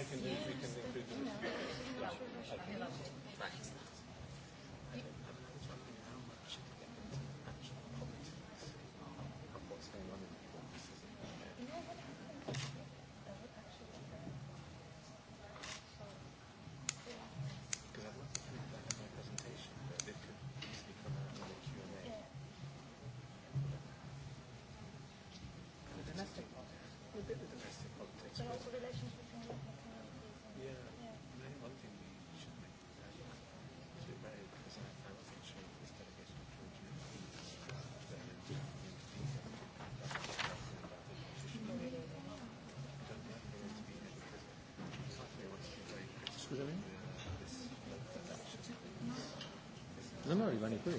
I can do it. We can include the No, no, rimane quello.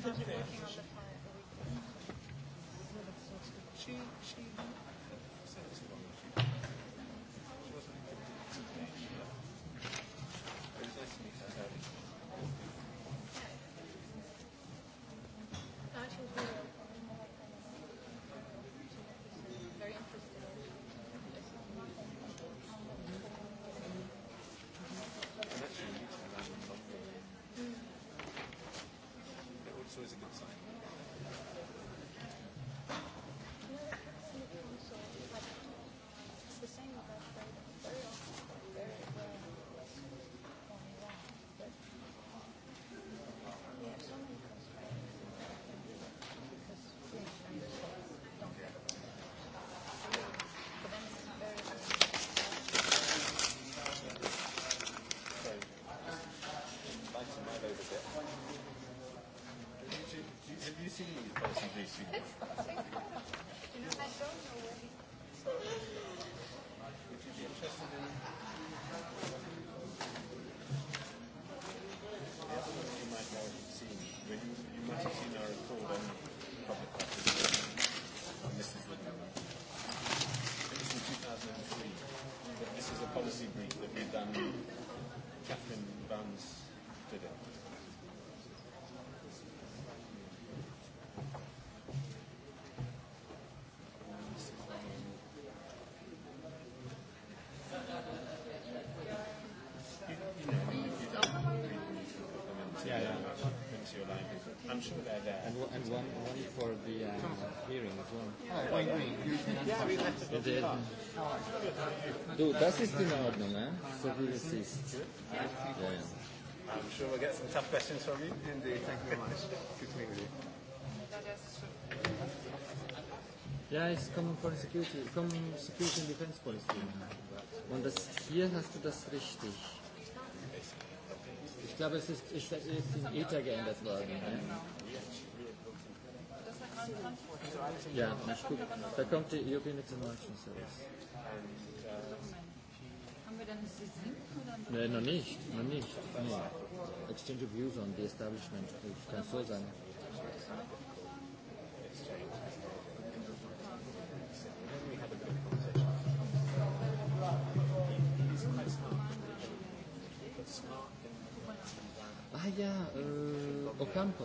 Thank you. DC or some DC. Would you be interested in the other one you might have seen, well, you, you might have seen our report on public participation this is a policy brief that we've done. Catherine Vance did it. I'm sure and, and one, one for the um hearing as well. das ist in Ordnung, eh? so I'm sure we'll get some tough questions from you. Indeed, thank you very much. Good to meet with you. Yeah, it's common von Security, common Security and Defense Policy. Und das, hier hast du das richtig glaube, es ist, ist, ist ist in Ether geändert worden. Ja, ja ich guck, da kommt die European Examination Service. Haben wir dann das siebten Nein, noch nicht, noch nicht. Nee. Exchange of views on the establishment, ich kann so sagen. ya, eh, Ocampo.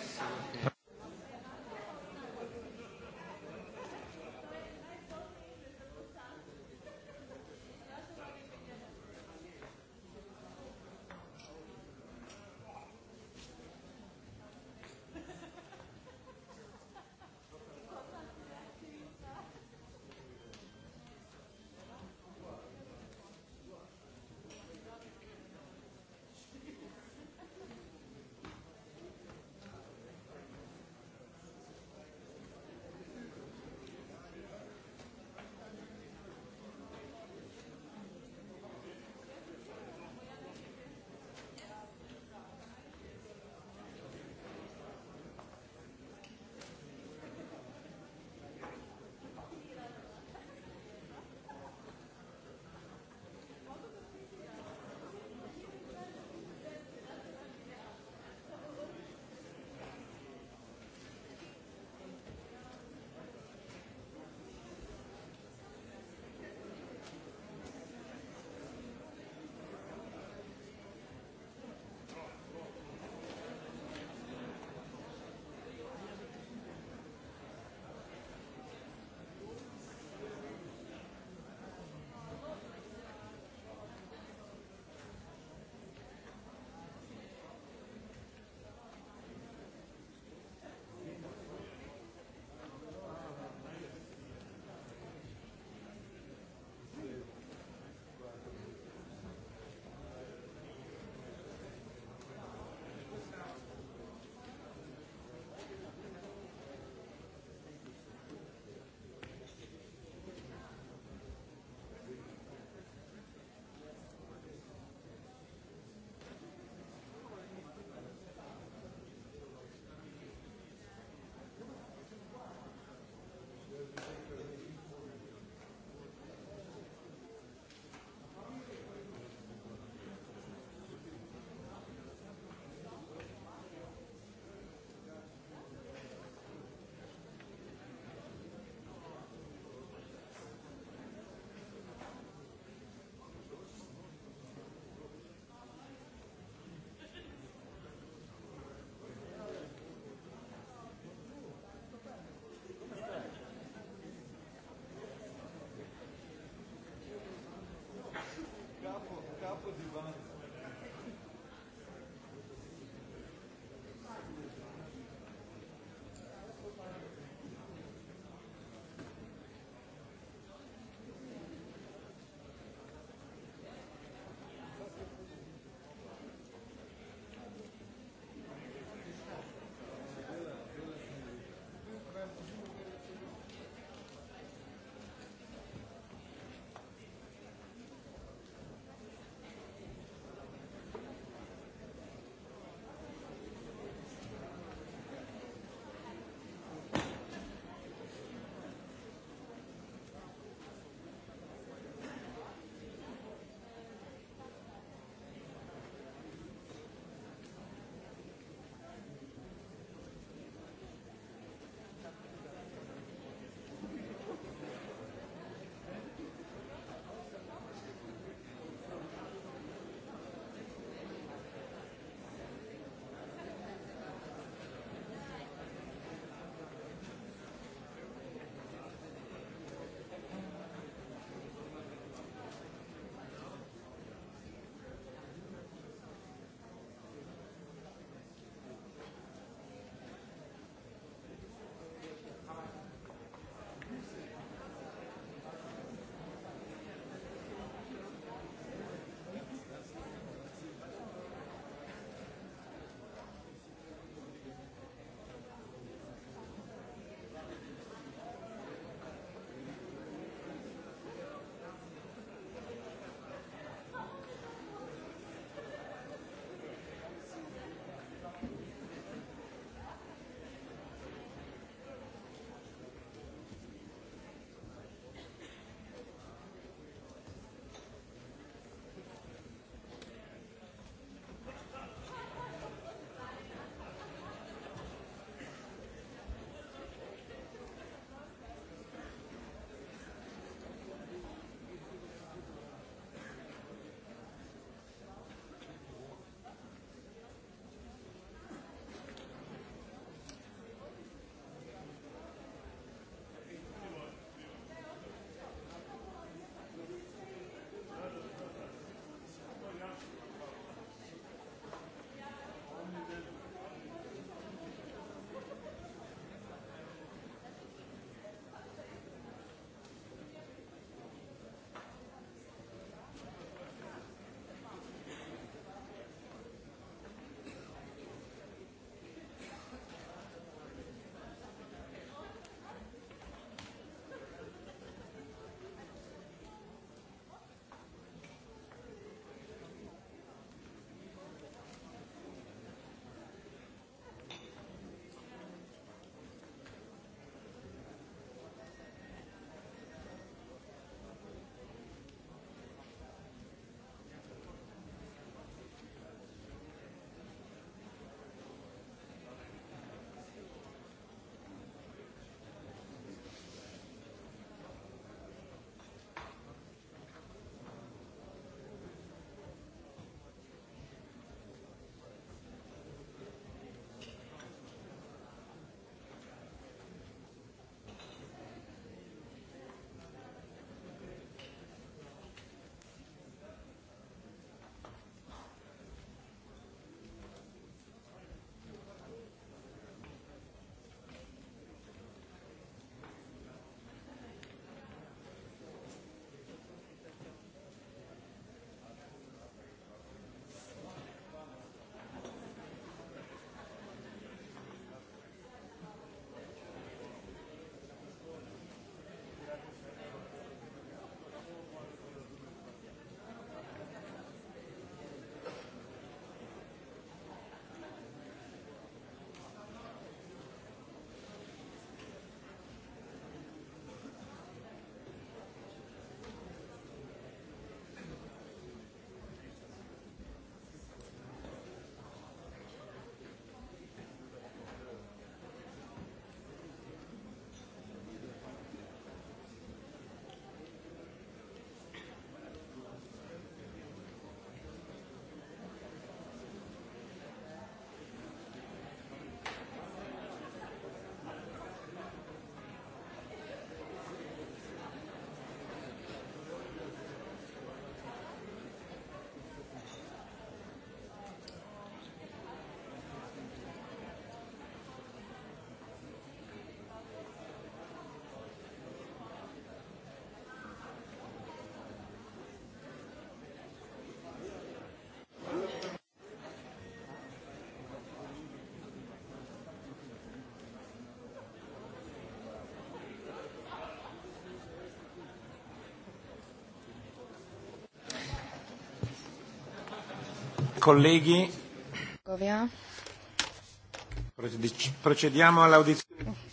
Colleghi,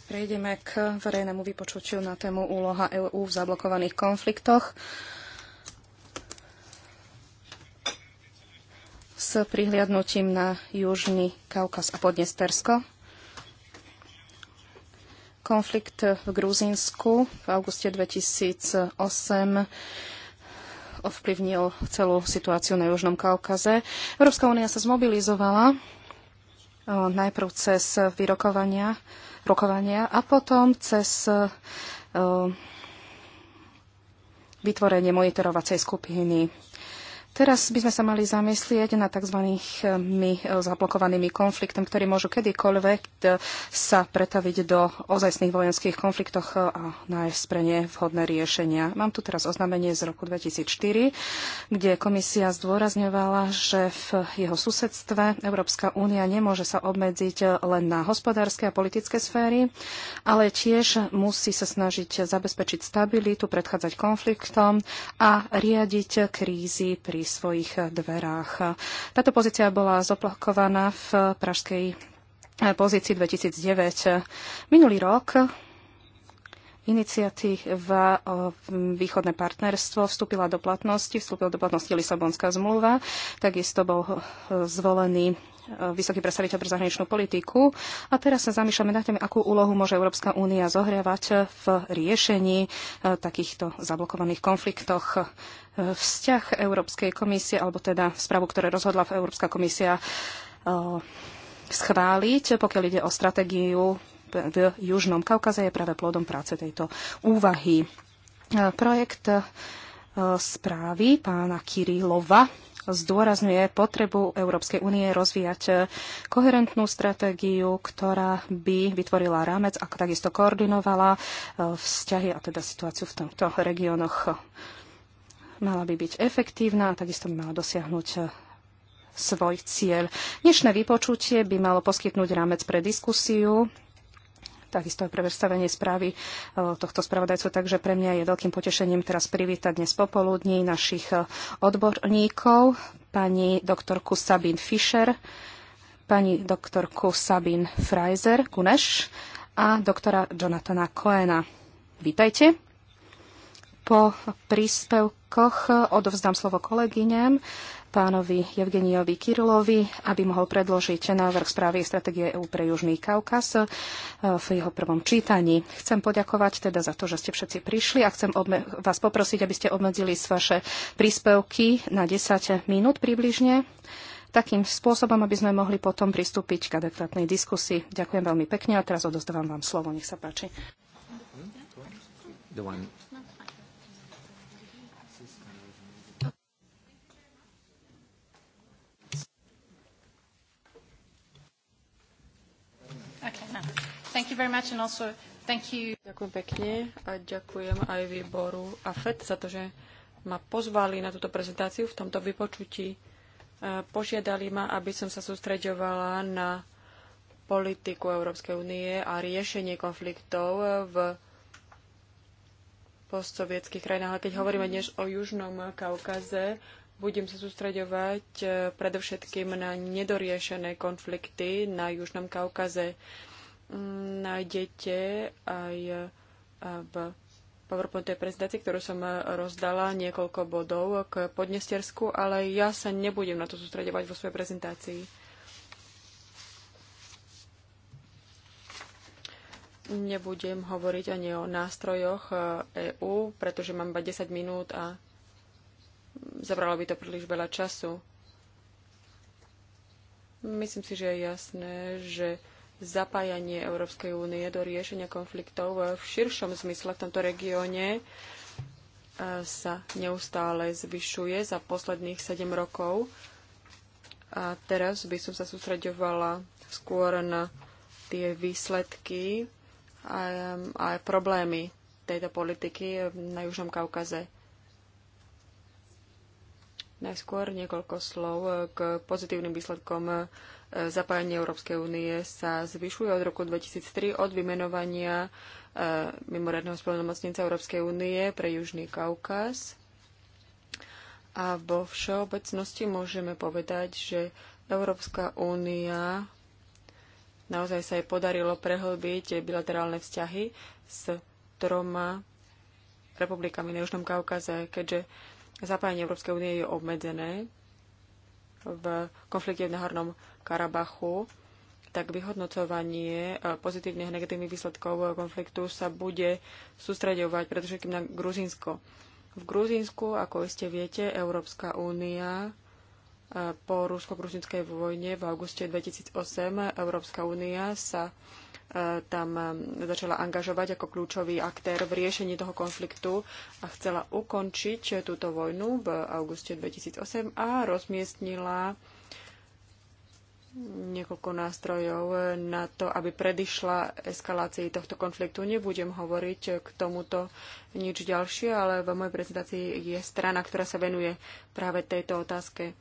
Prejdeme k verejnému vypočutiu na tému úloha EÚ v zablokovaných konfliktoch. S prihliadnutím na Južný Kaukaz a Podnestersko. Konflikt v Gruzínsku v auguste 2008 ovplyvnil celú situáciu na Južnom Kaukaze. Európska únia sa zmobilizovala e, najprv cez vyrokovania rokovania a potom cez e, vytvorenie monitorovacej skupiny Teraz by sme sa mali zamyslieť na tzv. Eh, zablokovanými konfliktom, ktorí môžu kedykoľvek eh, sa pretaviť do ozajstných vojenských konfliktoch eh, a nájsť pre ne vhodné riešenia. Mám tu teraz oznámenie z roku 2004, kde komisia zdôrazňovala, že v jeho susedstve Európska únia nemôže sa obmedziť len na hospodárske a politické sféry, ale tiež musí sa snažiť zabezpečiť stabilitu, predchádzať konfliktom a riadiť krízy pri svojich dverách. Táto pozícia bola zoplakovaná v pražskej pozícii 2009. Minulý rok iniciatíva o východné partnerstvo vstúpila do platnosti, vstúpila do platnosti Lisabonská zmluva, takisto bol zvolený Eh, vysoký predstaviteľ pre zahraničnú politiku. A teraz sa zamýšľame nad tým, akú úlohu môže Európska únia zohrievať v riešení eh, takýchto zablokovaných konfliktoch. Eh, vzťah Európskej komisie, alebo teda správu, ktoré rozhodla Európska komisia schváliť, pokiaľ ide o stratégiu v Južnom Kaukaze, je práve plodom práce tejto úvahy. Projekt správy pána Kirilova zdôrazňuje potrebu Európskej únie rozvíjať eh, koherentnú stratégiu, ktorá by vytvorila rámec a takisto koordinovala eh, vzťahy a teda situáciu v tomto regiónoch. Mala by byť efektívna a takisto by mala dosiahnuť eh, svoj cieľ. Dnešné vypočutie by malo poskytnúť rámec pre diskusiu takisto aj pre predstavenie správy e, tohto spravodajcu. Takže pre mňa je veľkým potešením teraz privítať dnes popoludní našich e, odborníkov, pani doktorku Sabin Fischer, pani doktorku Sabin Freiser Kuneš a doktora Jonathana Coena. Vítajte. Po príspevku koch odovzdám slovo kolegyňam, pánovi Evgeniovi Kirilovi, aby mohol predložiť návrh správy stratégie EÚ pre Južný Kaukaz eh, v jeho prvom čítaní. Chcem poďakovať teda za to, že ste všetci prišli a chcem vás poprosiť, aby ste obmedzili vaše príspevky na 10 minút približne takým spôsobom, aby sme mohli potom pristúpiť k adekvátnej diskusii. Ďakujem veľmi pekne a teraz odozdávam vám slovo. Nech sa páči. The hm? hm? hm? one. Thank you very much and also thank you. Ďakujem pekne a ďakujem aj výboru AFET za to, že ma pozvali na túto prezentáciu v tomto vypočutí. E, požiadali ma, aby som sa sústreďovala na politiku Európskej únie a riešenie konfliktov v postsovietských krajinách. Ale keď hovoríme dnes o Južnom Kaukaze, budem sa sústreďovať e, predovšetkým na nedoriešené konflikty na Južnom Kaukaze nájdete aj eh, v PowerPointovej prezentácii, ktorú som eh, rozdala niekoľko bodov k Podnestersku, ale ja sa nebudem na to sústredovať vo svojej prezentácii. Nebudem hovoriť ani o nástrojoch EÚ, eh, e pretože mám iba 10 minút a zabralo by to príliš veľa času. Myslím si, že je jasné, že zapájanie Európskej únie do riešenia konfliktov v širšom zmysle v tomto regióne e, sa neustále zvyšuje za posledných 7 rokov. A teraz by som sa sústreďovala skôr na tie výsledky a, a problémy tejto politiky na Južnom Kaukaze. Najskôr niekoľko slov k pozitívnym výsledkom zapájanie Európskej únie sa zvyšuje od roku 2003 od vymenovania e, mimoriadného spolnomocnenca Európskej únie pre Južný Kaukaz. A vo všeobecnosti môžeme povedať, že Európska únia naozaj sa jej podarilo prehlbiť bilaterálne vzťahy s troma republikami na Južnom Kaukaze, keďže zapájanie Európskej únie je obmedzené v konflikte v Náhornom Karabachu, tak vyhodnocovanie e, pozitívnych a negatívnych výsledkov e, konfliktu sa bude sústredovať predovšetkým na Gruzínsko. V Gruzínsku, ako iste viete, Európska únia e, po rusko-gruzinskej vojne v auguste 2008 Európska únia sa tam začala angažovať ako kľúčový aktér v riešení toho konfliktu a chcela ukončiť túto vojnu v auguste 2008 a rozmiestnila niekoľko nástrojov na to, aby predišla eskalácii tohto konfliktu. Nebudem hovoriť k tomuto nič ďalšie, ale v mojej prezentácii je strana, ktorá sa venuje práve tejto otázke.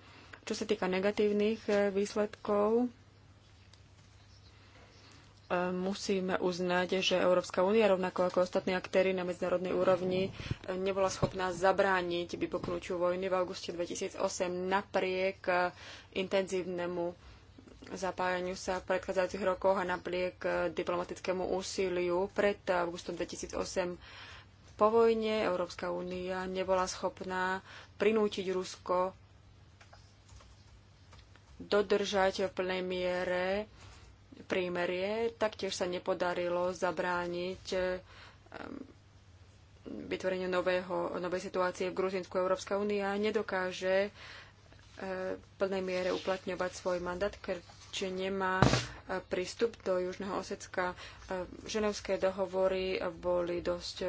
Čo sa týka negatívnych eh, výsledkov, eh, musíme uznať, že Európska únia, rovnako ako ostatní aktéry na medzinárodnej úrovni, eh, nebola schopná zabrániť vypoknutiu vojny v auguste 2008 napriek intenzívnemu zapájaniu sa v predchádzajúcich rokoch a napriek eh, diplomatickému úsiliu pred eh, augustom 2008 po vojne Európska únia nebola schopná prinútiť Rusko dodržať v plnej miere prímerie. Taktiež sa nepodarilo zabrániť eh, vytvoreniu nového, novej situácie v Gruzinsku. Európska únia nedokáže v plnej miere uplatňovať svoj mandát, či nemá e, prístup do Južného Osecka. E, ženevské dohovory boli dosť e,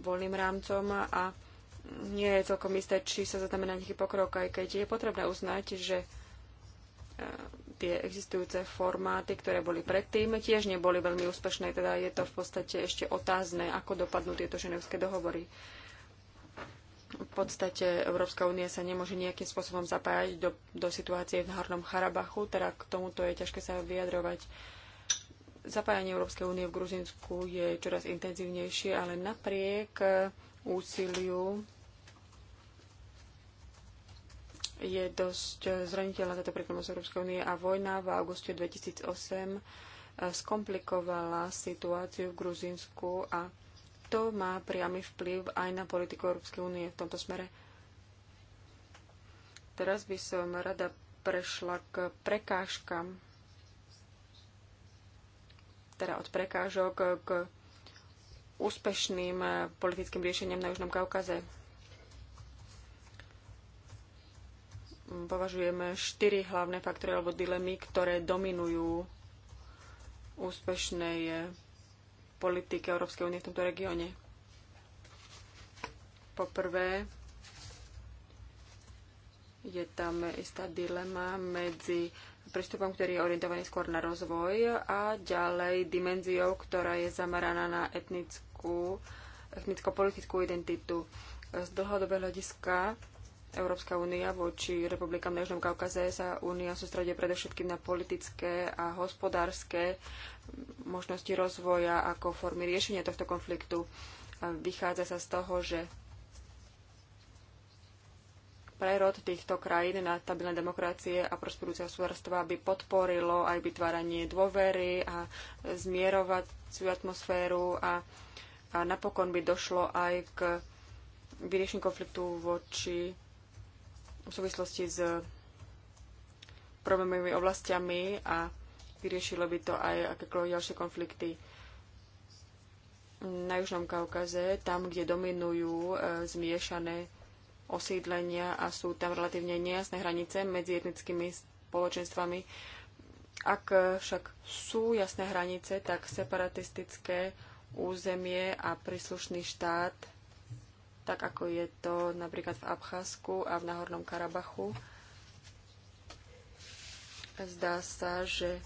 voľným rámcom a nie je celkom isté, či sa zaznamená nejaký pokrok, aj keď je potrebné uznať, že tie existujúce formáty, ktoré boli predtým, tiež neboli veľmi úspešné, teda je to v podstate ešte otázne, ako dopadnú tieto ženevské dohovory. V podstate Európska únia sa nemôže nejakým spôsobom zapájať do, do situácie v Hornom Charabachu, teda k tomuto je ťažké sa vyjadrovať. Zapájanie Európskej únie v Gruzinsku je čoraz intenzívnejšie, ale napriek e, úsiliu je dosť e, zraniteľná táto prítomnosť Európskej únie a vojna v auguste 2008 e, skomplikovala situáciu v Gruzinsku a to má priamy vplyv aj na politiku Európskej únie v tomto smere. Teraz by som rada prešla k prekážkam, teda od prekážok k úspešným politickým riešeniam na Južnom Kaukaze. Považujeme štyri hlavné faktory alebo dilemy, ktoré dominujú úspešnej politike Európskej únie v tomto regióne. Poprvé, je tam istá dilema medzi prístupom, ktorý je orientovaný skôr na rozvoj a ďalej dimenziou, ktorá je zameraná na etnickú, etnicko-politickú identitu. Z dlhodobého hľadiska Európska únia voči republikám na Južnom Kaukaze sa únia sústredie predovšetkým na politické a hospodárske možnosti rozvoja ako formy riešenia tohto konfliktu. vychádza sa z toho, že prerod týchto krajín na stabilné demokracie a prosperujúce hospodárstva by podporilo aj vytváranie dôvery a zmierovaciu atmosféru a, a napokon by došlo aj k vyriešeniu konfliktu voči v súvislosti s problémovými oblastiami a vyriešilo by to aj akékoľvek ďalšie konflikty na Južnom Kaukaze, tam, kde dominujú e, zmiešané osídlenia a sú tam relatívne nejasné hranice medzi etnickými spoločenstvami. Ak však sú jasné hranice, tak separatistické územie a príslušný štát tak ako je to napríklad v Abcházsku a v Nahornom Karabachu. Zdá sa, že e,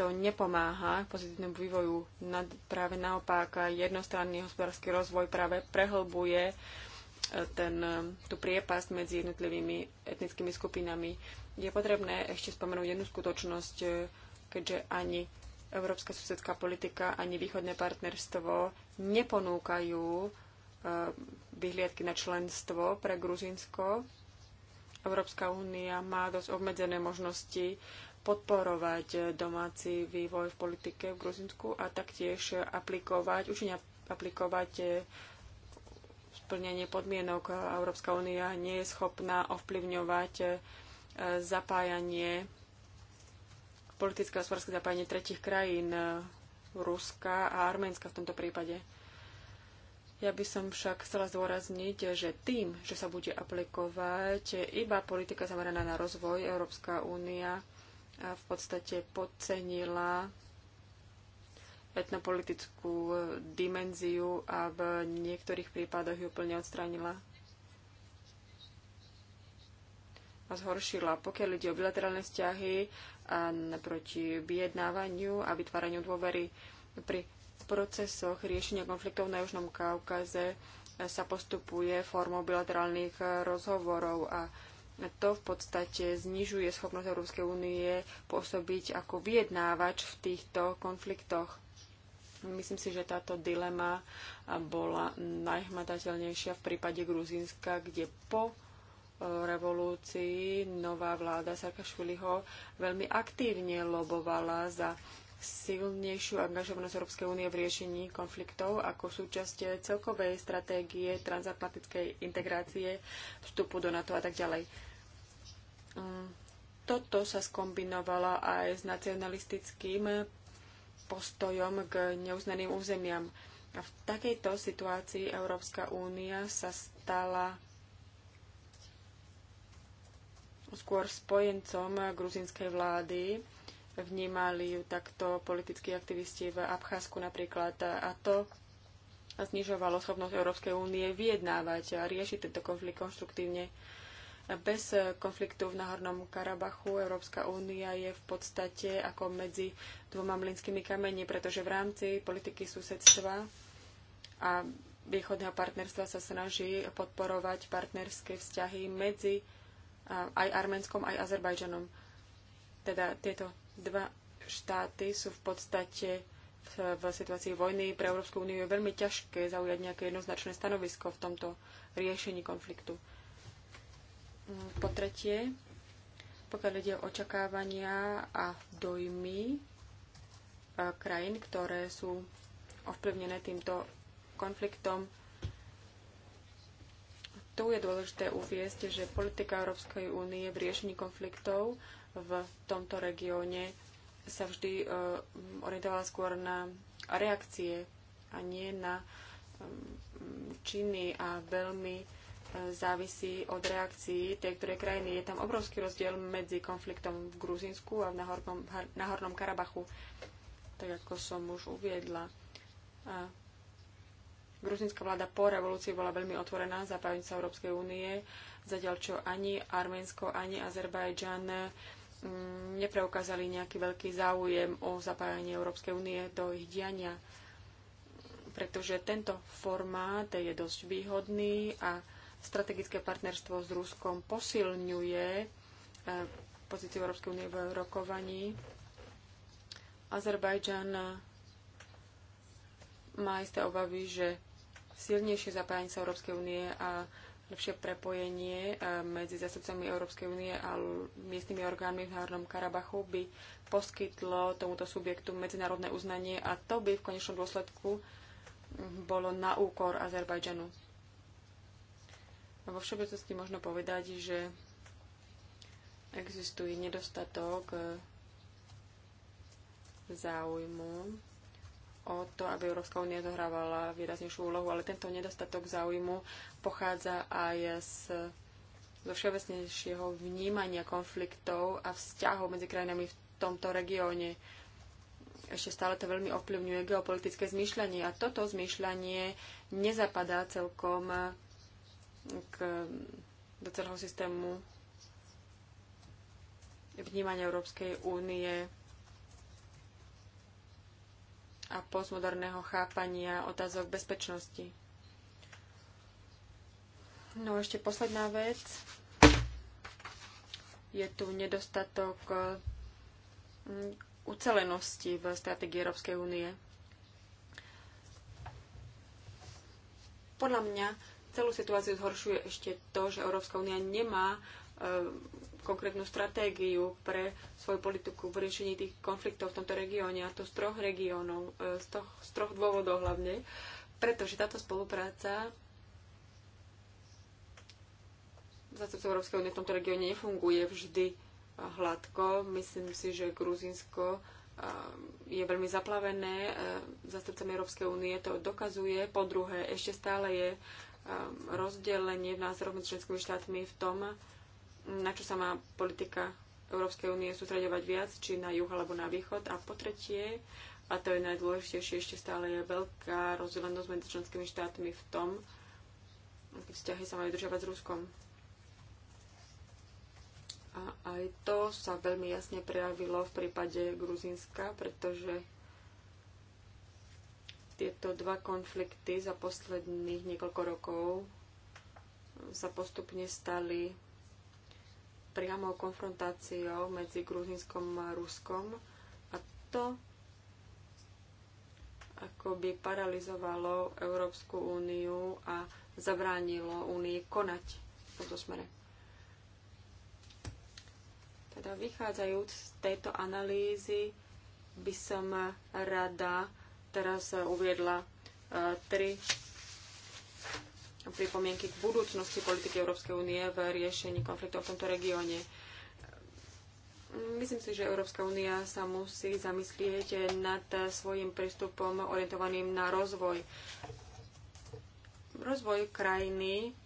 to nepomáha k pozitívnemu vývoju. Práve naopak, jednostranný hospodársky rozvoj práve prehlbuje e, ten, e, tú priepasť medzi jednotlivými etnickými skupinami. Je potrebné ešte spomenúť jednu skutočnosť, keďže ani európska susedská politika, ani východné partnerstvo neponúkajú Eh, vyhliadky na členstvo pre Gruzinsko. Európska únia má dosť obmedzené možnosti podporovať domáci vývoj v politike v Gruzinsku a taktiež aplikovať, učenia aplikovať eh, splnenie podmienok. Európska únia nie je schopná ovplyvňovať eh, zapájanie, politické a zapájanie tretich krajín, Ruska a Arménska v tomto prípade. Ja by som však chcela zdôrazniť, že tým, že sa bude aplikovať iba politika zameraná na rozvoj, Európska únia v podstate podcenila etnopolitickú e, dimenziu a v niektorých prípadoch ju úplne odstránila a zhoršila. Pokiaľ ide o bilaterálne vzťahy a proti vyjednávaniu a vytváraniu dôvery pri procesoch riešenia konfliktov na Južnom Kaukaze sa postupuje formou bilaterálnych rozhovorov a to v podstate znižuje schopnosť Európskej únie pôsobiť ako vyjednávač v týchto konfliktoch. Myslím si, že táto dilema bola najhmatateľnejšia v prípade Gruzínska, kde po e, revolúcii nová vláda Sarkašviliho veľmi aktívne lobovala za silnejšiu angažovanosť Európskej únie v riešení konfliktov ako súčasť celkovej stratégie transatlantickej integrácie, vstupu do NATO a tak ďalej. Mm, toto sa skombinovalo aj s nacionalistickým postojom k neuznaným územiam. A v takejto situácii Európska únia sa stala skôr spojencom gruzinskej vlády, vnímali ju takto politickí aktivisti v Abcházsku napríklad. A to znižovalo schopnosť Európskej únie vyjednávať a riešiť tento konflikt konštruktívne. Bez konfliktu v Nahornom Karabachu Európska únia je v podstate ako medzi dvoma mlinskými kameni, pretože v rámci politiky susedstva a východného partnerstva sa snaží podporovať partnerské vzťahy medzi aj Arménskom, aj Azerbajdžanom. Teda tieto Dva štáty sú v podstate v situácii vojny pre Európsku úniu je veľmi ťažké zaujať nejaké jednoznačné stanovisko v tomto riešení konfliktu. Mm, po tretie, pokiaľ ide o očakávania a dojmy e, krajín, ktoré sú ovplyvnené týmto konfliktom, tu je dôležité uviezť, že politika Európskej únie v riešení konfliktov v tomto regióne sa vždy e, orientovala skôr na reakcie a nie na e, činy a veľmi e, závisí od reakcií tej ktorej krajiny. Je tam obrovský rozdiel medzi konfliktom v Gruzinsku a v Nahornom, Nahornom Karabachu, tak ako som už uviedla. A Gruzinská vláda po revolúcii bola veľmi otvorená za sa Európskej únie, zatiaľ čo ani Arménsko, ani Azerbajdžan Mm, nepreukázali nejaký veľký záujem o zapájanie Európskej únie do ich diania, pretože tento formát je dosť výhodný a strategické partnerstvo s Ruskom posilňuje eh, pozíciu Európskej únie v rokovaní. Azerbajdžan eh, má isté obavy, že silnejšie zapájanie sa Európskej únie a lepšie prepojenie e, medzi zastupcami Európskej únie a miestnymi orgánmi v Národnom Karabachu by poskytlo tomuto subjektu medzinárodné uznanie a to by v konečnom dôsledku bolo na úkor Azerbajdžanu. Vo všeobecnosti možno povedať, že existuje nedostatok e, záujmu o to, aby Európska únia zohrávala výraznejšiu úlohu, ale tento nedostatok záujmu pochádza aj z, zo všeobecnejšieho vnímania konfliktov a vzťahov medzi krajinami v tomto regióne. Ešte stále to veľmi ovplyvňuje geopolitické zmýšľanie a toto zmýšľanie nezapadá celkom k, do celého systému vnímania Európskej únie a postmoderného chápania otázok bezpečnosti. No a ešte posledná vec. Je tu nedostatok eh, mm, ucelenosti v stratégii Európskej únie. Podľa mňa celú situáciu zhoršuje ešte to, že Európska únia nemá eh, konkrétnu stratégiu pre svoju politiku v riešení tých konfliktov v tomto regióne, a to z troch regiónov, e, z, z troch dôvodov hlavne, pretože táto spolupráca zástupcov Európskej únie v tomto regióne nefunguje vždy e, hladko. Myslím si, že Gruzinsko e, je veľmi zaplavené zástupcami Európskej únie, to dokazuje. Po druhé, ešte stále je rozdelenie v názoroch medzi členskými štátmi v tom, na čo sa má politika Európskej únie sústredovať viac, či na juh alebo na východ. A po tretie, a to je najdôležitejšie, ešte stále je veľká rozdielnosť medzi členskými štátmi v tom, aké vzťahy sa majú državať s Ruskom. A aj to sa veľmi jasne prejavilo v prípade Gruzínska, pretože tieto dva konflikty za posledných niekoľko rokov sa postupne stali priamou konfrontáciou medzi Gruzinskom a Ruskom a to ako by paralizovalo Európsku úniu a zabránilo únii konať v tomto smere. Teda vychádzajúc z tejto analýzy by som rada teraz uviedla eh, tri pripomienky k budúcnosti politiky Európskej únie v riešení konfliktov v tomto regióne. Myslím si, že Európska únia sa musí zamyslieť nad svojim prístupom orientovaným na rozvoj. Rozvoj krajiny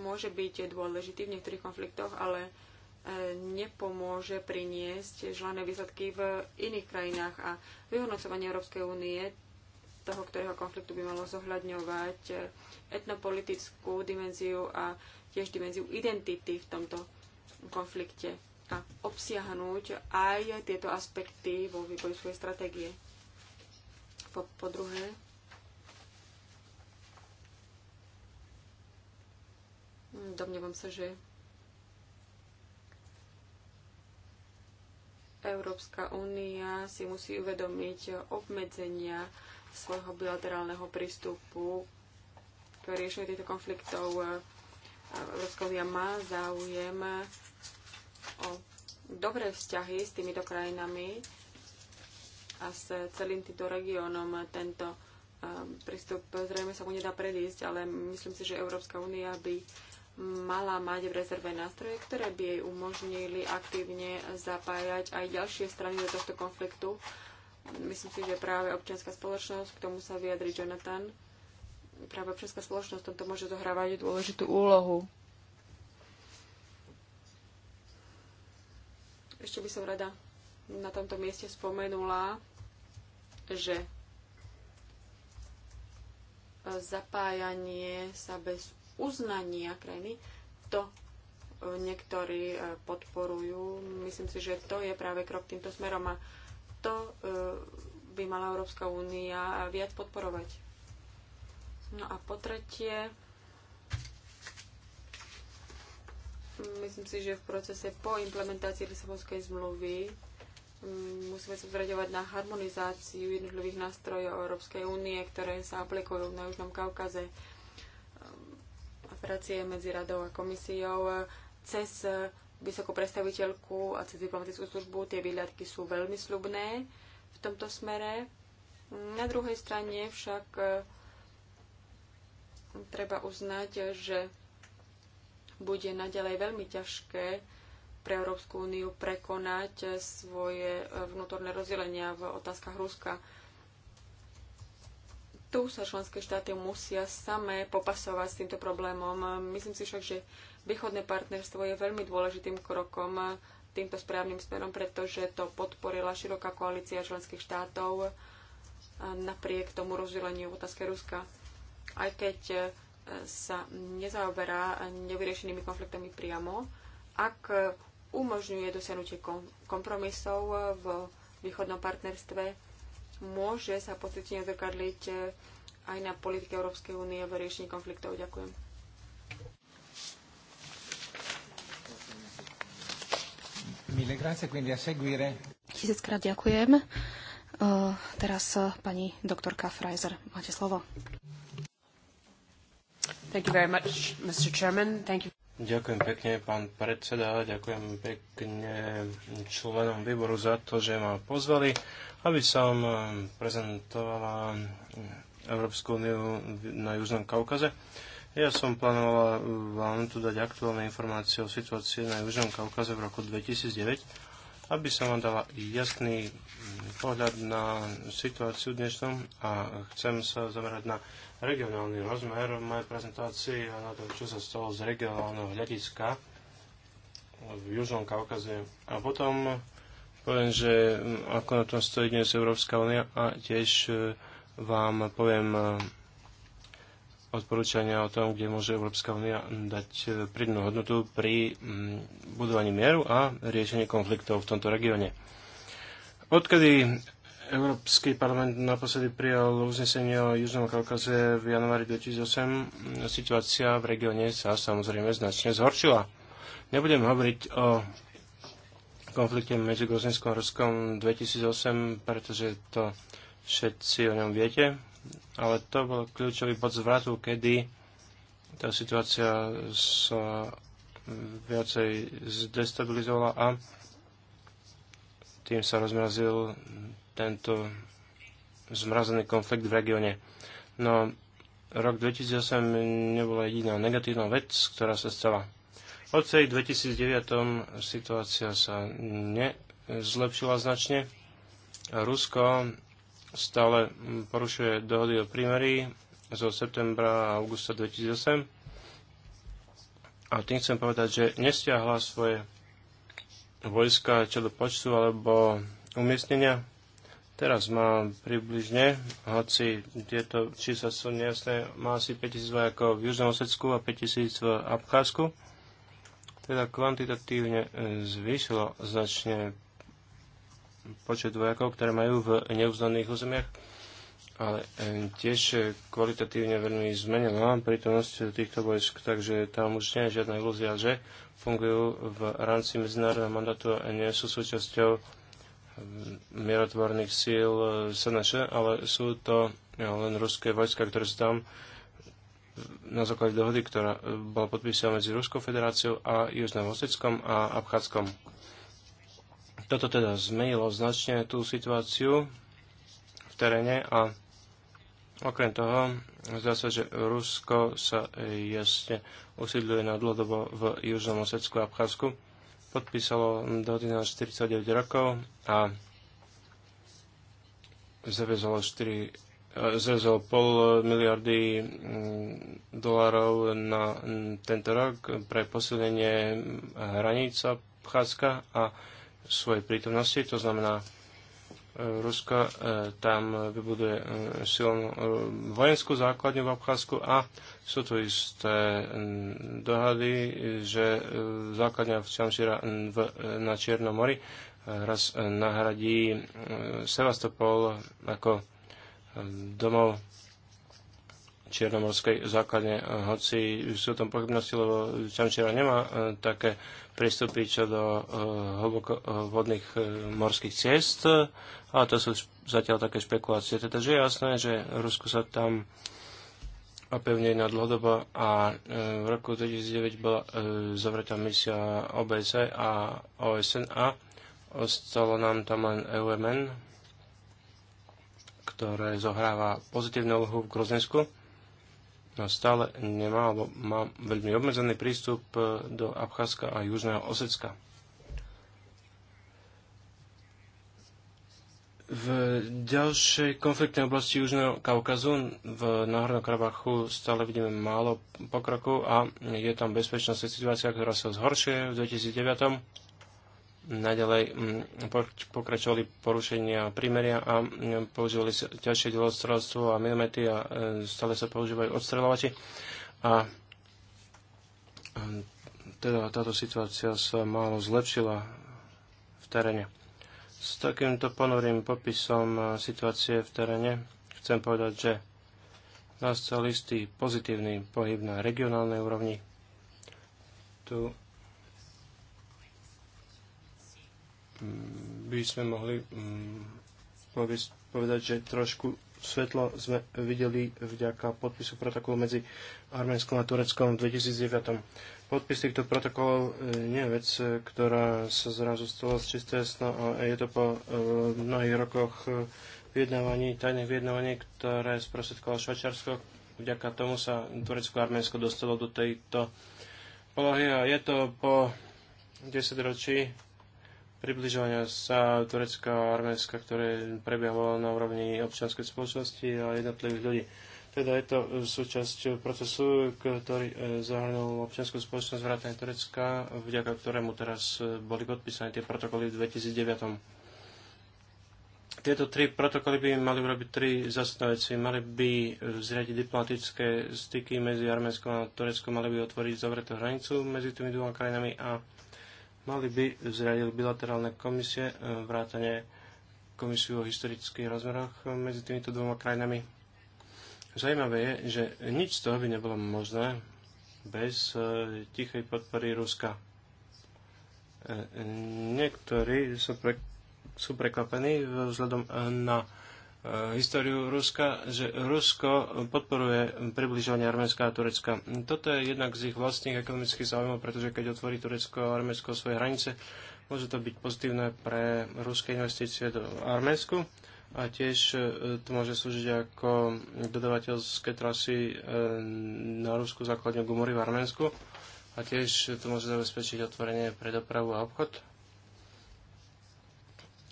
môže byť dôležitý v niektorých konfliktoch, ale e, nepomôže priniesť želané výsledky v iných krajinách a vyhodnocovanie Európskej únie toho, ktorého konfliktu by malo zohľadňovať e, etnopolitickú dimenziu a tiež dimenziu identity v tomto konflikte a obsiahnuť aj tieto aspekty vo vývoji svojej stratégie. Po, po druhé, domnievam sa, že Európska únia si musí uvedomiť obmedzenia svojho bilaterálneho prístupu riešenie týchto konfliktov. Eh, Európska únia má záujem eh, o dobré vzťahy s týmito krajinami a s celým týmto regiónom. Tento eh, prístup zrejme sa mu nedá predísť, ale myslím si, že Európska únia by mala mať v rezerve nástroje, ktoré by jej umožnili aktívne zapájať aj ďalšie strany do tohto konfliktu. Myslím si, že práve občianská spoločnosť, k tomu sa vyjadri Jonathan, práve občianská spoločnosť v tomto môže zohrávať dôležitú úlohu. Ešte by som rada na tomto mieste spomenula, že zapájanie sa bez uznania krajiny, to niektorí e, podporujú. Myslím si, že to je práve krok týmto smerom a to e, by mala Európska únia viac podporovať. No a po tretie, myslím si, že v procese po implementácii Lisabonskej zmluvy mm, musíme sa zraďovať na harmonizáciu jednotlivých nástrojov Európskej únie, ktoré sa aplikujú na Južnom Kaukaze operácie ehm, medzi radou a komisiou e, cez e, vysokú predstaviteľku a cez diplomatickú službu. Tie výhľadky sú veľmi slubné v tomto smere. Na druhej strane však e, treba uznať, že bude naďalej veľmi ťažké pre Európsku úniu prekonať svoje vnútorné rozdelenia v otázkach Ruska. Tu sa členské štáty musia samé popasovať s týmto problémom. Myslím si však, že východné partnerstvo je veľmi dôležitým krokom týmto správnym smerom, pretože to podporila široká koalícia členských štátov napriek tomu rozdeleniu v otázke Ruska aj keď e, sa nezaoberá nevyriešenými konfliktami priamo, ak umožňuje dosiahnutie kompromisov v východnom partnerstve, môže sa pocitne zrkadliť e, aj na politike Európskej únie v riešení konfliktov. Ďakujem. Tisíckrát ďakujem. E, teraz pani doktorka Freiser, máte slovo. Thank you very much, Mr. Chairman. Thank you. Ďakujem pekne, pán predseda, ďakujem pekne členom výboru za to, že ma pozvali, aby som eh, prezentovala Európsku úniu na Južnom Kaukaze. Ja som plánovala vám tu dať aktuálne informácie o situácii na Južnom Kaukaze v roku 2009, aby som vám dala jasný pohľad na situáciu dnešnom a chcem sa zamerať na regionálny rozmer v mojej prezentácii a na to, čo sa stalo z regionálneho hľadiska v Južnom Kaukaze. A potom poviem, že ako na tom stojí dnes Európska únia a tiež e, vám poviem e, odporúčania o tom, kde môže Európska únia dať e, prídnu hodnotu pri budovaní mieru a riešení konfliktov v tomto regióne. Odkedy Európsky parlament naposledy prijal uznesenie o Južnom Kaukaze v januári 2008, situácia v regióne sa samozrejme značne zhoršila. Nebudem hovoriť o konflikte medzi Gruzinskom a Ruskom 2008, pretože to všetci o ňom viete, ale to bol kľúčový bod zvratu, kedy tá situácia sa viacej zdestabilizovala a tým sa rozmrazil tento zmrazený konflikt v regióne. No, rok 2008 nebola jediná negatívna vec, ktorá sa stala. Od tej 2009 situácia sa nezlepšila značne. Rusko stále porušuje dohody o prímerí zo septembra a augusta 2008. A tým chcem povedať, že nestiahla svoje vojska čo do počtu alebo umiestnenia. Teraz má približne, hoci tieto čísla sú nejasné, má asi 5000 vojakov v Južnom Osecku a 5000 v Abcházku. Teda kvantitatívne e, zvýšilo značne počet vojakov, ktoré majú v neuznaných územiach, ale e, tiež kvalitatívne veľmi zmenila prítomnosť týchto vojsk, takže tam už nie je žiadna ilúzia, že fungujú v rámci medzinárodného mandátu a nie sú súčasťou hm, mierotvorných síl eh, SNČ, ale sú to eh, len ruské vojska, ktoré sú tam hm, na základe dohody, ktorá eh, bola podpísaná medzi Ruskou federáciou a Južným Osetskom a Abcháckom. Toto teda zmenilo značne tú situáciu v teréne a Okrem toho, zdá sa, že Rusko sa jasne usídľuje na dlhodobo v Južnom Osecku a Abcházku. Podpísalo do na 49 rokov a zavezalo 4 e, zrezol pol miliardy mm, dolárov na mm, tento rok pre posilnenie hraníc Abcházska a svojej prítomnosti, to znamená Rusko e, tam vybuduje e, silnú e, vojenskú základňu v Abcházsku a sú tu isté dohady, že základňa v Čamšíra na Čiernom mori raz nahradí Sevastopol ako domov černomorskej základne, eh, hoci sú tam pochybnosti, lebo Čančera nemá eh, také prístupy čo do eh, hlbokovodných morských ciest, ale to sú zatiaľ také špekulácie. Teda, že je jasné, že Rusko sa tam opevne na dlhodobo a v roku 2009 bola zavretá misia OBSE a OSN a ostalo nám tam len EUMN, ktoré zohráva pozitívnu úlohu v Grozensku No, stále nemá, alebo má veľmi obmedzený prístup e, do Abcházska a Južného Osecka. V ďalšej konfliktnej oblasti Južného Kaukazu v Náhornom Karabachu stále vidíme málo pokrokov a je tam bezpečnostná situácia, ktorá sa zhoršuje v 2009 naďalej mm, pokračovali porušenia primeria a mm, používali sa ťažšie delostrelstvo a milimety a e, stále sa používajú odstreľovači. A mm, teda táto situácia sa málo zlepšila v teréne. S takýmto ponorým popisom e, situácie v teréne chcem povedať, že nastal istý pozitívny pohyb na regionálnej úrovni. Tu by sme mm, mohli povedať, že trošku svetlo sme videli vďaka podpisu protokolu medzi Arménskom a Tureckom v 2009. Podpis týchto protokolov e, nie je vec, e, ktorá sa zrazu stala z čisté sna a je to po e, mnohých rokoch vyjednávaní, tajných vyjednávaní, ktoré sprostredkovalo Švajčiarsko. Vďaka tomu sa Turecko a Arménsko dostalo do tejto polohy a je to po 10 ročí približovania sa Turecka a Arménska, ktoré prebiehalo na úrovni občianskej spoločnosti a jednotlivých ľudí. Teda je to súčasť procesu, ktorý e, zahrnul občianskú spoločnosť vrátane Turecka, vďaka ktorému teraz e, boli podpísané tie protokoly v 2009. Tieto tri protokoly by mali urobiť tri zásadné veci. Mali by e, zriadiť diplomatické styky medzi Arménskom a Tureckom, mali by otvoriť zavretú hranicu medzi tými dvoma krajinami a mali by zriadiť bilaterálne komisie, e, vrátane komisiu o historických rozmeroch e, medzi týmito dvoma krajinami. Zajímavé je, že nič z toho by nebolo možné bez e, tichej podpory Ruska. Niektorí sú, pre, sú prekvapení vzhľadom na Eh, históriu Ruska, že Rusko podporuje približovanie Arménska a Turecka. Toto je jednak z ich vlastných ekonomických záujmov, pretože keď otvorí Turecko a Arménsko svoje hranice, môže to byť pozitívne pre ruské investície do Arménsku a tiež eh, to môže slúžiť ako dodavateľské trasy eh, na Rusku základňu Gumory v Arménsku a tiež to môže zabezpečiť otvorenie pre dopravu a obchod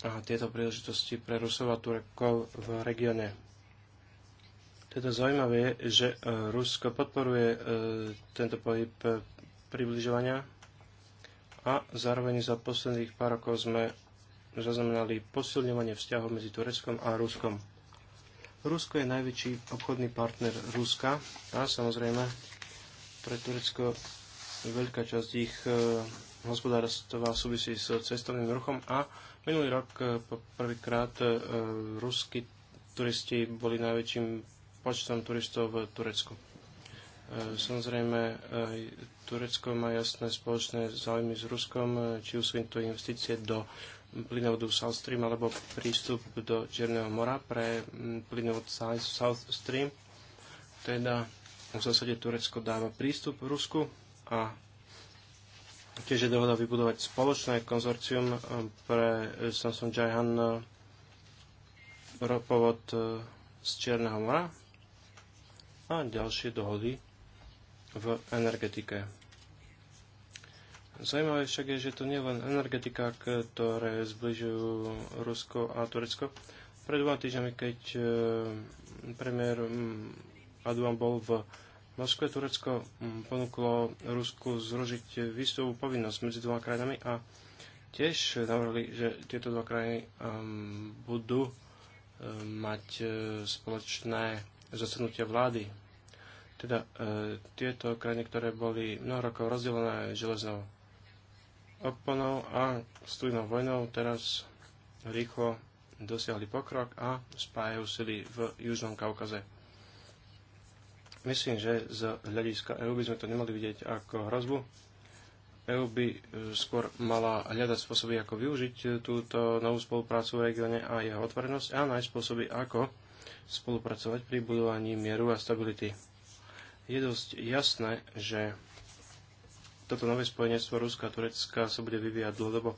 a tieto príležitosti pre Rusov a Turekov v regióne. Teda zaujímavé je, že e, Rusko podporuje e, tento pohyb e, približovania a zároveň za posledných pár rokov sme zaznamenali posilňovanie vzťahov medzi Tureckom a Ruskom. Rusko je najväčší obchodný partner Ruska a samozrejme pre Turecko veľká časť ich hospodárstva súvisí s cestovným ruchom a Minulý rok eh, prvýkrát eh, ruskí turisti boli najväčším počtom turistov v Turecku. Eh, samozrejme, Turecko má jasné spoločné záujmy s Ruskom, či už sú to investície do plynovodu South Stream alebo prístup do Černého mora pre mm, plynovod South Stream. Teda v zásade Turecko dáva prístup Rusku a Tiež je dohoda vybudovať spoločné konzorcium eh, pre eh, Samsung Jaihan eh, ropovod z Čierneho mora a ďalšie dohody v energetike. Zajímavé však je, že to nie je len energetika, ktoré zbližujú Rusko a Turecko. Pred dva týždňami, keď premiér Aduan mm, bol v Moskve Turecko mm, ponúklo Rusku zružiť výstupovú povinnosť medzi dvoma krajinami a tiež navrhli, že tieto dva krajiny um, budú um, mať uh, spoločné zasadnutia vlády. Teda uh, tieto krajiny, ktoré boli mnoho rokov rozdelené železnou oponou a studenou vojnou, teraz rýchlo dosiahli pokrok a spájajú sily v Južnom Kaukaze Myslím, že z hľadiska EÚ by sme to nemali vidieť ako hrozbu. EÚ by e, skôr mala hľadať spôsoby, ako využiť e, túto novú spoluprácu v regióne a jeho otvorenosť a nájsť spôsoby, ako spolupracovať pri budovaní mieru a stability. Je dosť jasné, že toto nové spojenectvo Ruska a Turecka sa bude vyvíjať dlhodobo.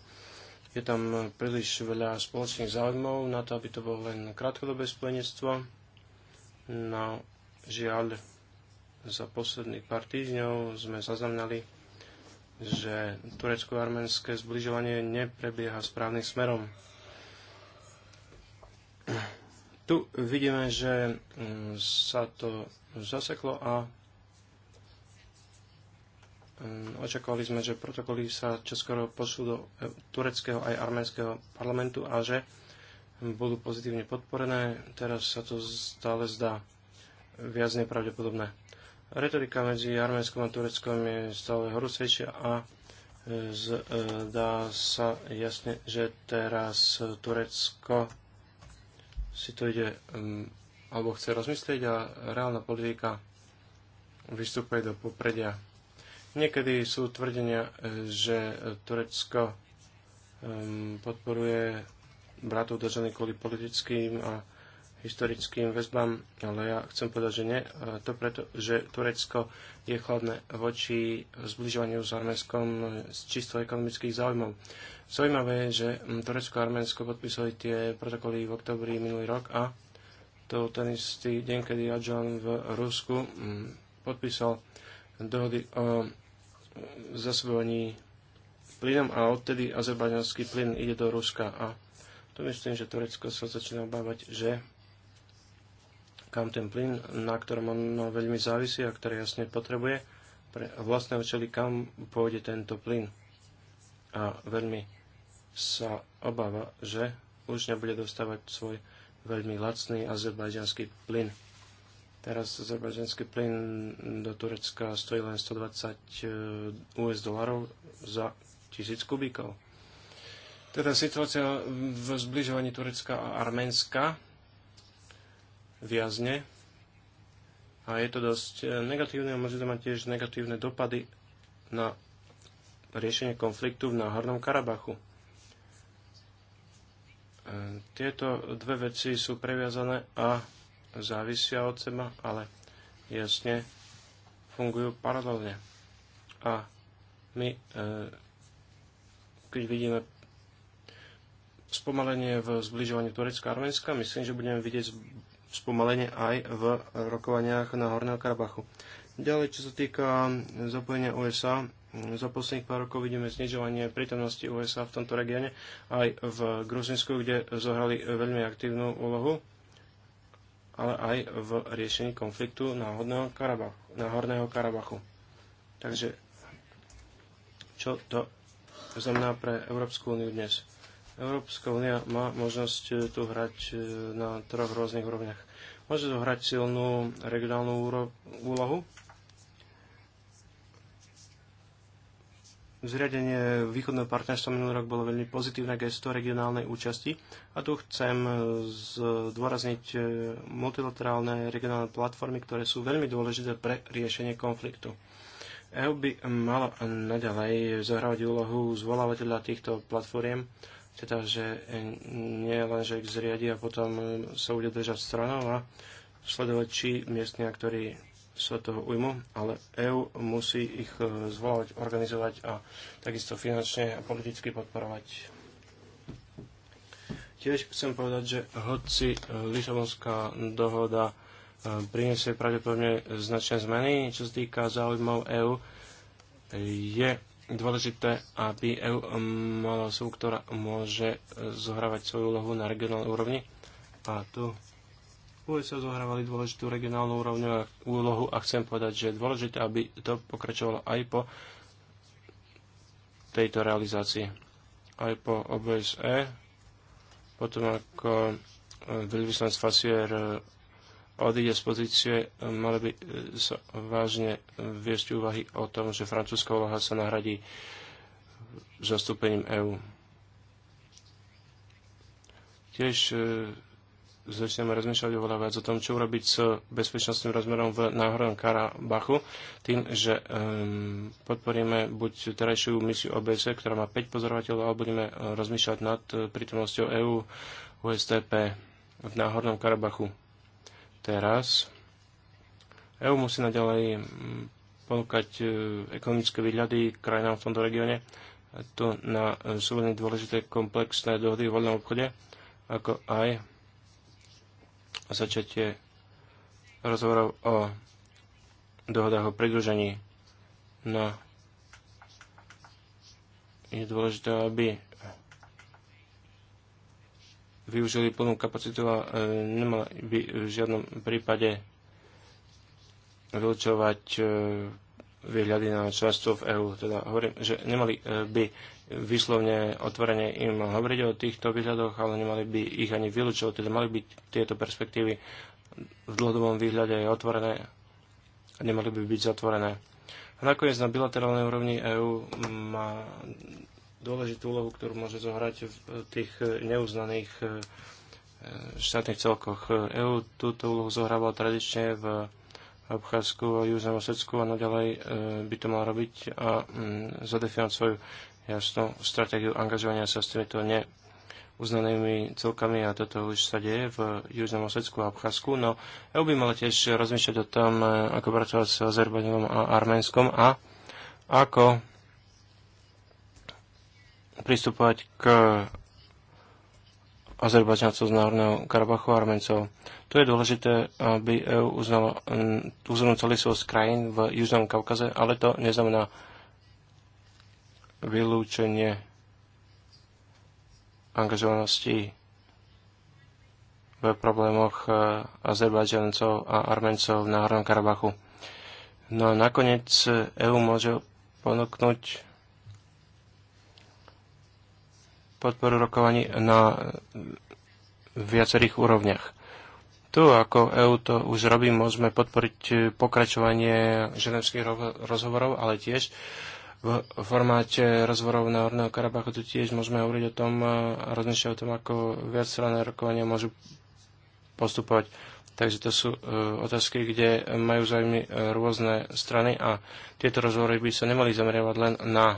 Je tam príliš veľa spoločných záujmov na to, aby to bolo len krátkodobé spojenectvo. No, žiaľ, za posledných pár týždňov sme zaznamenali, že turecko-arménske zbližovanie neprebieha správnym smerom. Tu vidíme, že mm, sa to zaseklo a mm, očakávali sme, že protokoly sa čoskoro pošlú do e, tureckého aj arménskeho parlamentu a že budú pozitívne podporené. Teraz sa to stále zdá viac nepravdepodobné. Retorika medzi Arménskom a Tureckom je stále horúcejšia a e, zdá e, sa jasne, že teraz Turecko si to ide alebo chce rozmyslieť a reálna politika vystupuje do popredia. Niekedy sú tvrdenia, e, že Turecko podporuje bratov držaných kvôli politickým a historickým väzbám, ale ja chcem povedať, že nie. To preto, že Turecko je chladné voči zbližovaniu s Arménskom z e, čisto ekonomických záujmov. Zaujímavé je, že Turecko a Arménsko podpísali tie protokoly v oktobri minulý rok a to ten istý deň, kedy Adžan v Rusku podpísal dohody o zasobovaní plynom a odtedy azerbajdžanský plyn ide do Ruska a tu myslím, že Turecko sa začína obávať, že kam ten plyn, na ktorom on veľmi závisí a ktorý jasne potrebuje, pre vlastné účely, kam pôjde tento plyn. A veľmi sa obáva, že už nebude dostávať svoj veľmi lacný azerbajdžanský plyn. Teraz azerbajdžanský plyn do Turecka stojí len 120 eh, US dolarov za tisíc kubíkov. Teda situácia v zbližovaní Turecka a Arménska viazne. A je to dosť e, negatívne a môže to mať tiež negatívne dopady na riešenie konfliktu v Náhornom Karabachu. E, tieto dve veci sú previazané a závisia od seba, ale jasne fungujú paralelne. A my, e, keď vidíme spomalenie v zbližovaní Turecka a Arménska, myslím, že budeme vidieť spomalenie aj v rokovaniach na Horného Karabachu. Ďalej, čo sa týka zapojenia USA, za posledných pár rokov vidíme znižovanie prítomnosti USA v tomto regióne, aj v Gruzinsku, kde zohrali veľmi aktívnu úlohu, ale aj v riešení konfliktu na, Karabachu, na Horného Karabachu. Takže, čo to znamená pre Európsku úniu dnes? Európska únia má možnosť eh, tu hrať eh, na troch rôznych úrovniach. Môže tu hrať silnú regionálnu úlohu, Zriadenie východného partnerstva minulý rok bolo veľmi pozitívne gesto regionálnej účasti a tu chcem eh, zdôrazniť multilaterálne regionálne platformy, ktoré sú veľmi dôležité pre riešenie konfliktu. EU by e mala naďalej zohrávať úlohu zvolávateľa týchto platformiem teda, že e, nie len, že ich zriadi a potom e, sa bude držať stranou a sledovať, či miestni ktorí sa toho ujmu, ale EU musí ich e, zvolať, organizovať a takisto finančne a politicky podporovať. Tiež chcem povedať, že hoci Lisabonská dohoda priniesie pravdepodobne značné zmeny, čo sa týka záujmov EÚ, je dôležité, aby EU mala osobu, ktorá môže e, zohrávať svoju úlohu na regionálnej úrovni. A tu USA zohrávali dôležitú regionálnu úrovňu a úlohu a chcem povedať, že je dôležité, aby to pokračovalo aj po tejto realizácii. Aj po OBSE, potom ako e, veľvyslanec Fasier odíde z pozície, mali by e, sa vážne e, viesť úvahy o tom, že francúzska úloha sa nahradí zastúpením EÚ. Tiež e, začneme rozmýšľať oveľa viac o tom, čo urobiť s bezpečnostným rozmerom v Náhornom Karabachu, tým, že e, podporíme buď terajšiu misiu OBS, ktorá má 5 pozorovateľov, alebo budeme rozmýšľať nad prítomnosťou EÚ USTP v Náhornom Karabachu teraz. EU musí naďalej mm, ponúkať e, ekonomické výhľady krajinám v tomto regióne. Tu na, e, sú veľmi dôležité komplexné dohody v voľnom obchode, ako aj začatie rozhovorov o dohodách o pridružení. No, je dôležité, aby využili plnú kapacitu a e, nemali by v žiadnom prípade vylčovať e, výhľady na členstvo v EÚ. Teda hovorím, že nemali e, by vyslovne otvorene im hovoriť o týchto výhľadoch, ale nemali by ich ani vylúčovať. Teda mali by tieto perspektívy v dlhodobom výhľade aj otvorené a nemali by byť zatvorené. A nakoniec na bilaterálnej úrovni EÚ má dôležitú úlohu, ktorú môže zohrať v tých neuznaných e, e, štátnych celkoch. EU e túto úlohu zohrával tradične v Abcházsku a Južnom Osecku a naďalej by to mal robiť a mm, zadefinovať svoju jasnú stratégiu angažovania sa s týmito neuznanými celkami a toto už sa deje v Južnom Osecku a Abcházsku. No EU by mala tiež rozmýšľať o tom, ako pracovať s Azerbajdžanom a Arménskom a ako pristupovať k Azerbajdžancov z Náhorného Karabachu a Armencov. Tu je dôležité, aby EU uznalo územnú celistvosť krajín v Južnom Kaukaze, ale to neznamená vylúčenie angažovanosti v problémoch e, Azerbajdžancov a Armencov v Náhornom Karabachu. No a nakoniec EU môže ponúknuť podporu rokovaní na viacerých úrovniach. Tu, ako EU to už robí, môžeme podporiť e, pokračovanie ženevských rozhovorov, ale tiež v formáte rozhovorov na Orného Karabachu tu tiež môžeme hovoriť o tom a e, rozmýšľať o tom, ako strané rokovania môžu postupovať. Takže to sú e, otázky, kde majú zájmy rôzne strany a tieto rozhovory by sa nemali zameriavať len na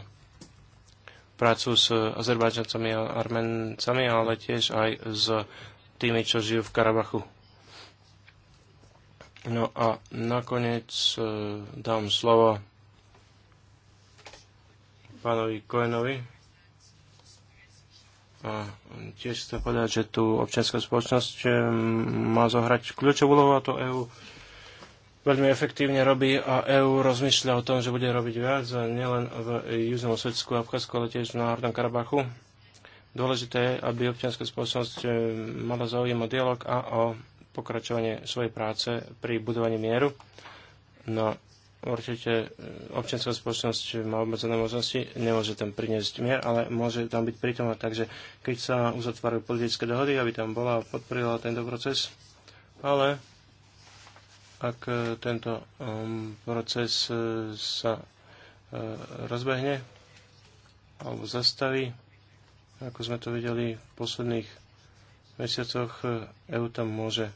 prácu s Azerbajdžancami a Armencami, ale tiež aj s tými, čo žijú v Karabachu. No a nakoniec e, dám slovo pánovi Koenovi. A tiež chcem povedať, že tu občianská spoločnosť e, má zohrať kľúčovú úlohu a to EU veľmi efektívne robí a EÚ rozmýšľa o tom, že bude robiť viac, nielen v Južnom Osvedsku a Abcházsku, ale tiež v Národnom Karabachu. Dôležité je, aby občianská spoločnosť e, mala záujem o dialog a o pokračovanie svojej práce pri budovaní mieru. No určite e, občianská spoločnosť má obmedzené možnosti, nemôže tam priniesť mier, ale môže tam byť prítomná. Takže keď sa uzatvárajú politické dohody, aby tam bola a podporila tento proces, ale ak e, tento um, proces e, sa e, rozbehne alebo zastaví, ako sme to videli v posledných mesiacoch, EU tam môže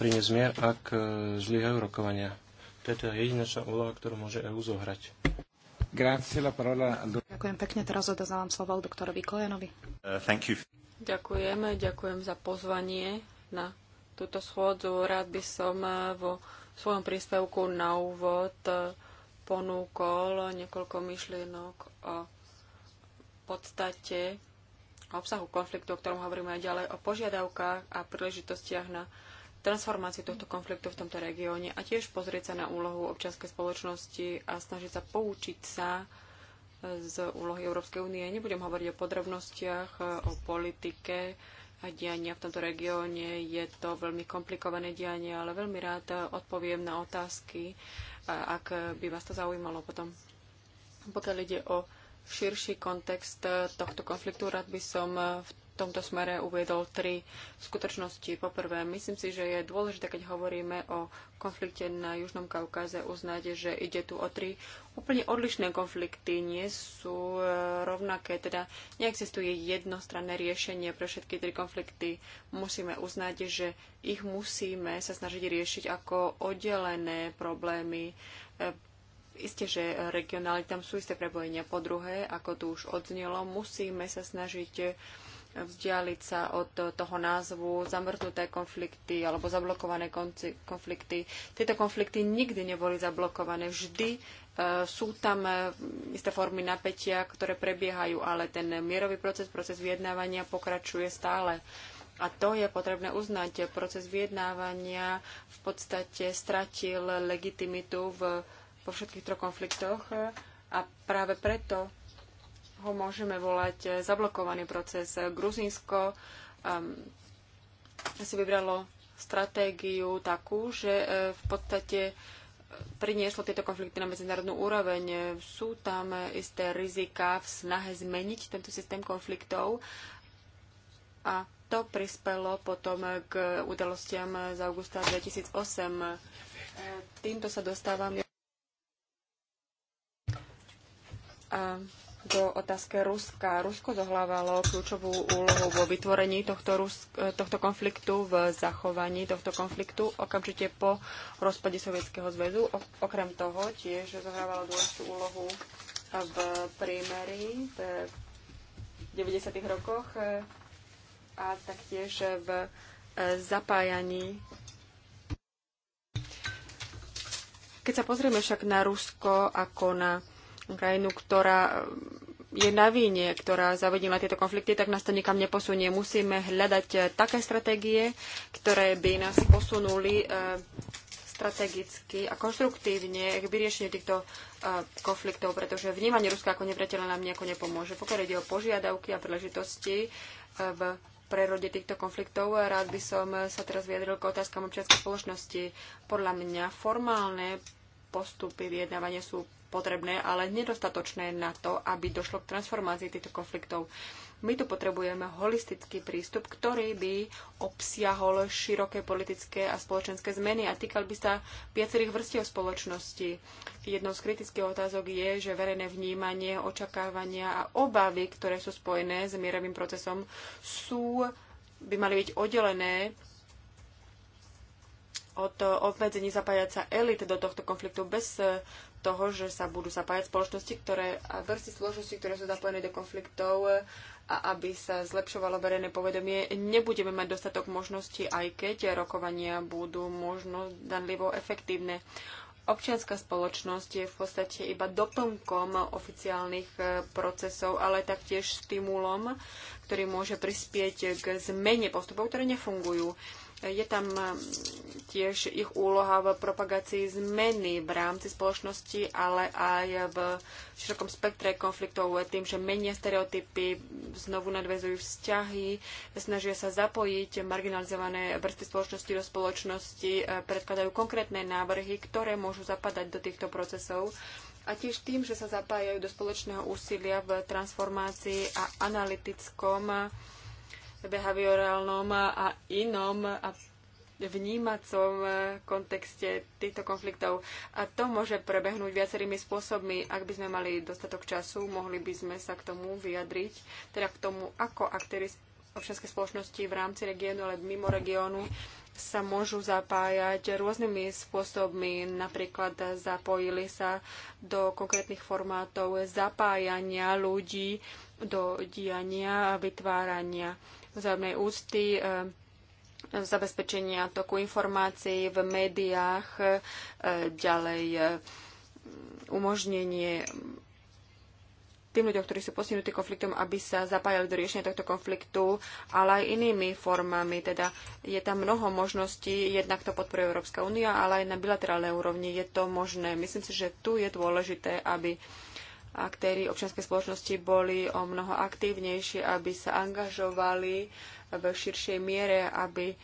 priniesť mier, ak zlyhajú rokovania. To je teda jedinečná úloha, ktorú môže EU zohrať. Ďakujem pekne, teraz odozávam slovo doktorovi Kojanovi. Uh, ďakujem, ďakujem za pozvanie na túto schôdzu. Rád by som eh, vo svojom príspevku na úvod eh, ponúkol niekoľko myšlienok o podstate a obsahu konfliktu, o ktorom hovoríme aj ďalej, o požiadavkách a príležitostiach na transformáciu tohto konfliktu v tomto regióne a tiež pozrieť sa na úlohu občianskej spoločnosti a snažiť sa poučiť sa eh, z úlohy Európskej únie. Nebudem hovoriť o podrobnostiach, o politike, a diania v tomto regióne. Je to veľmi komplikované dianie, ale veľmi rád odpoviem na otázky, ak by vás to zaujímalo potom. Pokiaľ ide o širší kontext tohto konfliktu, rád by som v tomto smere uviedol tri skutočnosti. Poprvé, myslím si, že je dôležité, keď hovoríme o konflikte na Južnom Kaukaze, uznať, že ide tu o tri úplne odlišné konflikty, nie sú e, rovnaké, teda neexistuje jednostranné riešenie pre všetky tri konflikty. Musíme uznať, že ich musíme sa snažiť riešiť ako oddelené problémy. E, isté, že regionálne tam sú isté prebojenia. Po druhé, ako tu už odznelo, musíme sa snažiť vzdialiť sa od toho názvu zamrznuté konflikty alebo zablokované konflikty. Tieto konflikty nikdy neboli zablokované. Vždy e, sú tam e, isté formy napätia, ktoré prebiehajú, ale ten mierový proces, proces vyjednávania pokračuje stále. A to je potrebné uznať. Proces vyjednávania v podstate stratil legitimitu v, vo všetkých troch konfliktoch e, a práve preto ho môžeme volať eh, zablokovaný proces. Gruzínsko um, ehm, si vybralo stratégiu takú, že eh, v podstate eh, prinieslo tieto konflikty na medzinárodnú úroveň. Sú tam isté rizika v snahe zmeniť tento systém konfliktov a to prispelo potom k udalostiam z augusta 2008. Týmto sa dostávam. A ehm, k otázke Ruska. Rusko zohlávalo kľúčovú úlohu vo vytvorení tohto, e, tohto konfliktu, v zachovaní tohto konfliktu okamžite po rozpade Sovietskeho zväzu. okrem toho tiež zohrávalo dôležitú úlohu v prímeri v 90. rokoch e, a taktiež v e, zapájaní. Keď sa pozrieme však na Rusko ako na krajinu, ktorá je na víne, ktorá zavodila tieto konflikty, tak nás to nikam neposunie. Musíme hľadať eh, také stratégie, ktoré by nás posunuli eh, strategicky a konštruktívne k vyriešeniu týchto eh, konfliktov, pretože vnímanie Ruska ako nepriateľa nám nejako nepomôže. Pokiaľ ide o požiadavky a príležitosti v prerode týchto konfliktov, rád by som sa teraz vyjadril k otázkam občianskej spoločnosti. Podľa mňa formálne postupy vyjednávania sú potrebné, ale nedostatočné na to, aby došlo k transformácii týchto konfliktov. My tu potrebujeme holistický prístup, ktorý by obsiahol široké politické a spoločenské zmeny a týkal by sa viacerých vrstiev spoločnosti. Jednou z kritických otázok je, že verejné vnímanie, očakávania a obavy, ktoré sú spojené s mierovým procesom, sú, by mali byť oddelené od obmedzení zapájať sa elit do tohto konfliktu bez toho, že sa budú zapájať spoločnosti, ktoré, a vrsty spoločnosti, ktoré sú zapojené do konfliktov a aby sa zlepšovalo verejné povedomie, nebudeme mať dostatok možností, aj keď rokovania budú možno danlivo efektívne. Občianská spoločnosť je v podstate iba doplnkom oficiálnych e, procesov, ale taktiež stimulom, ktorý môže prispieť k zmene postupov, ktoré nefungujú. Je tam um, tiež ich úloha v propagácii zmeny v rámci spoločnosti, ale aj v širokom spektre konfliktov tým, že menia stereotypy, znovu nadvezujú vzťahy, snažia sa zapojiť marginalizované vrsty spoločnosti do spoločnosti, e, predkladajú konkrétne návrhy, ktoré môžu zapadať do týchto procesov a tiež tým, že sa zapájajú do spoločného úsilia v transformácii a analytickom behaviorálnom a inom a vnímacom kontexte týchto konfliktov. A to môže prebehnúť viacerými spôsobmi. Ak by sme mali dostatok času, mohli by sme sa k tomu vyjadriť, teda k tomu, ako aktéry občianskej spoločnosti v rámci regiónu, ale mimo regiónu sa môžu zapájať rôznymi spôsobmi. Napríklad zapojili sa do konkrétnych formátov zapájania ľudí do diania a vytvárania vzájomnej úcty, e, zabezpečenia toku informácií v médiách, e, ďalej e, umožnenie tým ľuďom, ktorí sú postihnutí konfliktom, aby sa zapájali do riešenia tohto konfliktu, ale aj inými formami. Teda je tam mnoho možností, jednak to podporuje Európska únia, ale aj na bilaterálnej úrovni je to možné. Myslím si, že tu je dôležité, aby aktéry občianskej spoločnosti boli o mnoho aktívnejšie, aby sa angažovali v širšej miere, aby um,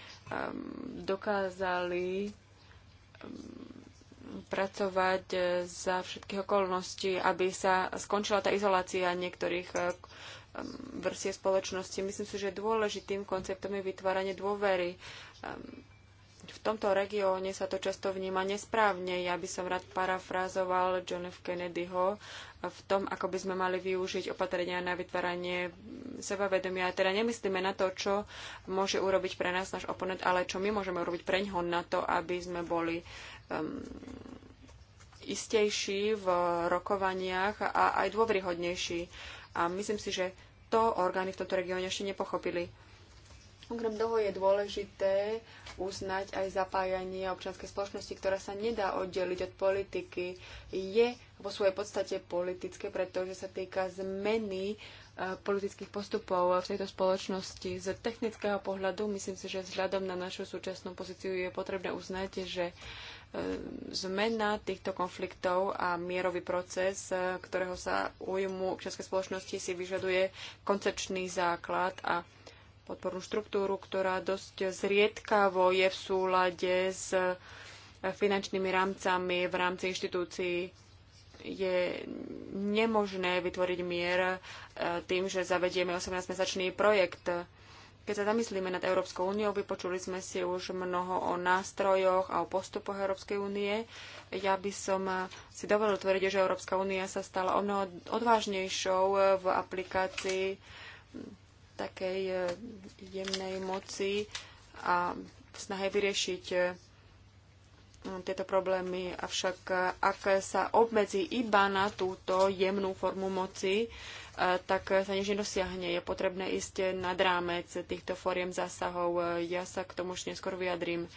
dokázali um, pracovať eh, za všetkých okolností, aby sa skončila tá izolácia niektorých eh, um, vrstie spoločnosti. Myslím si, že dôležitým konceptom je vytváranie dôvery v tomto regióne sa to často vníma nesprávne. Ja by som rád parafrázoval John F. Kennedyho v tom, ako by sme mali využiť opatrenia na vytváranie sebavedomia. Teda nemyslíme na to, čo môže urobiť pre nás náš oponent, ale čo my môžeme urobiť pre ňoho na to, aby sme boli um, istejší v rokovaniach a aj dôveryhodnejší. A myslím si, že to orgány v tomto regióne ešte nepochopili Okrem toho je dôležité uznať aj zapájanie občianskej spoločnosti, ktorá sa nedá oddeliť od politiky. Je vo svojej podstate politické, pretože sa týka zmeny e, politických postupov v tejto spoločnosti. Z technického pohľadu myslím si, že vzhľadom na našu súčasnú pozíciu je potrebné uznať, že e, zmena týchto konfliktov a mierový proces, e, ktorého sa ujmu občianskej spoločnosti si vyžaduje koncepčný základ a podpornú štruktúru, ktorá dosť zriedkavo je v súlade s eh, finančnými rámcami v rámci inštitúcií. Je nemožné vytvoriť mier eh, tým, že zavedieme 18-mesačný projekt. Keď sa zamyslíme nad Európskou úniou, vypočuli sme si už mnoho o nástrojoch a o postupoch Európskej únie. Ja by som eh, si dovolil tvrdiť, že Európska únia sa stala o mnoho odvážnejšou v aplikácii takej e, jemnej moci a v snahe vyriešiť e, tieto problémy. Avšak e, ak sa obmedzí iba na túto jemnú formu moci, tak sa nič nedosiahne. Je potrebné ísť nad rámec týchto fóriem zásahov. Ja sa k tomu už neskôr vyjadrím.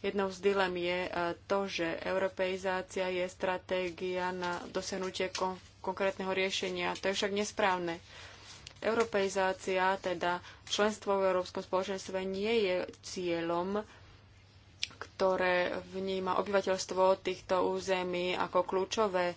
Jednou z dilem je to, že europeizácia je stratégia na dosiahnutie konkrétneho riešenia. To je však nesprávne. Europeizácia, teda členstvo v Európskom spoločenstve, nie je cieľom, ktoré vníma obyvateľstvo týchto území ako kľúčové. E,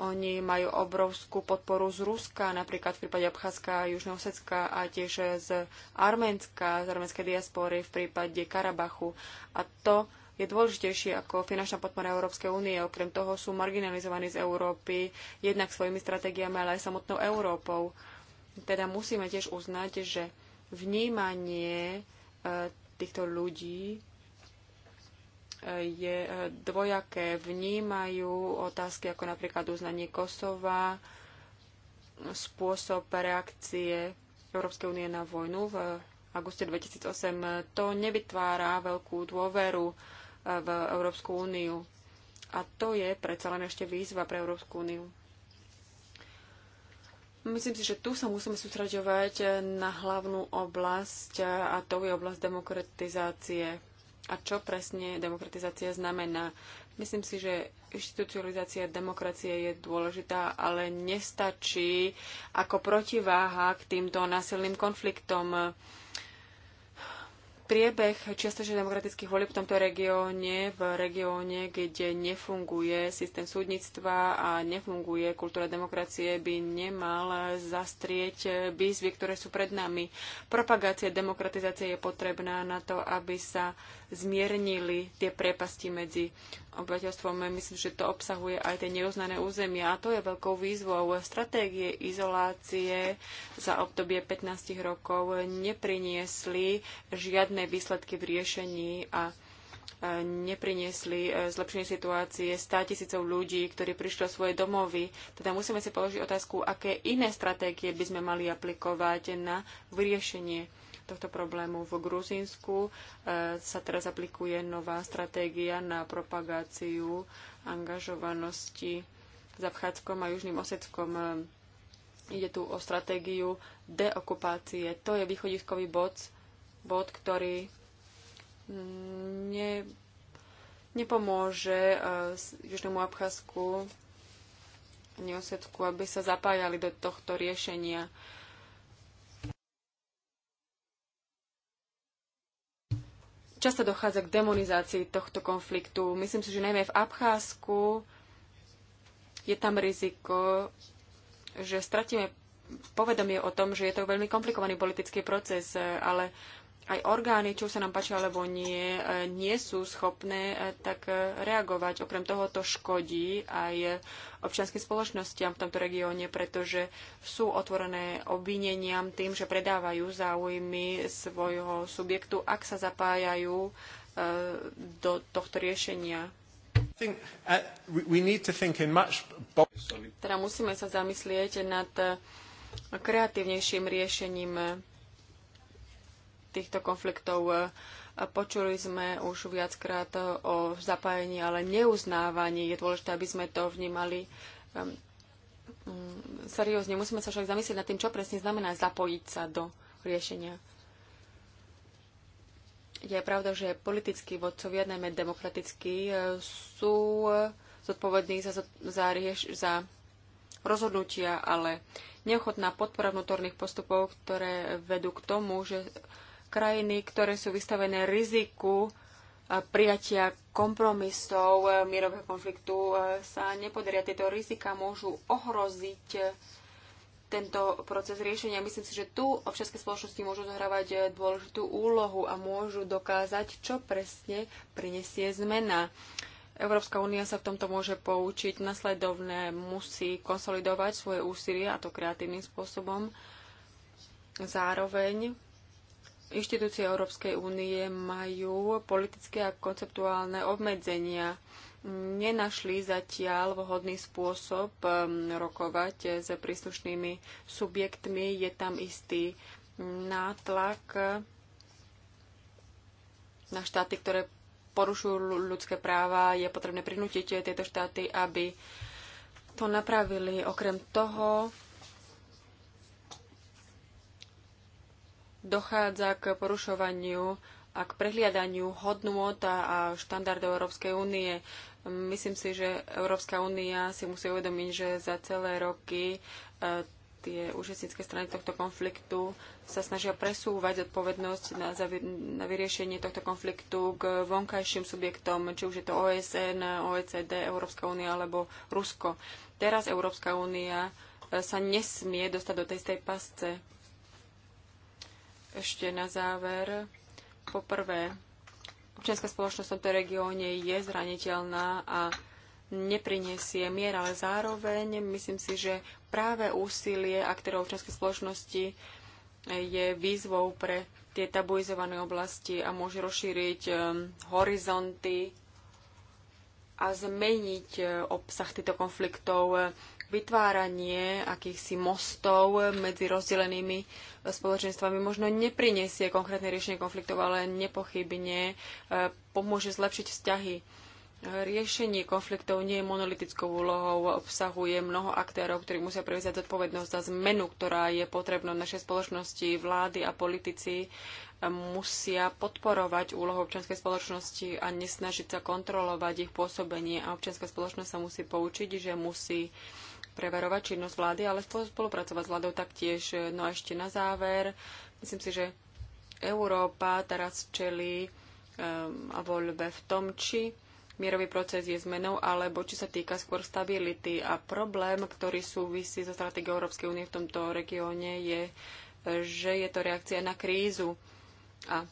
oni majú obrovskú podporu z Ruska, napríklad v prípade Abcházska, Južného Secka a tiež z Arménska, z arménskej diaspory v prípade Karabachu. A to je dôležitejšie ako finančná podpora Európskej únie. Okrem toho sú marginalizovaní z Európy jednak svojimi stratégiami, ale aj samotnou Európou. Teda musíme tiež uznať, že vnímanie e, týchto ľudí e, je e, dvojaké. Vnímajú otázky ako napríklad uznanie Kosova, spôsob reakcie Európskej únie na vojnu v auguste 2008. To nevytvára veľkú dôveru v Európsku úniu. A to je predsa len ešte výzva pre Európsku úniu. Myslím si, že tu sa musíme sústraďovať na hlavnú oblasť a to je oblasť demokratizácie. A čo presne demokratizácia znamená? Myslím si, že inštitucionalizácia demokracie je dôležitá, ale nestačí ako protiváha k týmto násilným konfliktom priebeh čiastočne demokratických volieb v tomto regióne, v regióne, kde nefunguje systém súdnictva a nefunguje kultúra demokracie, by nemal zastrieť výzvy, ktoré sú pred nami. Propagácia demokratizácie je potrebná na to, aby sa zmiernili tie prepasti medzi obyvateľstvom. Myslím, že to obsahuje aj tie neuznané územia a to je veľkou výzvou. Stratégie izolácie za obdobie 15 rokov nepriniesli žiadne výsledky v riešení a e, nepriniesli e, zlepšenie situácie 100 tisícov ľudí, ktorí prišli o svoje domovy. Teda musíme si položiť otázku, aké iné stratégie by sme mali aplikovať na vyriešenie tohto problému. V Gruzínsku e, sa teraz aplikuje nová stratégia na propagáciu angažovanosti s Abchádskom a Južným Oseckom. E, ide tu o stratégiu deokupácie. To je východiskový bod, bod ktorý mm, ne, nepomôže e, Južnému Abcházsku Neosecku, aby sa zapájali do tohto riešenia. Často dochádza k demonizácii tohto konfliktu. Myslím si, že najmä v Abcházsku je tam riziko, že stratíme povedomie o tom, že je to veľmi komplikovaný politický proces, ale aj orgány, čo sa nám páči alebo nie, e, nie sú schopné e, tak e, reagovať. Okrem toho to škodí aj občianským spoločnostiam v tomto regióne, pretože sú otvorené obvineniam tým, že predávajú záujmy svojho subjektu, ak sa zapájajú do tohto riešenia. Uh, teda musíme sa zamyslieť nad kreatívnejším riešením týchto konfliktov. E, počuli sme už viackrát e, o zapájení, ale neuznávaní. Je dôležité, aby sme to vnímali mm, seriózne. Musíme sa však zamyslieť nad tým, čo presne znamená zapojiť sa do riešenia. Je pravda, že politickí vodcovia, najmä demokratickí, e, sú zodpovední za, za, rieš, za rozhodnutia, ale neochotná podpora vnútorných postupov, ktoré vedú k tomu, že krajiny, ktoré sú vystavené riziku e, prijatia kompromisov e, mierového konfliktu e, sa nepodaria. Tieto rizika môžu ohroziť tento proces riešenia. Myslím si, že tu občianske spoločnosti môžu zohrávať dôležitú úlohu a môžu dokázať, čo presne prinesie zmena. Európska únia sa v tomto môže poučiť. Nasledovne musí konsolidovať svoje úsilie, a to kreatívnym spôsobom. Zároveň inštitúcie Európskej únie majú politické a konceptuálne obmedzenia. Nenašli zatiaľ vhodný spôsob um, rokovať s príslušnými subjektmi. Je tam istý nátlak na štáty, ktoré porušujú ľudské práva. Je potrebné prinútiť tieto štáty, aby to napravili. Okrem toho, dochádza k porušovaniu a k prehliadaniu hodnôt a štandardov Európskej únie. Myslím si, že Európska únia si musí uvedomiť, že za celé roky e, tie účastnícke strany tohto konfliktu sa snažia presúvať zodpovednosť na, na vyriešenie tohto konfliktu k vonkajším subjektom, či už je to OSN, OECD, Európska únia alebo Rusko. Teraz Európska únia e, sa nesmie dostať do tej istej pasce ešte na záver. Poprvé, občianská spoločnosť v tomto regióne je zraniteľná a nepriniesie mier, ale zároveň myslím si, že práve úsilie aktérov občianskej spoločnosti je výzvou pre tie tabuizované oblasti a môže rozšíriť um, horizonty a zmeniť eh, obsah týchto konfliktov vytváranie akýchsi mostov medzi rozdelenými eh, spoločenstvami možno neprinesie konkrétne riešenie konfliktov, ale nepochybne eh, pomôže zlepšiť vzťahy. Riešenie konfliktov nie je monolitickou úlohou, obsahuje mnoho aktérov, ktorí musia prevziať zodpovednosť za zmenu, ktorá je potrebná v našej spoločnosti. Vlády a politici eh, musia podporovať úlohu občianskej spoločnosti a nesnažiť sa kontrolovať ich pôsobenie. A občianská spoločnosť sa musí poučiť, že musí preverovať činnosť vlády, ale spolupracovať s vládou taktiež. No a ešte na záver, myslím si, že Európa teraz čeli um, voľbe v tom, či mierový proces je zmenou, alebo či sa týka skôr stability. A problém, ktorý súvisí so stratégiou Európskej únie v tomto regióne, je, že je to reakcia na krízu a e,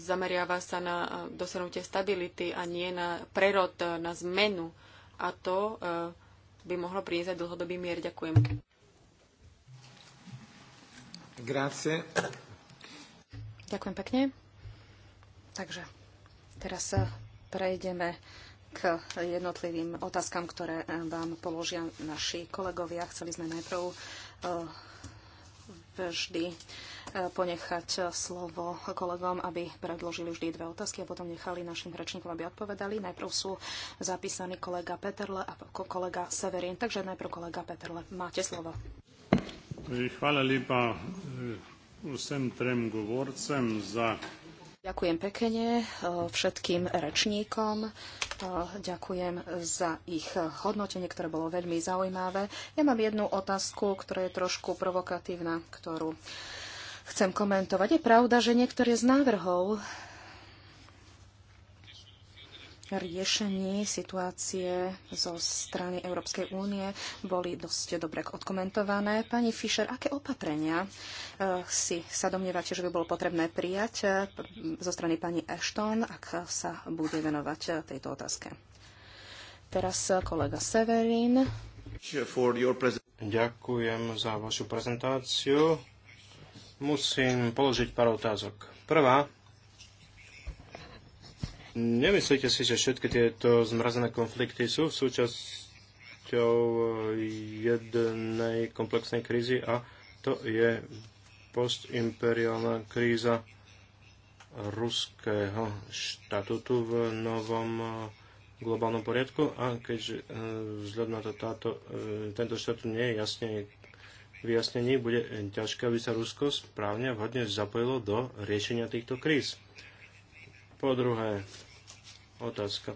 zameriava sa na e, dosiahnutie stability a nie na prerod, e, na zmenu. A to e, by mohlo priniesť dlhodobý mier. Ďakujem. Grazie. Ďakujem pekne. Takže teraz prejdeme k jednotlivým otázkam, ktoré eh, vám položia naši kolegovia. Chceli sme najprv eh, vždy ponechať slovo kolegom, aby predložili vždy dve otázky a potom nechali našim rečníkom, aby odpovedali. Najprv sú zapísaní kolega Peterle a kolega Severin. Takže najprv kolega Peterle. Máte slovo. Hvala lepa e, vsem trem govorcem za Ďakujem pekne e, všetkým rečníkom. E, ďakujem za ich hodnotenie, ktoré bolo veľmi zaujímavé. Ja mám jednu otázku, ktorá je trošku provokatívna, ktorú chcem komentovať. Je pravda, že niektoré z návrhov riešení situácie zo strany Európskej únie boli dosť dobre odkomentované. Pani Fischer, aké opatrenia eh, si sa domnievate, že by bolo potrebné prijať eh, zo strany pani Ashton, ak sa bude venovať eh, tejto otázke? Teraz kolega Severin. Ďakujem za vašu prezentáciu musím položiť pár otázok. Prvá, nemyslíte si, že všetky tieto zmrazené konflikty sú v súčasťou jednej komplexnej krízy a to je postimperiálna kríza ruského štatutu v novom globálnom poriadku a keďže e, vzhľad na to táto, e, tento štatut nie je jasne vyjasnení bude ťažké, aby sa Rusko správne a vhodne zapojilo do riešenia týchto kríz. Po druhé, otázka.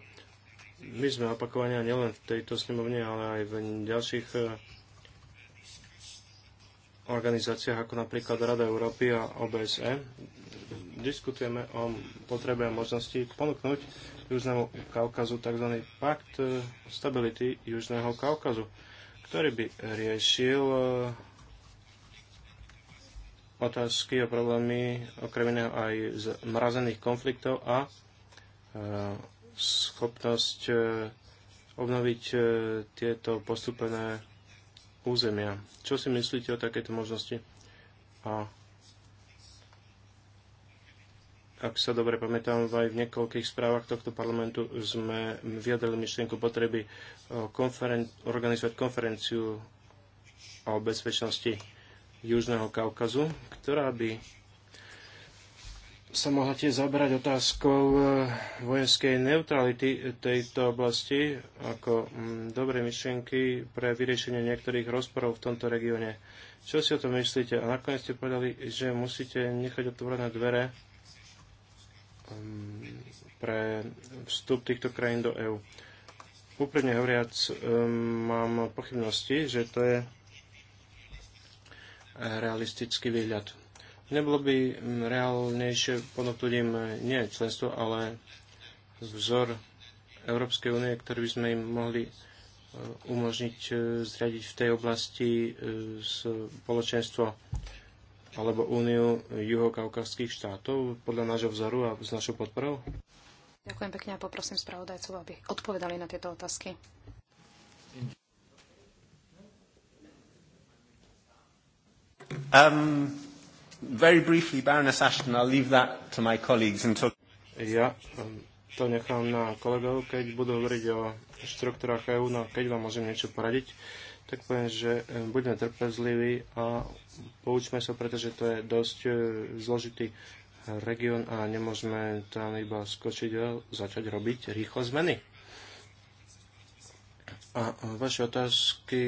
My sme opakovania nielen v tejto snemovne, ale aj v ďalších e, organizáciách, ako napríklad Rada Európy a OBSE, diskutujeme o potrebe a možnosti ponúknuť Južnému Kaukazu tzv. pakt e, stability Južného Kaukazu, ktorý by riešil e, otázky a problémy okrem iného aj zmrazených konfliktov a e, schopnosť e, obnoviť e, tieto postupené územia. Čo si myslíte o takéto možnosti? A ak sa dobre pamätám, aj v niekoľkých správach tohto parlamentu sme vyjadrili myšlienku potreby konferen- organizovať konferenciu o bezpečnosti Južného Kaukazu, ktorá by sa mohla tiež zabrať otázkou e, vojenskej neutrality tejto oblasti ako mm, dobré myšlienky pre vyriešenie niektorých rozporov v tomto regióne. Čo si o tom myslíte? A nakoniec ste povedali, že musíte nechať otvorené dvere mm, pre vstup týchto krajín do EÚ. Úprimne hovoriac, e, mám pochybnosti, že to je realistický výhľad. Nebolo by mm, reálnejšie ponúknuť im e, nie členstvo, ale vzor Európskej únie, ktorý by sme im mohli e, umožniť e, zriadiť v tej oblasti spoločenstvo alebo úniu juhokaukazských štátov podľa nášho vzoru a s našou podporou? Ďakujem pekne a poprosím spravodajcov, aby odpovedali na tieto otázky. Um, very briefly, Baroness Ashton, I'll leave that to my colleagues and talk... Ja um, to nechám na kolegov, keď budú hovoriť o štruktúrach EÚ, no keď vám môžem niečo poradiť, tak poviem, že um, buďme trpezliví a poučme sa, pretože to je dosť uh, zložitý región a nemôžeme tam iba skočiť a uh, začať robiť rýchlo zmeny. A vaše otázky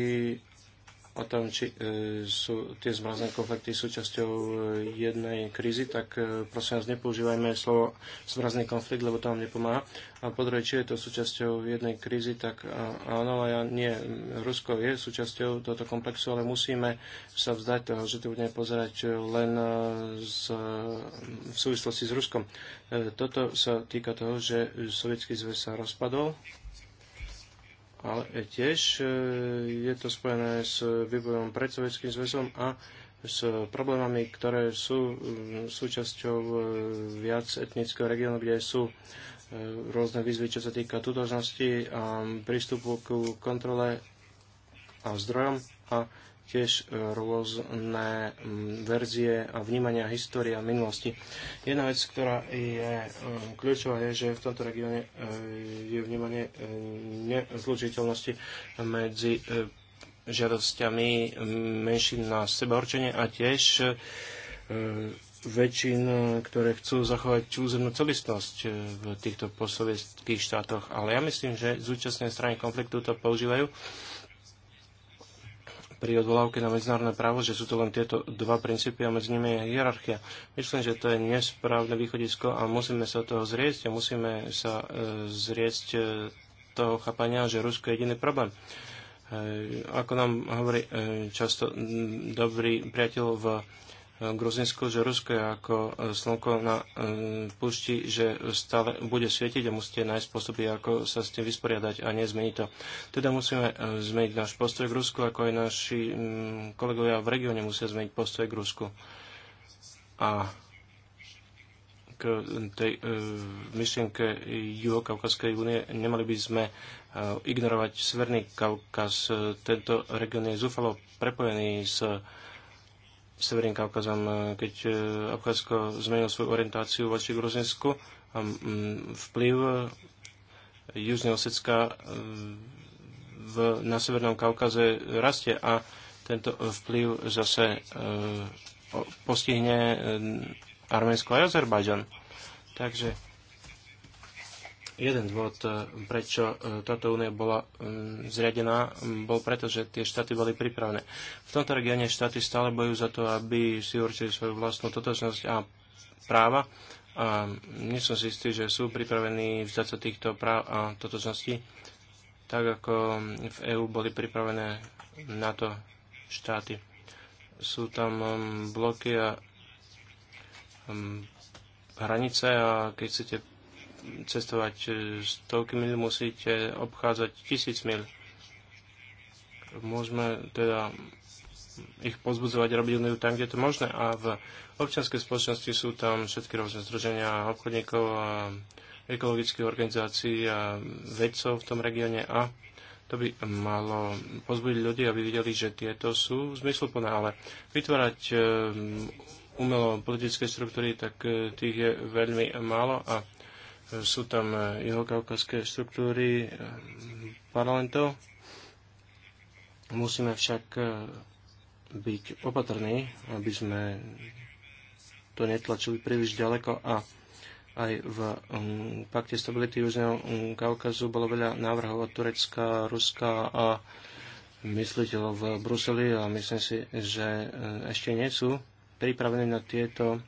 o tom, či e, sú tie zmrazené konflikty súčasťou e, jednej krízy, tak e, prosím vás, nepoužívajme slovo zmrazený konflikt, lebo to vám nepomáha. A po druhé, či je to súčasťou jednej krízy, tak a, áno, ale ja nie. Rusko je súčasťou tohto komplexu, ale musíme sa vzdať toho, že to budeme pozerať len e, z, v súvislosti s Ruskom. E, toto sa týka toho, že Sovietský zväz sa rozpadol ale tiež e, je to spojené s vývojom pred Sovjetským zväzom a s problémami, ktoré sú mm, súčasťou e, viac etnického regiónu, kde sú e, rôzne výzvy, čo sa týka tutožnosti a prístupu k kontrole a zdrojom a tiež e, rôzne verzie a vnímania história minulosti. Jedna vec, ktorá je e, kľúčová, je, že v tomto regióne e, je vnímanie nezlučiteľnosti medzi žiadosťami menším na seba určenie a tiež väčšin, ktoré chcú zachovať územnú celistnosť v týchto posovietských štátoch. Ale ja myslím, že zúčastnené strany konfliktu to používajú pri odvolávke na medzinárodné právo, že sú to len tieto dva princípy a medzi nimi je hierarchia. Myslím, že to je nesprávne východisko a musíme sa toho zrieť a musíme sa e, zrieť e, toho chápania, že Rusko je jediný problém e, ako nám hovorí často dobrý priateľ v Gruzinsko, že Rusko je ako e, slnko na e, púšti, že stále bude svietiť a musíte nájsť spôsoby, ako sa s tým vysporiadať a nezmeniť to. Teda musíme e, zmeniť náš postoj k Rusku, ako aj naši kolegovia v regióne musia zmeniť postoj k Rusku. A k tej myšlienke Juho-Kaukazskej únie nemali by sme ignorovať Severný Kaukaz. Tento región je zúfalo prepojený s Severným Kaukazom, eh, keď eh, Abcházsko zmenilo svoju orientáciu voči Gruzinsku a mm, vplyv eh, Južného Osecka v, na Severnom Kaukaze rastie a tento vplyv zase postihne Arménsko a Azerbajdžan. Takže Jeden dôvod, e, prečo e, táto únia bola e, zriadená, bol preto, že tie štáty boli pripravené. V tomto regióne štáty stále bojujú za to, aby si určili svoju vlastnú totožnosť a práva. A nie som si istý, že sú pripravení vzdať sa týchto práv a totožností, tak ako v EÚ boli pripravené na to štáty. Sú tam bloky a hranice a keď chcete cestovať e, stovky mil, musíte obchádzať tisíc mil. Môžeme teda ich pozbudzovať, robiť tam, kde je to možné. A v občianskej spoločnosti sú tam všetky rôzne združenia obchodníkov a ekologických organizácií a vedcov v tom regióne a to by malo pozbudiť ľudí, aby videli, že tieto sú zmysluplné, ale vytvárať e, umelo politické struktúry, tak e, tých je veľmi málo a sú tam e, juhokaukaské štruktúry e, parlamentov. Musíme však e, byť opatrní, aby sme to netlačili príliš ďaleko a aj v um, pakte stability Južného um, Kaukazu bolo veľa návrhov od Turecka, Ruska a mysliteľov v Bruseli a myslím si, že ešte nie sú pripravení na tieto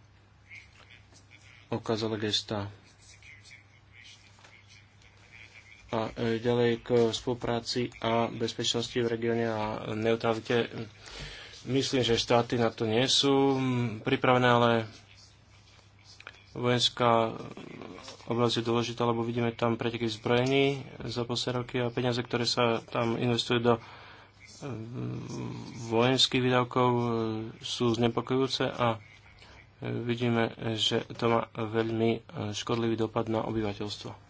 okazale gesta a e, ďalej k spolupráci a bezpečnosti v regióne a neutralite. Myslím, že štáty na to nie sú pripravené, ale vojenská oblasť je dôležitá, lebo vidíme tam preteky zbrojení za posledné roky a peniaze, ktoré sa tam investujú do vojenských výdavkov e, sú znepokojúce a e, vidíme, že to má veľmi škodlivý dopad na obyvateľstvo.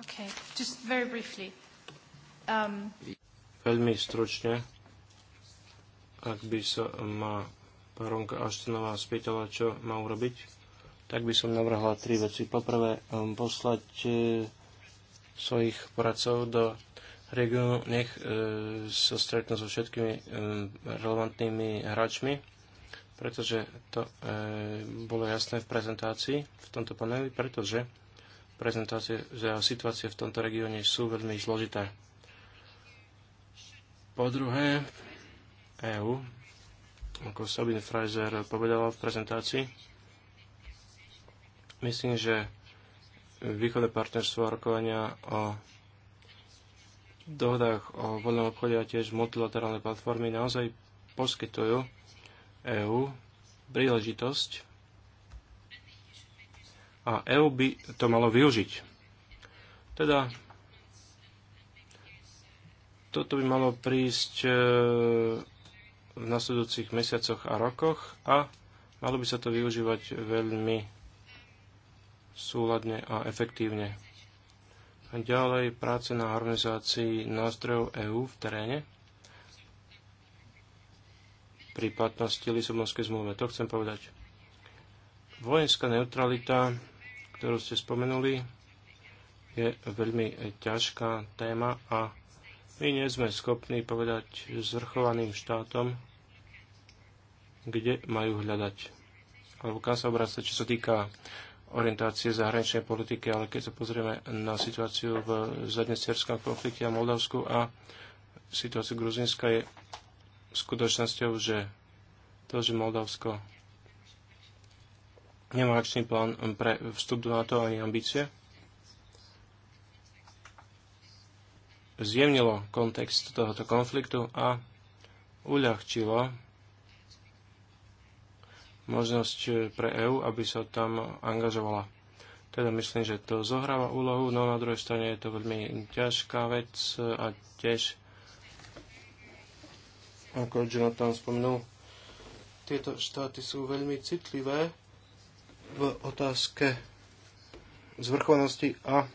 Okay, just very briefly. Um... Veľmi stručne, ak by sa ma Paronka Aštenová spýtala, čo má urobiť, tak by som navrhla tri veci. Poprvé, um, poslať e, svojich poradcov do regiónu, nech e, sa stretnú so všetkými e, relevantnými hráčmi, pretože to e, bolo jasné v prezentácii v tomto paneli, pretože prezentácie, že situácie v tomto regióne sú veľmi zložité. Po druhé, EÚ, ako Sabin Fraser povedala v prezentácii, myslím, že východné partnerstvo a rokovania o dohodách o voľnom obchode a tiež multilaterálne platformy naozaj poskytujú EÚ príležitosť a EU by to malo využiť. Teda toto by malo prísť e, v nasledujúcich mesiacoch a rokoch a malo by sa to využívať veľmi súladne a efektívne. A ďalej práce na harmonizácii nástrojov EÚ v teréne pri platnosti Lisabonskej zmluve. To chcem povedať. Vojenská neutralita ktorú ste spomenuli, je veľmi ťažká téma a my nie sme schopní povedať zvrchovaným štátom, kde majú hľadať. Alebo kam sa obrácať, čo sa týka orientácie zahraničnej politiky, ale keď sa pozrieme na situáciu v zadnestierskom konflikte a Moldavsku a situáciu Gruzinska je skutočnosťou, že to, že Moldavsko nemá akčný plán pre vstup do NATO ani ambície. Zjemnilo kontext tohoto konfliktu a uľahčilo možnosť pre EÚ, aby sa tam angažovala. Teda myslím, že to zohráva úlohu, no na druhej strane je to veľmi ťažká vec a tiež, ako Jonathan spomenul, tieto štáty sú veľmi citlivé v otázke zvrchovanosti a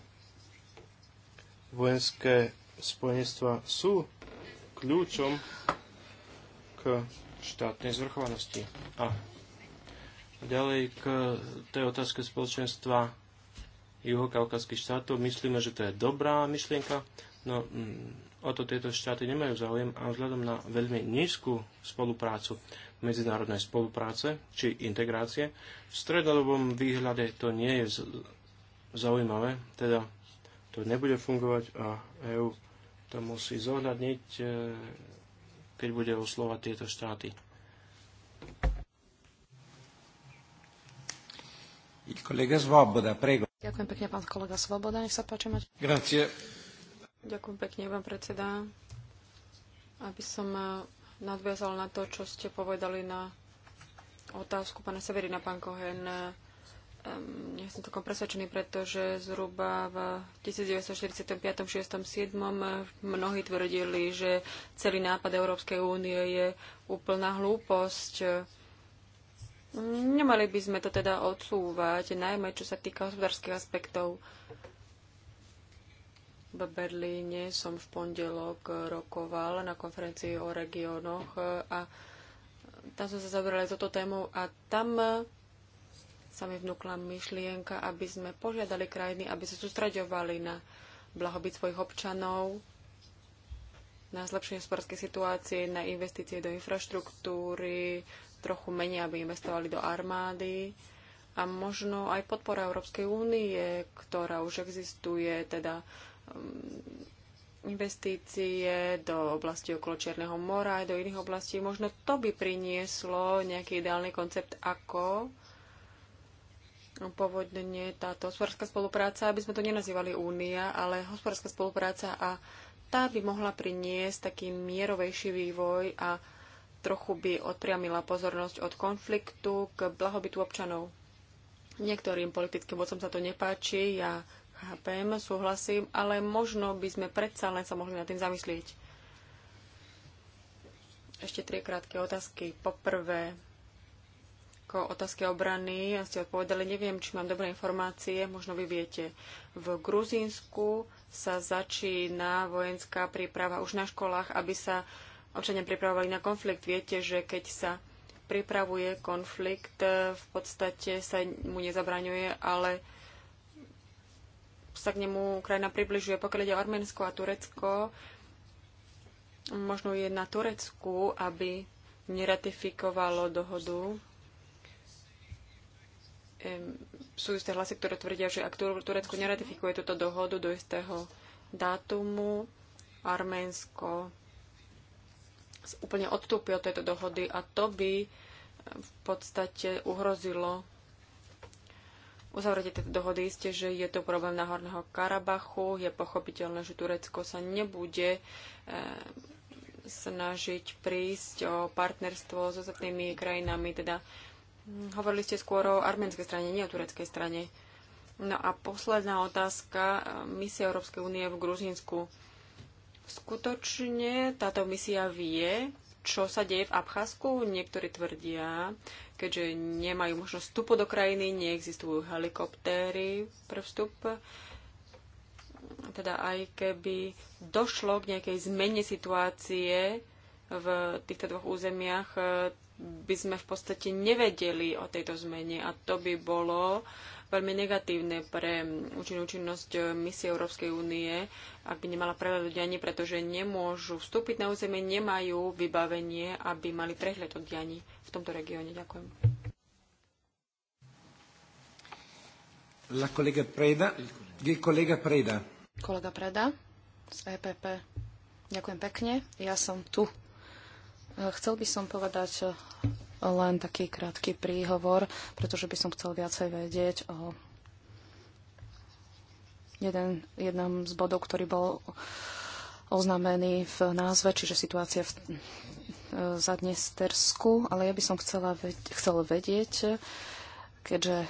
vojenské spojenstva sú kľúčom k štátnej zvrchovanosti. A ďalej k tej otázke spoločenstva juhokaukazských štátov. Myslíme, že to je dobrá myšlienka, no mm, o to tieto štáty nemajú záujem a vzhľadom na veľmi nízku spoluprácu medzinárodnej spolupráce či integrácie. V stredodobom výhľade to nie je zaujímavé, teda to nebude fungovať a EÚ to musí zohľadniť, e, keď bude oslovať tieto štáty. Svoboda, Ďakujem pekne, pán kolega Svoboda. Nech sa páči mať. Grazie. Ďakujem pekne, pán predseda. Aby som e, nadviazal na to, čo ste povedali na otázku pána Severina, pán Kohen. Um, ehm, ja som takom presvedčený, pretože zhruba v 1945, 6, mnohí tvrdili, že celý nápad Európskej únie je úplná hlúposť. Nemali by sme to teda odsúvať, najmä čo sa týka hospodárskych aspektov. V Berlíne som v pondelok rokoval na konferencii o regiónoch a tam som sa zabrala toto tému a tam sa mi vnúkla myšlienka, aby sme požiadali krajiny, aby sa sústraďovali na blahobyt svojich občanov, na zlepšenie sporskej situácie, na investície do infraštruktúry, trochu menej, aby investovali do armády a možno aj podpora Európskej únie, ktorá už existuje, teda Um, investície do oblasti okolo Černého mora aj do iných oblastí. Možno to by prinieslo nejaký ideálny koncept, ako povodne táto hospodárska spolupráca, aby sme to nenazývali únia, ale hospodárska spolupráca a tá by mohla priniesť taký mierovejší vývoj a trochu by odpriamila pozornosť od konfliktu k blahobytu občanov. Niektorým politickým vodcom sa to nepáči, ja Chápem, súhlasím, ale možno by sme predsa len sa mohli nad tým zamyslieť. Ešte tri krátke otázky. Poprvé, ako otázke obrany, ja ste odpovedali, neviem, či mám dobré informácie, možno vy viete. V Gruzínsku sa začína vojenská príprava už na školách, aby sa občania pripravovali na konflikt. Viete, že keď sa pripravuje konflikt, v podstate sa mu nezabraňuje, ale sa k nemu Ukrajina približuje. Pokiaľ ide o Arménsko a Turecko, možno je na Turecku, aby neratifikovalo dohodu. sú isté hlasy, ktoré tvrdia, že ak Turecko neratifikuje túto dohodu do istého dátumu, Arménsko úplne odstúpi od tejto dohody a to by v podstate uhrozilo uzavrete tieto dohody. Isté, že je to problém Nahorného Karabachu. Je pochopiteľné, že Turecko sa nebude e, snažiť prísť o partnerstvo s ostatnými krajinami. Teda hm, hovorili ste skôr o arménskej strane, nie o tureckej strane. No a posledná otázka. Eh, misia Európskej únie v Gruzínsku. Skutočne táto misia vie, čo sa deje v Abcházsku. Niektorí tvrdia, keďže nemajú možnosť vstupu do krajiny, neexistujú helikoptéry pre vstup, teda aj keby došlo k nejakej zmene situácie v týchto dvoch územiach, by sme v podstate nevedeli o tejto zmene a to by bolo uh, veľmi negatívne pre účinnú činnosť eh, misie Európskej únie, ak by nemala prehľad o dianí, pretože nemôžu vstúpiť na územie, nemajú vybavenie, aby mali prehľad o dianí v tomto regióne. Ďakujem. La kolega Preda. kolega Preda. Kolega Preda z EPP. Ďakujem pekne. Ja som tu. Eh, chcel by som povedať eh, len taký krátky príhovor, pretože by som chcel viacej vedieť o jeden, jednom z bodov, ktorý bol oznámený v názve, čiže situácia v e, Zadnestersku, ale ja by som chcela ved- chcel vedieť, keďže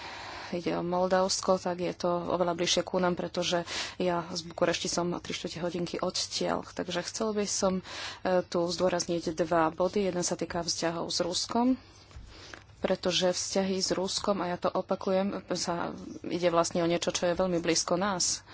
ide o Moldavsko, tak je to oveľa bližšie ku nám, pretože ja z Bukurešti som 3 čtvrte hodinky odtiaľ. Takže chcel by som e, tu zdôrazniť dva body. Jeden sa týka vzťahov s Ruskom, pretože vzťahy s Ruskom, a ja to opakujem, sa ide vlastne o niečo, čo je veľmi blízko nás.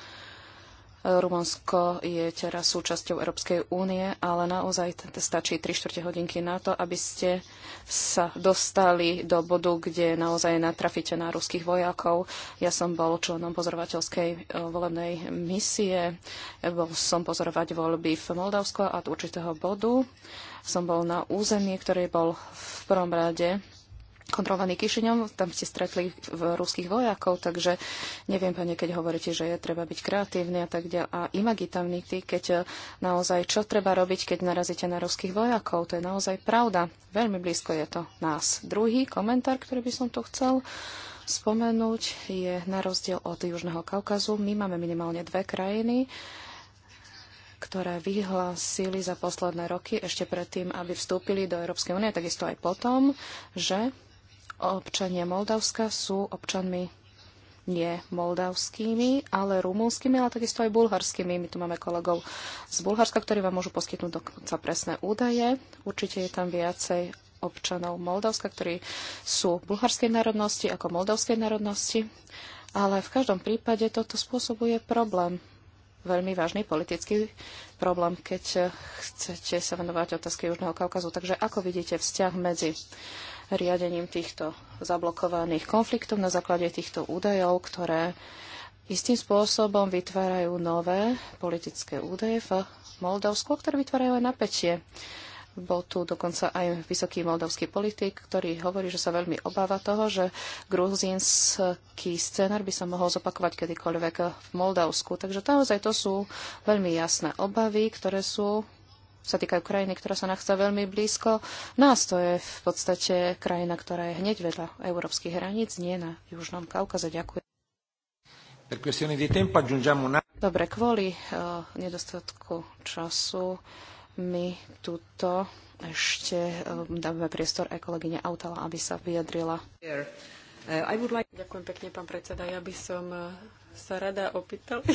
Rumunsko je teraz súčasťou Európskej únie, ale naozaj stačí 3 čtvrte hodinky na to, aby ste sa dostali do bodu, kde naozaj natrafíte na ruských vojakov. Ja som bol členom pozorovateľskej e, volebnej misie. Bol som pozorovať voľby v Moldavsku a od určitého bodu som bol na území, ktorý bol v prvom rade kontrolovaný Kišiňom, tam ste stretli v ruských vojakov, takže neviem, pane, keď hovoríte, že je treba byť kreatívny a tak ďalej. A imagitavnity, keď e, naozaj čo treba robiť, keď narazíte na ruských vojakov, to je naozaj pravda. Veľmi blízko je to nás. Druhý komentár, ktorý by som tu chcel spomenúť, je na rozdiel od Južného Kaukazu. My máme minimálne dve krajiny, ktoré vyhlásili za posledné roky, ešte predtým, aby vstúpili do Európskej únie, takisto aj potom, že občania Moldavska sú občanmi nie moldavskými, ale rumúnskymi, ale takisto aj bulharskými. My tu máme kolegov z Bulharska, ktorí vám môžu poskytnúť dokonca presné údaje. Určite je tam viacej občanov Moldavska, ktorí sú bulharskej národnosti ako moldavskej národnosti. Ale v každom prípade toto spôsobuje problém, veľmi vážny politický problém, keď chcete sa venovať otázke Južného Kaukazu. Takže ako vidíte vzťah medzi riadením týchto zablokovaných konfliktov na základe týchto údajov, ktoré istým spôsobom vytvárajú nové politické údaje v Moldavsku, ktoré vytvárajú aj napätie. Bol tu dokonca aj vysoký moldavský politik, ktorý hovorí, že sa veľmi obáva toho, že gruzínsky scénar by sa mohol zopakovať kedykoľvek v Moldavsku. Takže naozaj to sú veľmi jasné obavy, ktoré sú sa týkajú krajiny, ktorá sa nachádza veľmi blízko nás. To je v podstate krajina, ktorá je hneď vedľa európskych hraníc, nie na Južnom Kaukaze. Ďakujem. Dobre, kvôli uh, nedostatku času my túto ešte uh, dáme priestor aj kolegyne Autala, aby sa vyjadrila. Eh, Ďakujem pekne, pán predseda. Ja by som sa rada opýtala.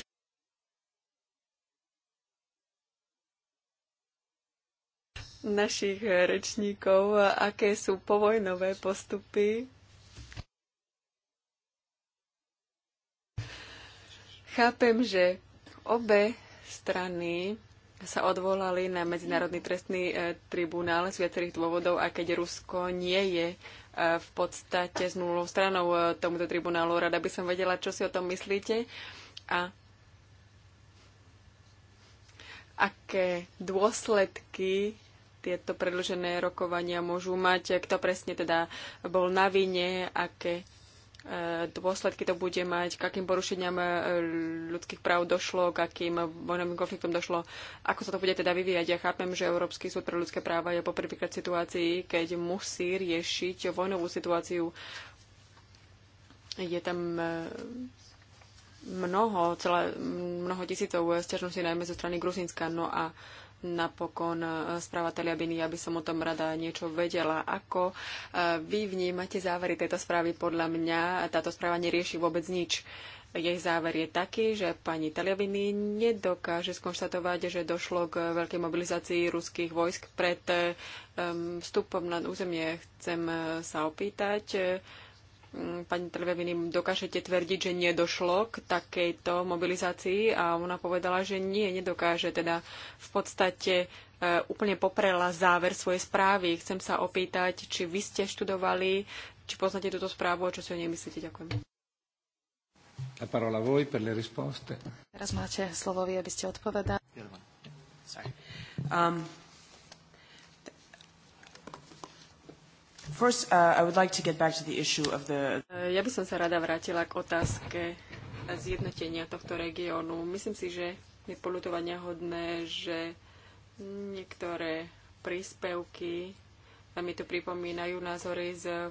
našich rečníkov, aké sú povojnové postupy. Chápem, že obe strany sa odvolali na Medzinárodný trestný e, tribunál z viacerých dôvodov a keď Rusko nie je e, v podstate s nulou stranou e, tomuto tribunálu, rada by som vedela, čo si o tom myslíte a aké dôsledky tieto predlžené rokovania môžu mať, kto presne teda bol na vine, aké e, dôsledky to bude mať, k akým porušeniam e, ľudských práv došlo, k akým vojnovým konfliktom došlo, ako sa to bude teda vyvíjať. Ja chápem, že Európsky súd pre ľudské práva je poprvýkrát v situácii, keď musí riešiť vojnovú situáciu. Je tam e, mnoho, celé, mnoho tisícov stiažností najmä zo strany Gruzinska. No a napokon e, správa Biny, ja by som o tom rada niečo vedela. Ako e, vy vnímate závery tejto správy? Podľa mňa táto správa nerieši vôbec nič. Jej záver je taký, že pani Taliaviny nedokáže skonštatovať, že došlo k veľkej mobilizácii ruských vojsk pred e, vstupom na územie. Chcem sa opýtať, Mm, pani Treveviny, dokážete tvrdiť, že nedošlo k takejto mobilizácii a ona povedala, že nie, nedokáže. Teda v podstate e, úplne poprela záver svojej správy. Chcem sa opýtať, či vy ste študovali, či poznáte túto správu a čo si o nej myslíte. Ďakujem. La parola voi per le risposte. Teraz máte slovo vy, aby ste odpovedali. Um, First, uh, I would like to get back to the issue of the... Uh, ja by som sa rada vrátila k otázke zjednotenia tohto regiónu. Myslím si, že je polutovania hodné, že niektoré príspevky mi tu pripomínajú názory z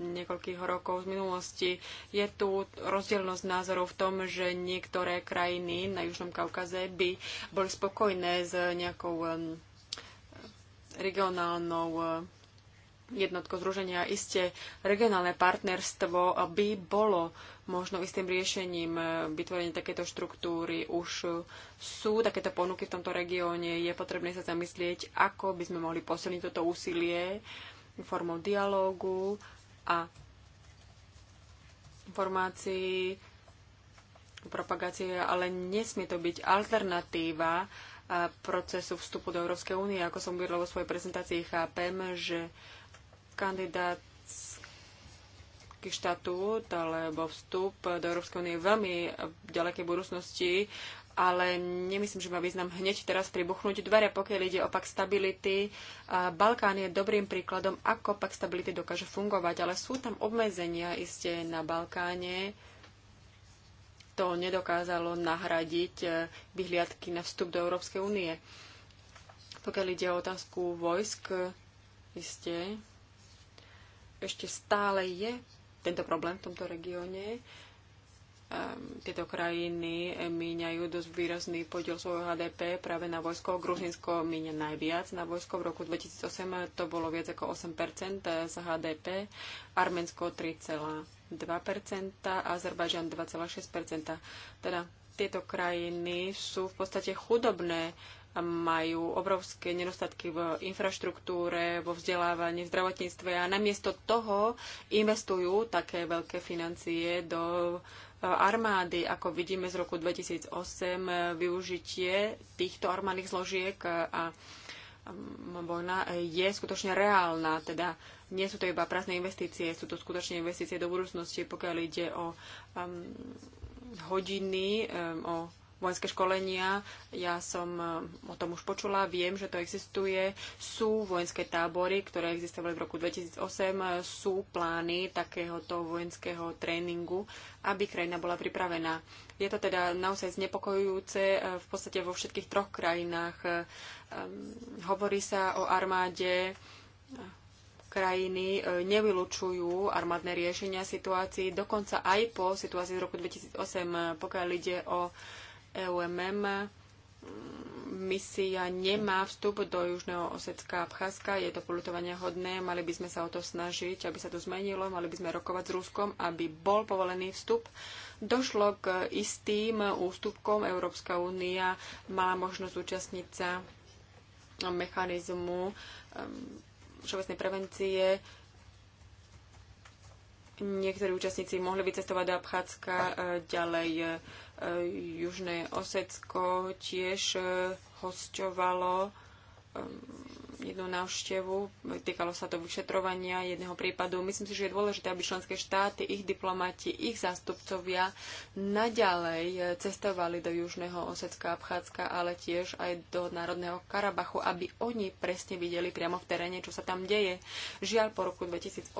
niekoľkých rokov z minulosti. Je tu rozdielnosť názorov v tom, že niektoré krajiny na Južnom Kaukaze by boli spokojné s nejakou um, regionálnou uh, jednotko združenia. Isté regionálne partnerstvo by bolo možno istým riešením vytvorenie takéto štruktúry. Už sú takéto ponuky v tomto regióne. Je potrebné sa zamyslieť, ako by sme mohli posilniť toto úsilie formou dialógu a informácií, propagácie, ale nesmie to byť alternatíva procesu vstupu do Európskej únie. Ako som uvedla vo svojej prezentácii, chápem, že kandidátsky štatút alebo vstup do Európskej únie veľmi v ďalekej budúcnosti, ale nemyslím, že má význam hneď teraz pribuchnúť dvere, pokiaľ ide o pak stability. Balkán je dobrým príkladom, ako pak stability dokáže fungovať, ale sú tam obmedzenia iste na Balkáne. To nedokázalo nahradiť e, vyhliadky na vstup do Európskej únie. Pokiaľ ide o otázku vojsk, iste ešte stále je tento problém v tomto regióne. Ehm, tieto krajiny míňajú dosť výrazný podiel svojho HDP práve na vojsko. Gruzinsko míňa najviac na vojsko. V roku 2008 to bolo viac ako 8 z HDP, Arménsko 3,2 Azerbajdžan 2,6 Teda tieto krajiny sú v podstate chudobné majú obrovské nedostatky v infraštruktúre, vo vzdelávaní, v zdravotníctve a namiesto toho investujú také veľké financie do e, armády. Ako vidíme z roku 2008, e, využitie týchto armádnych zložiek e, a vojna je skutočne reálna, teda nie sú to iba prázdne investície, sú to skutočne investície do budúcnosti, pokiaľ ide o um, hodiny, um, o vojenské školenia. Ja som e, o tom už počula, viem, že to existuje. Sú vojenské tábory, ktoré existovali v roku 2008, e, sú plány takéhoto vojenského tréningu, aby krajina bola pripravená. Je to teda naozaj znepokojujúce e, v podstate vo všetkých troch krajinách. Hovorí sa o armáde, krajiny nevylučujú armádne riešenia situácií, dokonca aj po situácii z roku 2008, pokiaľ ide o EUMM misia nemá vstup do Južného Osecka a Abcházska. Je to polutovania hodné. Mali by sme sa o to snažiť, aby sa to zmenilo. Mali by sme rokovať s Ruskom, aby bol povolený vstup. Došlo k istým ústupkom. Európska únia mala možnosť účastniť sa mechanizmu ehm, všeobecnej prevencie. Niektorí účastníci mohli vycestovať do Abchádzka, e, ďalej e, Eh, Južné Osecko tiež eh, hosťovalo jednu návštevu. Týkalo sa to vyšetrovania jedného prípadu. Myslím si, že je dôležité, aby členské štáty, ich diplomati, ich zástupcovia naďalej cestovali do Južného Osecka, Abchádzka, ale tiež aj do Národného Karabachu, aby oni presne videli priamo v teréne, čo sa tam deje. Žiaľ, po roku 2008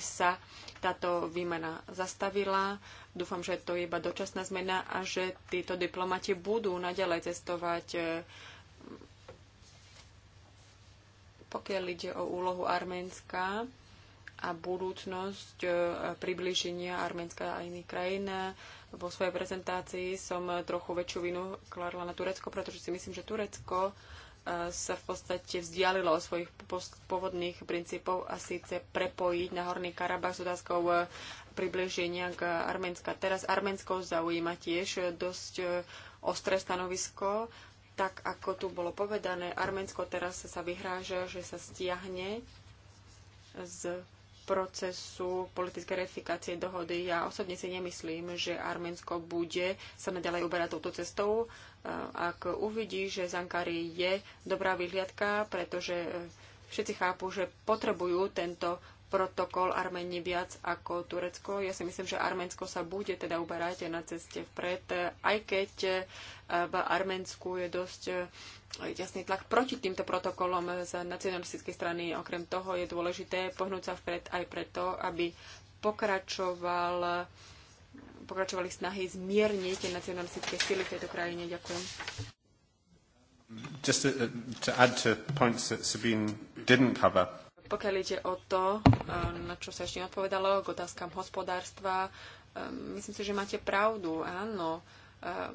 sa táto výmena zastavila. Dúfam, že to je iba dočasná zmena a že títo diplomati budú naďalej cestovať eh, pokiaľ ide o úlohu Arménska a budúcnosť e, priblíženia Arménska a iných krajín, vo svojej prezentácii som trochu väčšiu vinu kladla na Turecko, pretože si myslím, že Turecko e, sa v podstate vzdialilo od svojich pôvodných princípov a síce prepojiť na Horný Karabach s otázkou e, približenia k Arménska. Teraz Arménsko zaujíma tiež dosť ostré stanovisko tak ako tu bolo povedané, Arménsko teraz sa vyhráža, že sa stiahne z procesu politické ratifikácie dohody. Ja osobne si nemyslím, že Arménsko bude sa naďalej uberať touto cestou, e, ak uvidí, že Zankari je dobrá vyhliadka, pretože e, všetci chápu, že potrebujú tento protokol Arménii viac ako Turecko. Ja si myslím, že Arménsko sa bude teda uberať na ceste vpred, aj keď eh, v Arménsku je dosť eh, jasný tlak proti týmto protokolom z nacionalistickej strany. Okrem toho je dôležité pohnúť sa vpred aj preto, aby pokračoval pokračovali snahy zmierniť nacionalistické sily v tejto krajine. Ďakujem. Just to, eh, to add to points that Sabine didn't cover, pokiaľ ide o to, eh, na čo sa ešte odpovedalo, k otázkam hospodárstva, eh, myslím si, že máte pravdu, áno. Eh,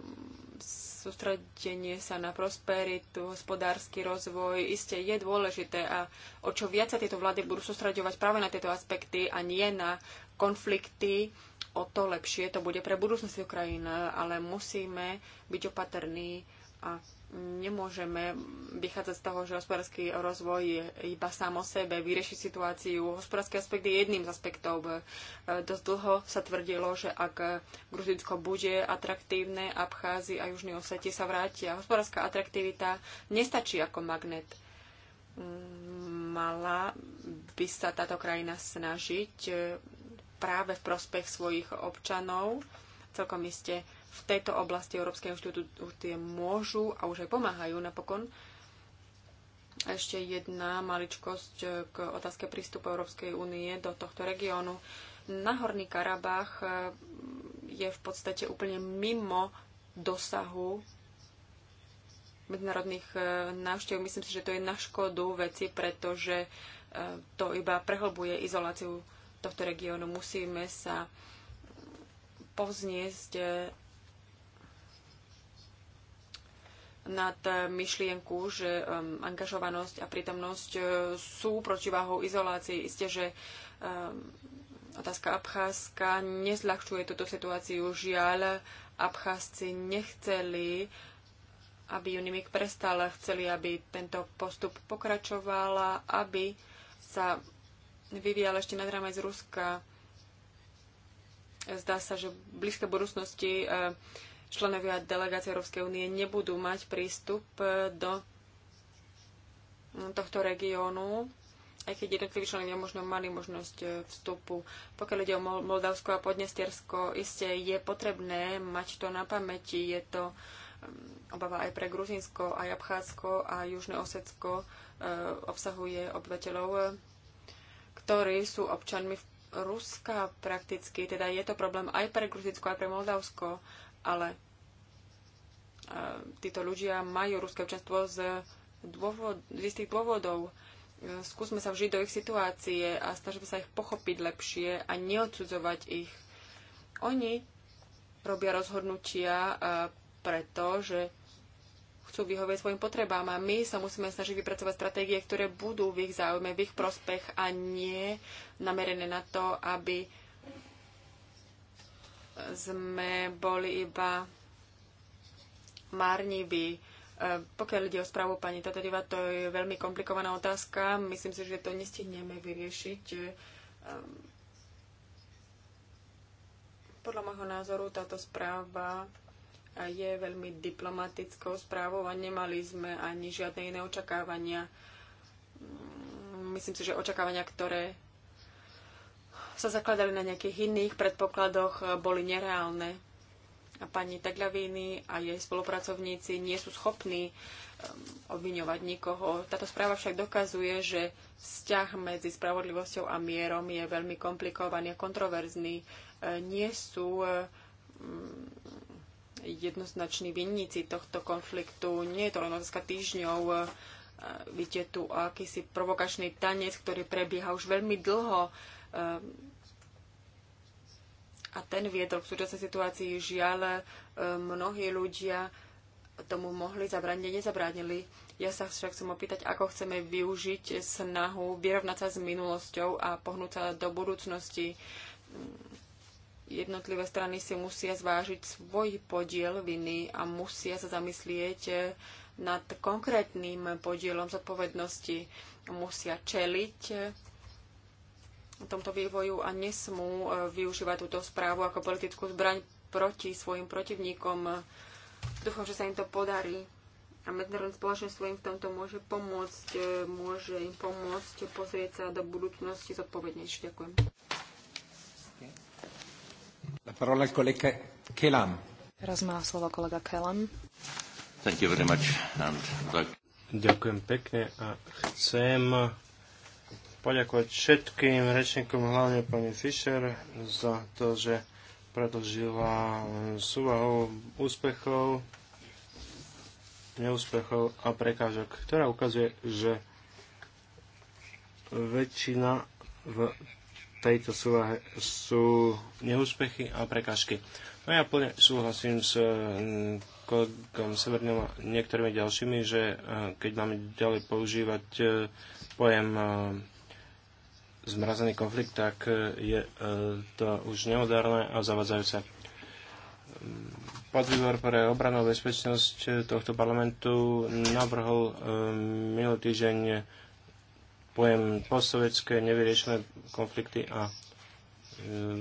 sústredenie sa na prosperitu, hospodársky rozvoj, iste je dôležité a o čo viac sa tieto vlády budú sústredovať práve na tieto aspekty a nie na konflikty, o to lepšie to bude pre budúcnosť Ukrajina, ale musíme byť opatrní a nemôžeme vychádzať z toho, že hospodársky rozvoj je iba sám o sebe, vyrieši situáciu. Hospodársky aspekt je jedným z aspektov. E, dosť dlho sa tvrdilo, že ak Gruzinsko bude atraktívne, Abcházy a Južný Osetie sa vrátia. Hospodárska atraktivita nestačí ako magnet. Mm, mala by sa táto krajina snažiť e, práve v prospech svojich občanov. Celkom iste v tejto oblasti Európske inštitúcie môžu a už aj pomáhajú napokon. A ešte jedna maličkosť k otázke prístupu Európskej únie do tohto regiónu. Horný Karabach eh, je v podstate úplne mimo dosahu medzinárodných eh, návštev. Myslím si, že to je na škodu veci, pretože eh, to iba prehlbuje izoláciu tohto regiónu. Musíme sa povzniesť nad eh, myšlienku, že um, angažovanosť a prítomnosť uh, sú protiváhou izolácii. Isté, že um, otázka Abcházska nezľahčuje túto situáciu. Žiaľ, Abcházci nechceli, aby Unimik prestal, chceli, aby tento postup pokračoval, aby sa vyvíjal ešte nad rámec Ruska. Zdá sa, že v blízkej budúcnosti uh, členovia delegácie Európskej únie nebudú mať prístup e, do tohto regiónu, aj keď jednotliví členovia možno mali možnosť e, vstupu. Pokiaľ ide o Moldavsko a Podnestiersko, iste je potrebné mať to na pamäti. Je to e, obava aj pre Gruzinsko, aj Abcházsko a Južné Osecko e, obsahuje obyvateľov, ktorí sú občanmi Ruska prakticky. Teda je to problém aj pre Gruzinsko, aj pre Moldavsko ale e, títo ľudia majú ruské občanstvo z, dôvod, z istých dôvodov. E, skúsme sa vžiť do ich situácie a snažíme sa ich pochopiť lepšie a neodsudzovať ich. Oni robia rozhodnutia e, preto, že chcú vyhovieť svojim potrebám a my sa musíme snažiť vypracovať stratégie, ktoré budú v ich záujme, v ich prospech a nie namerené na to, aby sme boli iba márniví. E, pokiaľ ide o správu pani Tatariva, to je veľmi komplikovaná otázka. Myslím si, že to nestihneme vyriešiť. E, ehm, podľa môjho názoru táto správa je veľmi diplomatickou správou a nemali sme ani žiadne iné očakávania. Mm, myslím si, že očakávania, ktoré sa zakladali na nejakých iných predpokladoch, e, boli nereálne. A pani Tagľavíny a jej spolupracovníci nie sú schopní e, obviňovať nikoho. Táto správa však dokazuje, že vzťah medzi spravodlivosťou a mierom je veľmi komplikovaný a kontroverzný. E, nie sú mm, jednoznační vinníci tohto konfliktu. Nie je to len otázka týždňov. Vidíte tu akýsi provokačný tanec, ktorý prebieha už veľmi dlho. Ehm, a ten viedol v súčasnej situácii žiaľ ehm, mnohí ľudia tomu mohli zabrániť, nezabránili. Ja sa však chcem opýtať, ako chceme využiť snahu vyrovnať sa s minulosťou a pohnúť sa do budúcnosti. Jednotlivé strany si musia zvážiť svoj podiel viny a musia sa zamyslieť nad konkrétnym podielom zodpovednosti. Musia čeliť tomto vývoju a nesmú e, využívať túto správu ako politickú zbraň proti svojim protivníkom. E, Dúfam, že sa im to podarí. A medzinárodné spoločenstvo im v tomto môže pomôcť, e, môže im pomôcť pozrieť sa do budúcnosti zodpovednejšie. Ďakujem. La parola al collega Kelam. Teraz má slovo kolega Kelam. Thank you very much. And... Ďakujem pekne a chcem poďakovať všetkým rečníkom, hlavne pani Fischer, za to, že predlžila súvahu úspechov, neúspechov a prekážok, ktorá ukazuje, že väčšina v tejto súvahe sú neúspechy a prekážky. No ja plne súhlasím s mm, kolegom Severným a niektorými ďalšími, že eh, keď máme ďalej používať eh, pojem eh, zmrazený konflikt, tak e, je e, to už neodárne a zavadzajúce. Podvýbor pre obranu a bezpečnosť e, tohto parlamentu navrhol minulý týždeň pojem postsovetské nevyriešené konflikty a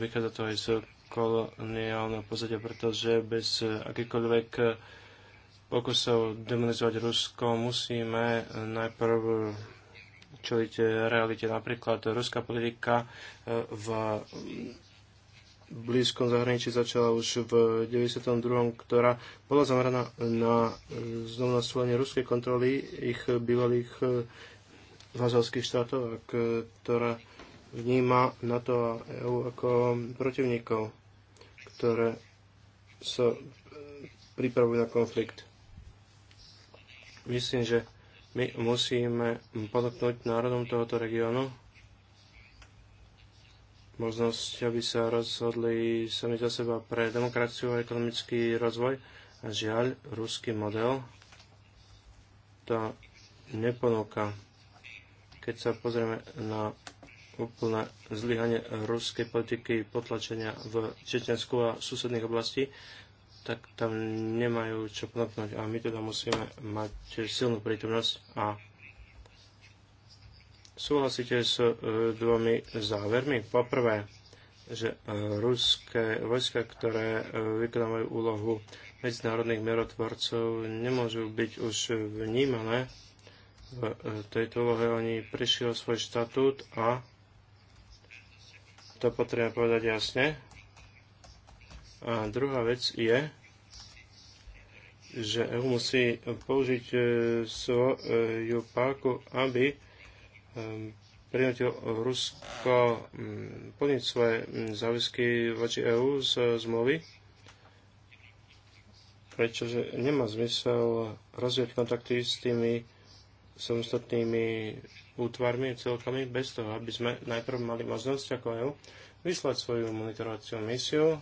vychádza to aj z koloniálneho pozadia, pretože bez akýkoľvek pokusov demonizovať Rusko musíme najprv čeliť realite. Napríklad ruská politika e, v blízkom zahraničí začala už v 92., ktorá bola zameraná na znovu nastolenie ruskej kontroly ich bývalých e, vazalských štátov, ktorá vníma NATO a EU ako protivníkov, ktoré sa pripravujú na konflikt. Myslím, že my musíme podoknúť národom tohoto regiónu možnosť, aby sa rozhodli sami za seba pre demokraciu a ekonomický rozvoj. A žiaľ, ruský model to neponúka. Keď sa pozrieme na úplné zlyhanie ruskej politiky potlačenia v Čečensku a susedných oblastí, tak tam nemajú čo ponúknuť. A my teda musíme mať tiež silnú prítomnosť a súhlasíte s e, dvomi závermi. Poprvé, že e, ruské vojska, ktoré e, vykonávajú úlohu medzinárodných mierotvorcov, nemôžu byť už vnímané v tejto úlohe. Oni prišli o svoj štatút a to potrebujeme povedať jasne. A druhá vec je, že EU musí použiť e, svoju e, páku, aby e, prinútil Rusko mm, plniť svoje mm, záväzky voči EU z zmluvy, pretože nemá zmysel rozvieť kontakty s tými samostatnými útvarmi, a celkami, bez toho, aby sme najprv mali možnosť ako EU vyslať svoju monitorovaciu misiu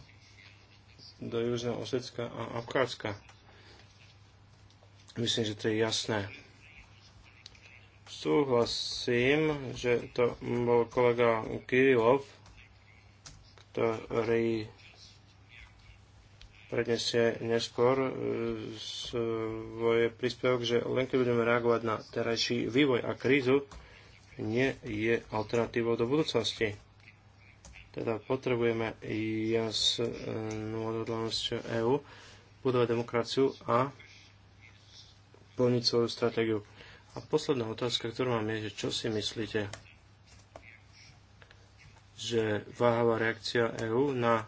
do Južného Osecka a Abcházska. Myslím, že to je jasné. Súhlasím, že to bol kolega Kirilov, ktorý predniesie neskôr e, svoje príspevok, že len keď budeme reagovať na terajší vývoj a krízu, nie je alternatívou do budúcnosti. Teda potrebujeme jasnú odhodlanosť EÚ budovať demokraciu a plniť svoju stratégiu. A posledná otázka, ktorú mám je, že čo si myslíte, že váhavá reakcia EÚ na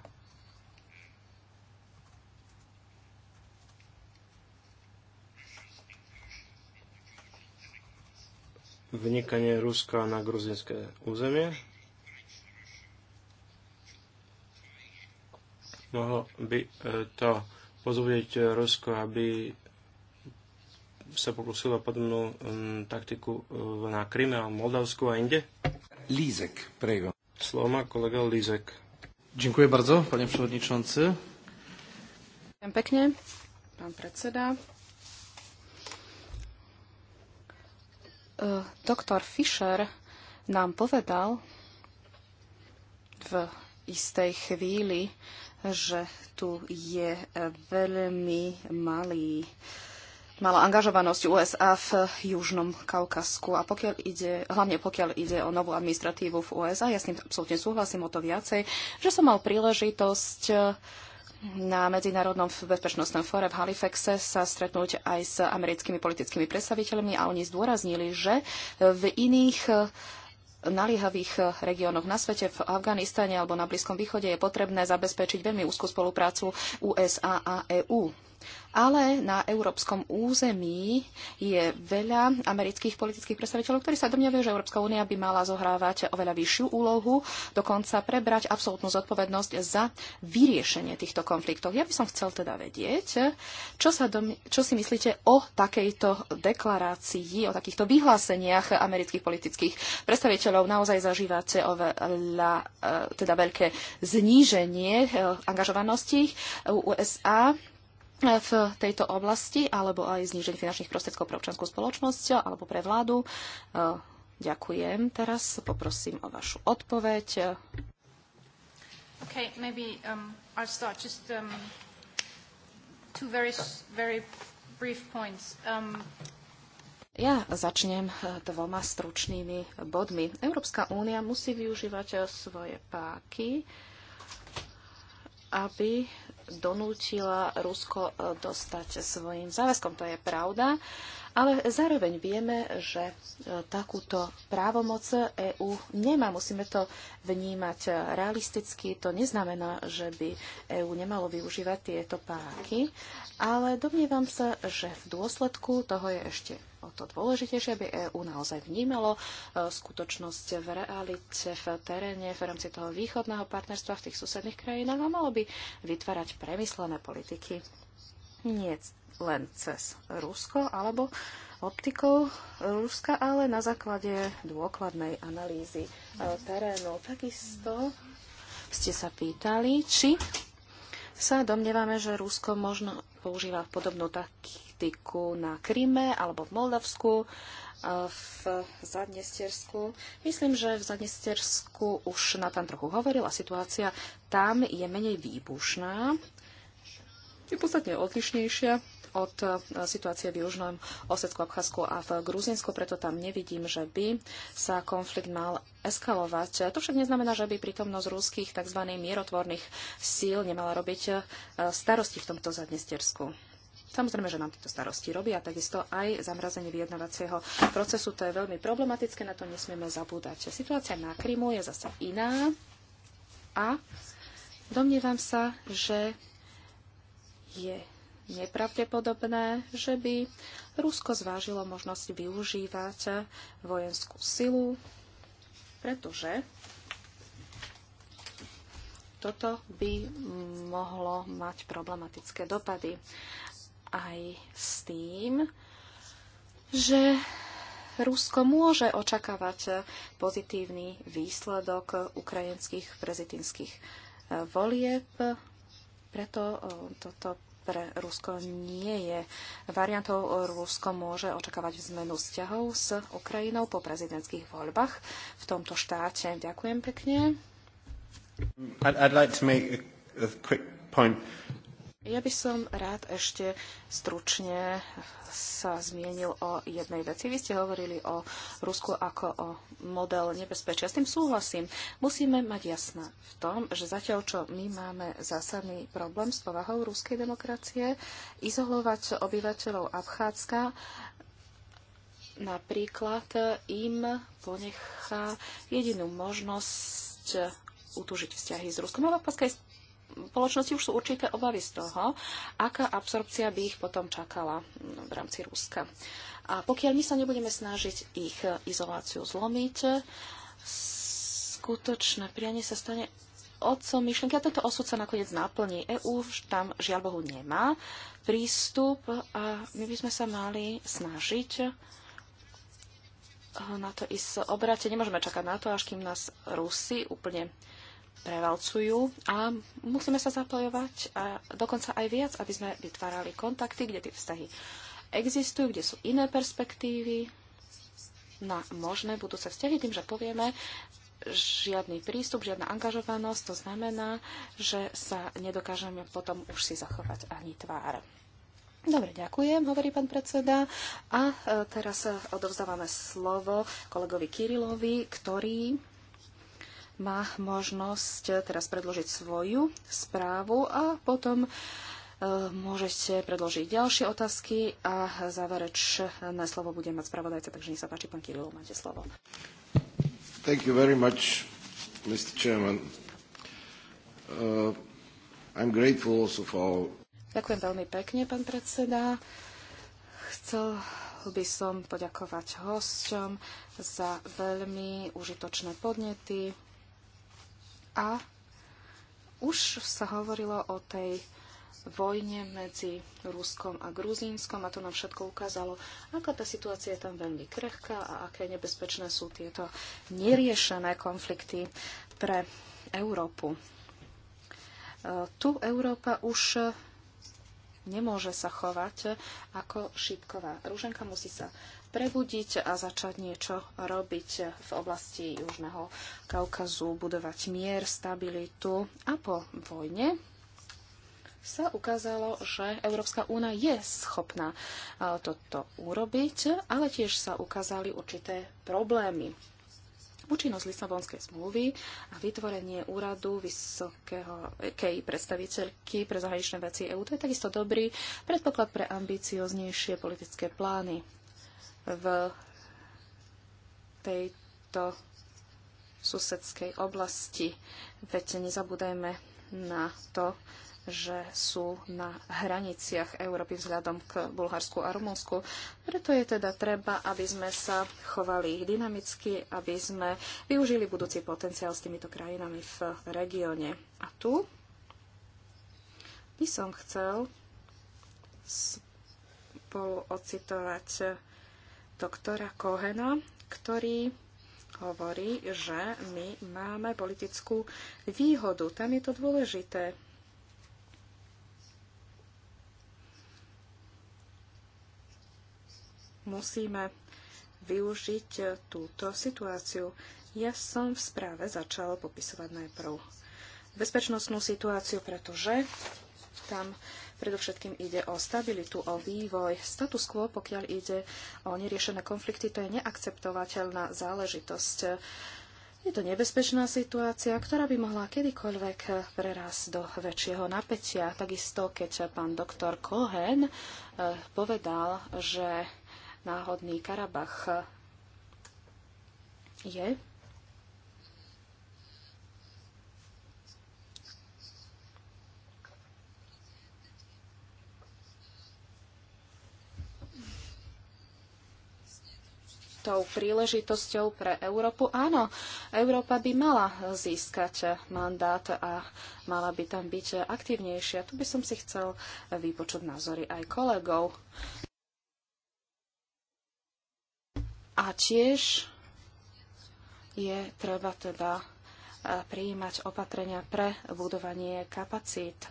vnikanie Ruska na gruzinské územie mohlo by e, to pozvieť e, Rusko, aby sa pokusilo podobnú um, taktiku e, na Kryme a Moldavsku a inde? Lízek, prego. Slovo má kolega Lízek. Dziękuję bardzo, panie przewodniczący. Ďakujem pekne, pán predseda. Doktor Fischer nám povedal v istej chvíli, že tu je e, veľmi malý malá angažovanosť USA v Južnom Kaukasku. A pokiaľ ide, hlavne pokiaľ ide o novú administratívu v USA, ja s tým absolútne súhlasím o to viacej, že som mal príležitosť e, na Medzinárodnom bezpečnostnom fóre v Halifaxe sa stretnúť aj s americkými politickými predstaviteľmi a oni zdôraznili, že v iných naliehavých eh, regiónoch na svete, v Afganistane alebo na Blízkom východe, je potrebné zabezpečiť veľmi úzku spoluprácu USA a EÚ ale na európskom území je veľa amerických politických predstaviteľov, ktorí sa domnievajú, že Európska únia by mala zohrávať oveľa vyššiu úlohu, dokonca prebrať absolútnu zodpovednosť za vyriešenie týchto konfliktov. Ja by som chcel teda vedieť, čo, sa dom- čo si myslíte o takejto deklarácii, o takýchto vyhláseniach amerických politických predstaviteľov. Naozaj zažívate oveľa, e, teda veľké zníženie e, angažovanosti USA v tejto oblasti, alebo aj zniženie finančných prostriedkov pre občanskú spoločnosť alebo pre vládu. Eh, ďakujem. Teraz poprosím o vašu odpoveď. Okay, maybe um, I'll start just um, two very, very brief points. Um, ja začnem eh, dvoma stručnými bodmi. Európska únia musí využívať eh, svoje páky, aby donútila Rusko e, dostať svojim záväzkom. To je pravda. Ale zároveň vieme, že e, takúto právomoc EÚ nemá. Musíme to vnímať e, realisticky. To neznamená, že by EÚ nemalo využívať tieto páky, ale domnievam sa, že v dôsledku toho je ešte o to dôležitejšie, aby EÚ naozaj vnímalo e, skutočnosť v realite, v teréne, v rámci toho východného partnerstva v tých susedných krajinách a malo by vytvárať premyslené politiky. Nie len cez Rusko alebo optikou Ruska, ale na základe dôkladnej analýzy e, terénu. Takisto ste sa pýtali, či sa domnievame, že Rusko možno používa podobnú takých politiku na Kryme alebo v Moldavsku, e, v Zadnestersku. Myslím, že v Zadnestersku už na tam trochu hovoril a situácia tam je menej výbušná. Je podstatne odlišnejšia od e, situácie v Južnom Osecku, Abcházsku a v Gruzinsku, preto tam nevidím, že by sa konflikt mal eskalovať. To však neznamená, že by prítomnosť ruských tzv. mierotvorných síl nemala robiť e, starosti v tomto Zadnestersku. Samozrejme, že nám tieto starosti robí a takisto aj zamrazenie vyjednávacieho procesu. To je veľmi problematické, na to nesmieme zabúdať. Situácia na Krymu je zase iná a domnievam sa, že je nepravdepodobné, že by Rusko zvážilo možnosť využívať vojenskú silu, pretože toto by mohlo mať problematické dopady aj s tým, že Rusko môže očakávať pozitívny výsledok ukrajinských prezidentských e, volieb. Preto e, toto pre Rusko nie je variantou. Rusko môže očakávať zmenu vzťahov s Ukrajinou po prezidentských voľbách v tomto štáte. Ďakujem pekne. I'd, I'd like to make a, a quick point. Ja by som rád ešte stručne sa zmienil o jednej veci. Vy ste hovorili o Rusku ako o model nebezpečia. S tým súhlasím. Musíme mať jasné v tom, že zatiaľ, čo my máme zásadný problém s povahou ruskej demokracie, izolovať obyvateľov Abchádzka napríklad im ponechá jedinú možnosť utúžiť vzťahy s Ruskom. Ale je spoločnosti už sú určité obavy z toho, aká absorpcia by ich potom čakala no, v rámci Ruska. A pokiaľ my sa nebudeme snažiť ich izoláciu zlomiť, skutočné prianie sa stane otcom myšlenky. a tento osud sa nakoniec naplní. EU už tam žiaľ Bohu nemá prístup a my by sme sa mali snažiť eh, na to ísť obrate. Nemôžeme čakať na to, až kým nás Rusi úplne prevalcujú a musíme sa zapojovať a dokonca aj viac, aby sme vytvárali kontakty, kde tie vzťahy existujú, kde sú iné perspektívy na možné budúce vzťahy, tým, že povieme, žiadny prístup, žiadna angažovanosť, to znamená, že sa nedokážeme potom už si zachovať ani tvár. Dobre, ďakujem, hovorí pán predseda. A e, teraz odovzdávame slovo kolegovi Kirilovi, ktorý má možnosť eh, teraz predložiť svoju správu a potom eh, môžete predložiť ďalšie otázky a záverečné slovo bude mať spravodajca, takže nech sa páči, pán Kirilov, máte slovo. Thank you very much, Mr. Chairman. Uh, I'm grateful also for... Ďakujem veľmi pekne, pán predseda. Chcel by som poďakovať hosťom za veľmi užitočné podnety, a už sa hovorilo o tej vojne medzi Ruskom a Gruzínskom a to nám všetko ukázalo, aká tá situácia je tam veľmi krehká a aké nebezpečné sú tieto neriešené konflikty pre Európu. E, tu Európa už nemôže sa chovať ako šípková. Rúženka musí sa prebudiť a začať niečo robiť v oblasti Južného Kaukazu, budovať mier, stabilitu. A po vojne sa ukázalo, že Európska úna je schopná toto urobiť, ale tiež sa ukázali určité problémy. Účinnosť Lisabonskej zmluvy a vytvorenie úradu vysokého kej predstaviteľky pre zahraničné veci EU to je takisto dobrý predpoklad pre ambicioznejšie politické plány v tejto susedskej oblasti. Veď nezabúdajme na to, že sú na hraniciach Európy vzhľadom k Bulharsku a Rumunsku. Preto je teda treba, aby sme sa chovali dynamicky, aby sme využili budúci potenciál s týmito krajinami v regióne. A tu by som chcel spolu ocitovať doktora Kohena, ktorý hovorí, že my máme politickú výhodu. Tam je to dôležité. Musíme využiť túto situáciu. Ja som v správe začal popisovať najprv bezpečnostnú situáciu, pretože tam Predovšetkým ide o stabilitu, o vývoj. Status quo, pokiaľ ide o neriešené konflikty, to je neakceptovateľná záležitosť. Je to nebezpečná situácia, ktorá by mohla kedykoľvek prerásť do väčšieho napätia. Takisto, keď pán doktor Cohen eh, povedal, že náhodný Karabach je určitou príležitosťou pre Európu. Áno, Európa by mala získať mandát a mala by tam byť aktívnejšia. Tu by som si chcel vypočuť názory aj kolegov. A tiež je treba teda eh, prijímať opatrenia pre budovanie kapacít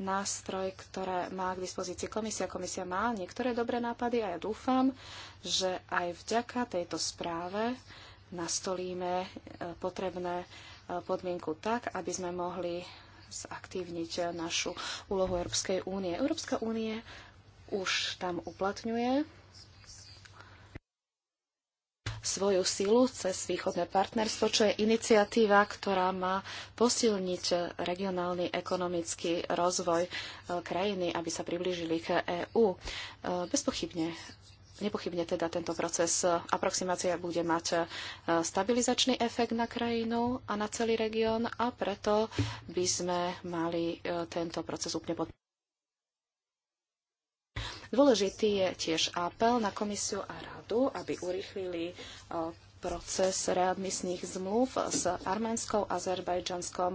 nástroj, ktoré má k dispozícii komisia. Komisia má niektoré dobré nápady a ja dúfam, že aj vďaka tejto správe nastolíme e, potrebné e, podmienku tak, aby sme mohli zaktívniť našu úlohu Európskej únie. Európska únie už tam uplatňuje svoju silu cez východné partnerstvo, čo je iniciatíva, ktorá má posilniť regionálny ekonomický rozvoj e, krajiny, aby sa priblížili k EÚ. E, bezpochybne Nepochybne teda tento proces aproximácia bude mať e, stabilizačný efekt na krajinu a na celý región a preto by sme mali tento proces úplne podporiť. Dôležitý je tiež apel na komisiu a radu, aby urýchlili e, proces readmisných zmluv s Arménskou, Azerbajdžanskom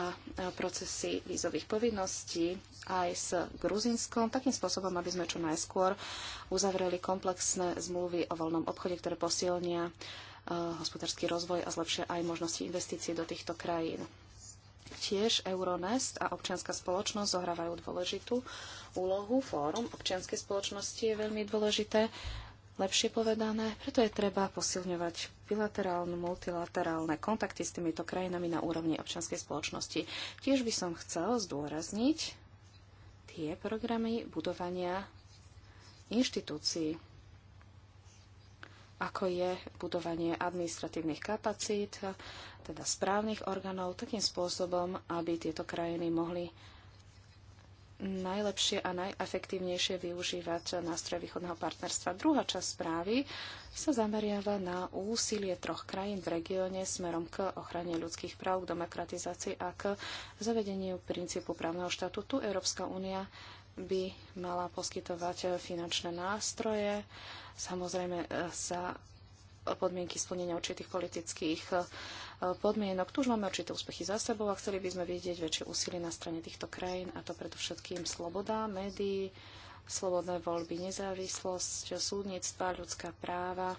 a e, procesy vízových povinností aj s Gruzinskom, takým spôsobom, aby sme čo najskôr uzavreli komplexné zmluvy o voľnom obchode, ktoré posilnia e, hospodársky rozvoj a zlepšia aj možnosti investícií do týchto krajín. Tiež Euronest a občianská spoločnosť zohrávajú dôležitú úlohu. Fórum občianskej spoločnosti je veľmi dôležité, lepšie povedané, preto je treba posilňovať bilaterálne, multilaterálne kontakty s týmito krajinami na úrovni občianskej spoločnosti. Tiež by som chcel zdôrazniť tie programy budovania inštitúcií ako je budovanie administratívnych kapacít, teda správnych orgánov, takým spôsobom, aby tieto krajiny mohli najlepšie a najefektívnejšie využívať nástroje východného partnerstva. Druhá časť správy sa zameriava na úsilie troch krajín v regióne smerom k ochrane ľudských práv, k demokratizácii a k zavedeniu princípu právneho štátu. Tu Európska únia by mala poskytovať e, finančné nástroje, samozrejme e, za podmienky splnenia určitých politických e, podmienok. Tu už máme určité úspechy za sebou a chceli by sme vidieť väčšie úsilie na strane týchto krajín, a to predovšetkým sloboda médií, slobodné voľby, nezávislosť, súdnictva, ľudská práva.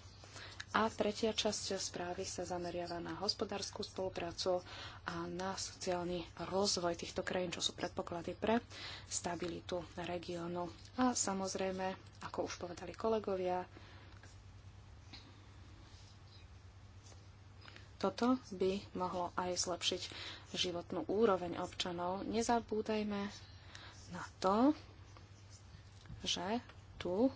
A tretia časť správy sa zameriava na hospodárskú spoluprácu a na sociálny rozvoj týchto krajín, čo sú predpoklady pre stabilitu regiónu. A samozrejme, ako už povedali kolegovia, Toto by mohlo aj zlepšiť životnú úroveň občanov. Nezabúdajme na to, že tu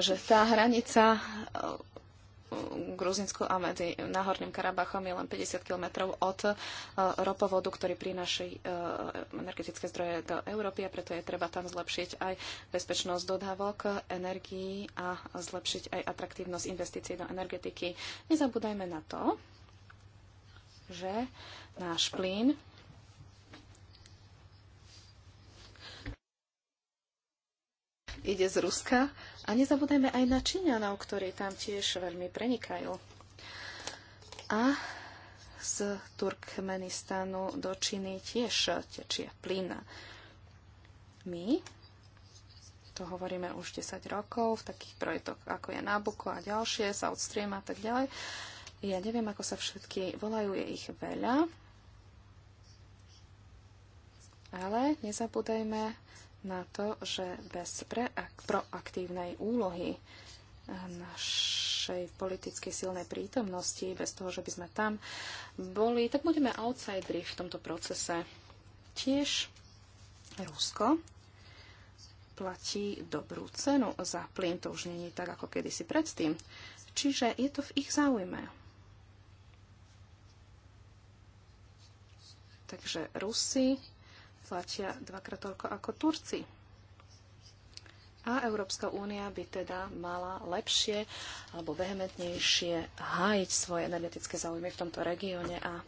že tá hranica Gruzinsku a medzi Náhorným Karabachom je len 50 kilometrov od e, ropovodu, ktorý prináša e, energetické zdroje do Európy a preto je treba tam zlepšiť aj bezpečnosť dodávok energií a zlepšiť aj atraktívnosť investícií do energetiky. Nezabúdajme na to, že náš plyn ide z Ruska a nezabudeme aj na Číňanov, ktorí tam tiež veľmi prenikajú. A z Turkmenistanu do Číny tiež tečie plyn. My to hovoríme už 10 rokov v takých projektoch ako je Nabuko a ďalšie, South Stream a tak ďalej. Ja neviem, ako sa všetky volajú, je ich veľa. Ale nezabúdajme na to, že bez proaktívnej úlohy našej politicky silnej prítomnosti, bez toho, že by sme tam boli, tak budeme outsideri v tomto procese. Tiež Rusko platí dobrú cenu za plyn, to už není tak ako kedysi predtým. Čiže je to v ich záujme. Takže Rusi platia dvakrát toľko ako Turci. A Európska únia by teda mala lepšie alebo vehementnejšie hájiť svoje energetické záujmy v tomto regióne a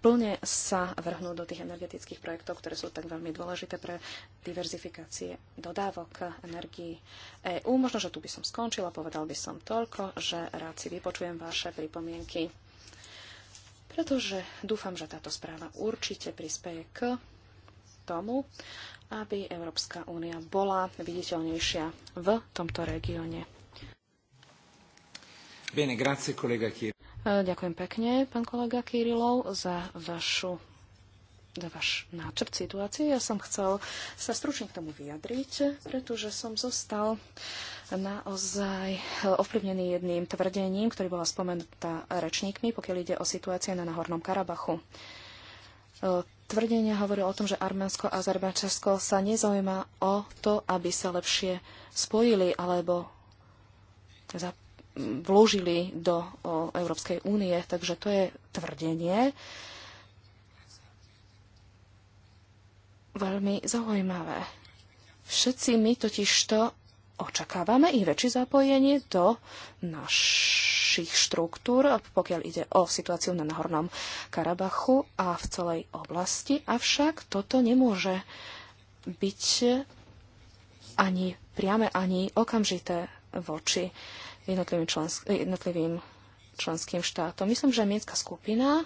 plne sa vrhnú do tých energetických projektov, ktoré sú tak veľmi dôležité pre diverzifikácie dodávok energií EÚ. Možno, že tu by som skončila, povedal by som toľko, že rád si vypočujem vaše pripomienky, pretože dúfam, že táto správa určite prispieje k tomu, aby Európska únia bola viditeľnejšia v tomto regióne. Bene, grazie, kolega e, Ďakujem pekne, pán kolega Kirilov, za vašu za váš náčrt situácie. Ja som chcel sa stručne k tomu vyjadriť, pretože som zostal naozaj ovplyvnený jedným tvrdením, ktorý bola spomenutá rečníkmi, pokiaľ ide o situácie na Nahornom Karabachu e, tvrdenia hovoril o tom, že Arménsko a Azerbajdžansko sa nezaujíma o to, aby sa lepšie spojili alebo vložili do o, Európskej únie. Takže to je tvrdenie veľmi zaujímavé. Všetci my totiž to očakávame i väčšie zapojenie do našich štruktúr, pokiaľ ide o situáciu na Nahornom Karabachu a v celej oblasti. Avšak toto nemôže byť ani priame, ani okamžité voči jednotlivým, člensk- jednotlivým členským štátom. Myslím, že mienská skupina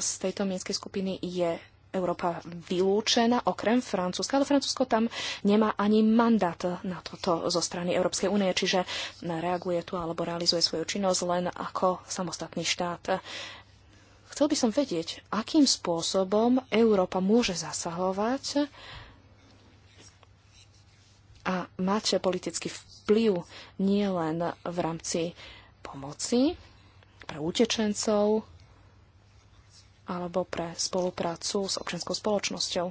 z tejto mienskej skupiny je Európa vylúčená okrem Francúzska, ale Francúzsko tam nemá ani mandát na toto zo strany Európskej únie, čiže reaguje tu alebo realizuje svoju činnosť len ako samostatný štát. Chcel by som vedieť, akým spôsobom Európa môže zasahovať a mať politický vplyv nielen v rámci pomoci pre utečencov, alebo pre spoluprácu s občianskou spoločnosťou.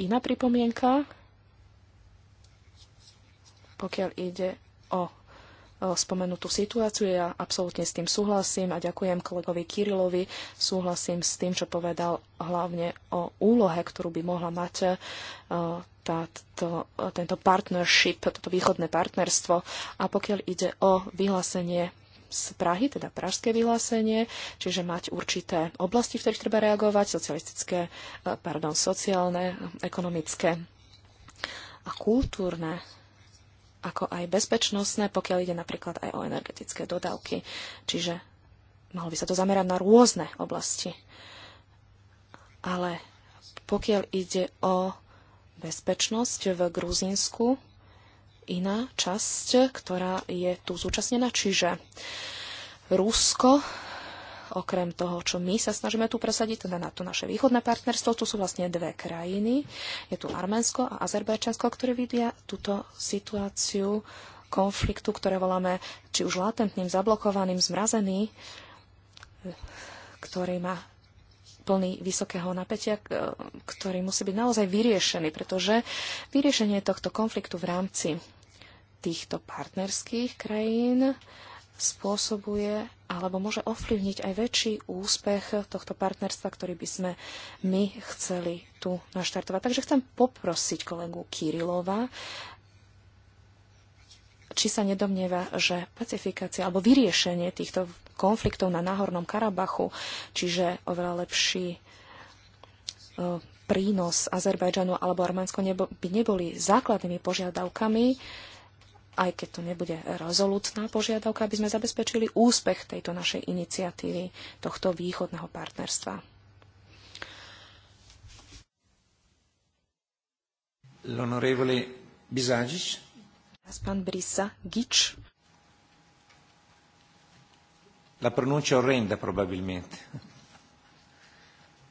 Iná pripomienka, pokiaľ ide o spomenutú situáciu. Ja absolútne s tým súhlasím a ďakujem kolegovi Kirilovi. Súhlasím s tým, čo povedal hlavne o úlohe, ktorú by mohla mať e, táto, tento partnership, toto východné partnerstvo. A pokiaľ ide o vyhlásenie z Prahy, teda pražské vyhlásenie, čiže mať určité oblasti, v ktorých treba reagovať, socialistické, e, pardon, sociálne, ekonomické a kultúrne ako aj bezpečnostné, pokiaľ ide napríklad aj o energetické dodávky. Čiže malo by sa to zamerať na rôzne oblasti. Ale pokiaľ ide o bezpečnosť v Gruzínsku, iná časť, ktorá je tu zúčastnená, čiže Rusko okrem toho, čo my sa snažíme tu presadiť, teda na to naše východné partnerstvo, tu sú vlastne dve krajiny. Je tu Arménsko a Azerbajčansko, ktoré vidia túto situáciu konfliktu, ktoré voláme či už latentným, zablokovaným, zmrazený, ktorý má plný vysokého napätia, ktorý musí byť naozaj vyriešený, pretože vyriešenie tohto konfliktu v rámci týchto partnerských krajín spôsobuje alebo môže ovplyvniť aj väčší úspech tohto partnerstva, ktorý by sme my chceli tu naštartovať. Takže chcem poprosiť kolegu Kirilova, či sa nedomnieva, že pacifikácia alebo vyriešenie týchto konfliktov na Náhornom Karabachu, čiže oveľa lepší e, prínos Azerbajdžanu alebo Arménsko by neboli základnými požiadavkami aj keď to nebude rezolutná požiadavka, aby sme zabezpečili úspech tejto našej iniciatívy, tohto východného partnerstva. L'onorevole Bizagic. Teraz pán Brisa Gic. La pronuncia orrenda probabilmente.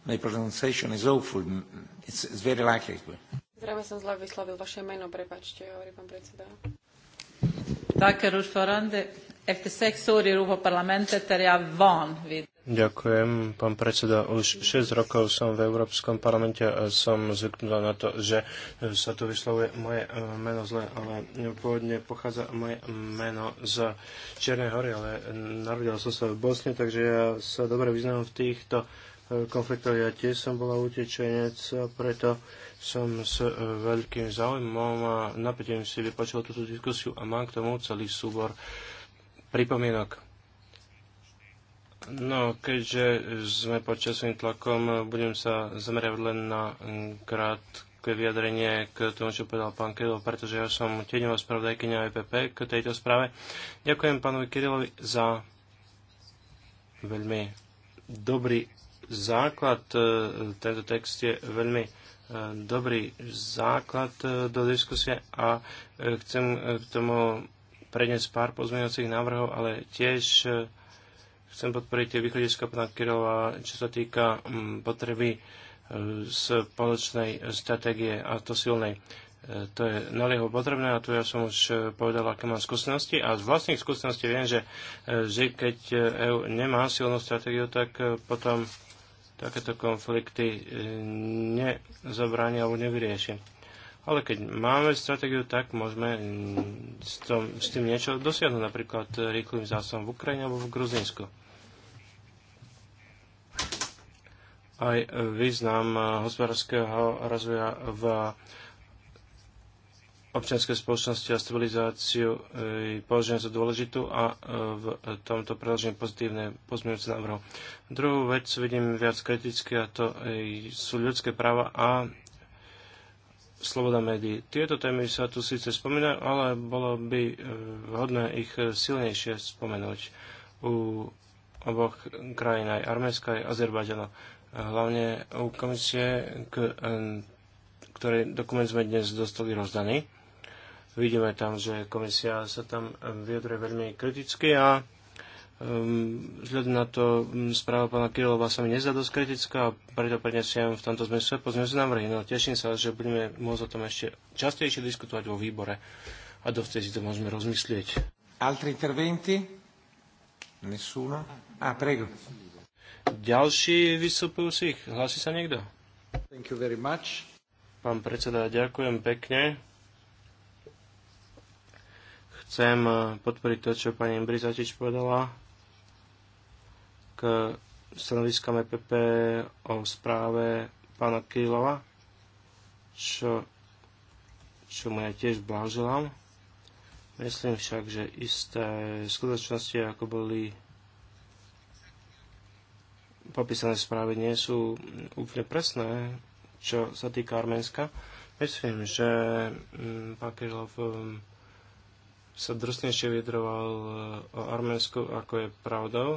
My pronunciation is awful. It's, it's very likely. Zrejme som zle vyslovil vaše meno, prepačte, hovorí pán predseda. Ďakujem, pán predseda. Už 6 rokov som v Európskom parlamente a som zvyknutá na to, že sa tu vyslovuje moje e, meno zle, ale pôvodne pochádza moje meno z Čiernej hory, ale narodil som sa v Bosne, takže ja sa dobre vyznám v týchto e, konfliktoch. Ja tiež som bola utečenec, preto som s e, veľkým záujmom a napätím si vypočul túto diskusiu a mám k tomu celý súbor pripomienok. No, keďže sme pod časovým tlakom, budem sa zameriavať len na krátke vyjadrenie k tomu, čo povedal pán Kiril, pretože ja som tieňová spravodajkynia EPP k tejto správe. Ďakujem pánovi Kirilovi za veľmi dobrý základ. E, tento text je veľmi dobrý základ e, do diskusie a e, chcem e, k tomu predniesť pár pozmeňovacích návrhov, ale tiež chcem podporiť tie východiska pána Kirova, čo sa týka potreby spoločnej stratégie a to silnej. To je nalieho potrebné a tu ja som už povedal, aké mám skúsenosti a z vlastných skúseností viem, že, že keď EU nemá silnú stratégiu, tak potom takéto konflikty e, nezabráni alebo nevyrieši. Ale keď máme stratégiu, tak môžeme s, tom, s tým niečo dosiahnuť, napríklad rýchlým zásom v Ukrajine alebo v Gruzínsku. Aj význam hospodárskeho rozvoja v občianskej spoločnosti a stabilizáciu eh, považujem za dôležitú a eh, v tomto predložím pozitívne pozmeňujúce návrhu. Druhú vec vidím viac kriticky a to eh, sú ľudské práva a sloboda médií. Tieto témy sa tu síce spomínajú, ale bolo by vhodné ich silnejšie spomenúť u oboch krajín, aj Arménska, aj Azerbajdžana. Hlavne u komisie, k ktorej dokument sme dnes dostali rozdaný. Vidíme tam, že komisia sa tam vyjadruje veľmi kriticky a vzhľadom na to správa pána Kirilova sa mi nezdá dosť kritická a preto prinesiem v tomto zmysle pozmeňujúce návrhy. No teším sa, že budeme môcť o tom ešte častejšie diskutovať vo výbore a dovtedy si to môžeme rozmyslieť. Altri interventi? Nessuno? A ah, prego. Ďalší vystupujúcich? Hlási sa niekto? Thank you very much. Pán predseda, ďakujem pekne. Chcem eh, podporiť to, čo pani Brizatič povedala k stanoviskám EPP o správe pána Kirilova, čo, čo mu ja tiež blahoželám. Myslím však, že isté skutočnosti, ako boli popísané správy, nie sú úplne presné, čo sa týka Arménska. Myslím, že mm, pán Kirilov mm, sa drsnejšie vyjadroval eh, o Arménsku, ako je pravdou.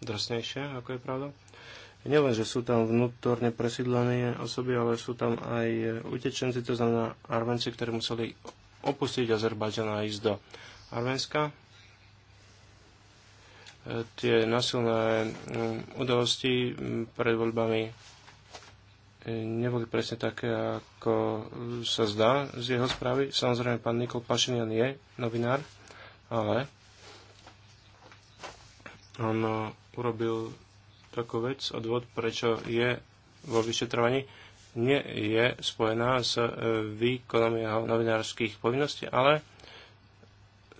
Drsnejšie, ako je pravdou. Nielen, že sú tam vnútorne presídlené osoby, ale sú tam aj eh, utečenci, to znamená Arménci, ktorí museli opustiť Azerbajďan a ísť do Arménska. Eh, tie nasilné mm, udalosti mm, pred voľbami E, neboli presne také, ako sa zdá z jeho správy. Samozrejme, pán Nikol Pašinian je novinár, ale on e, urobil takú vec, odvod, prečo je vo vyšetrovaní, nie je spojená s e, výkonom jeho novinárskych povinností, ale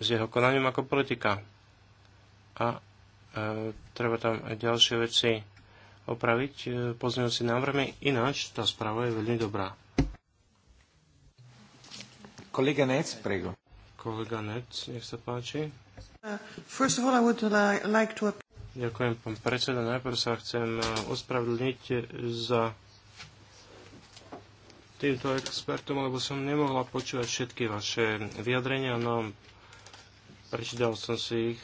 s jeho konaním ako politika. A e, treba tam aj ďalšie veci opraviť e, pozmeňujúci návrhmi, ináč tá správa je veľmi dobrá. Kolega Nec, prego. Kolega Nec, nech sa páči. First of all, I would like to... Ďakujem, pán predseda. Najprv sa chcem e, ospravedlniť za týmto expertom, lebo som nemohla počúvať všetky vaše vyjadrenia, no prečítal som si ich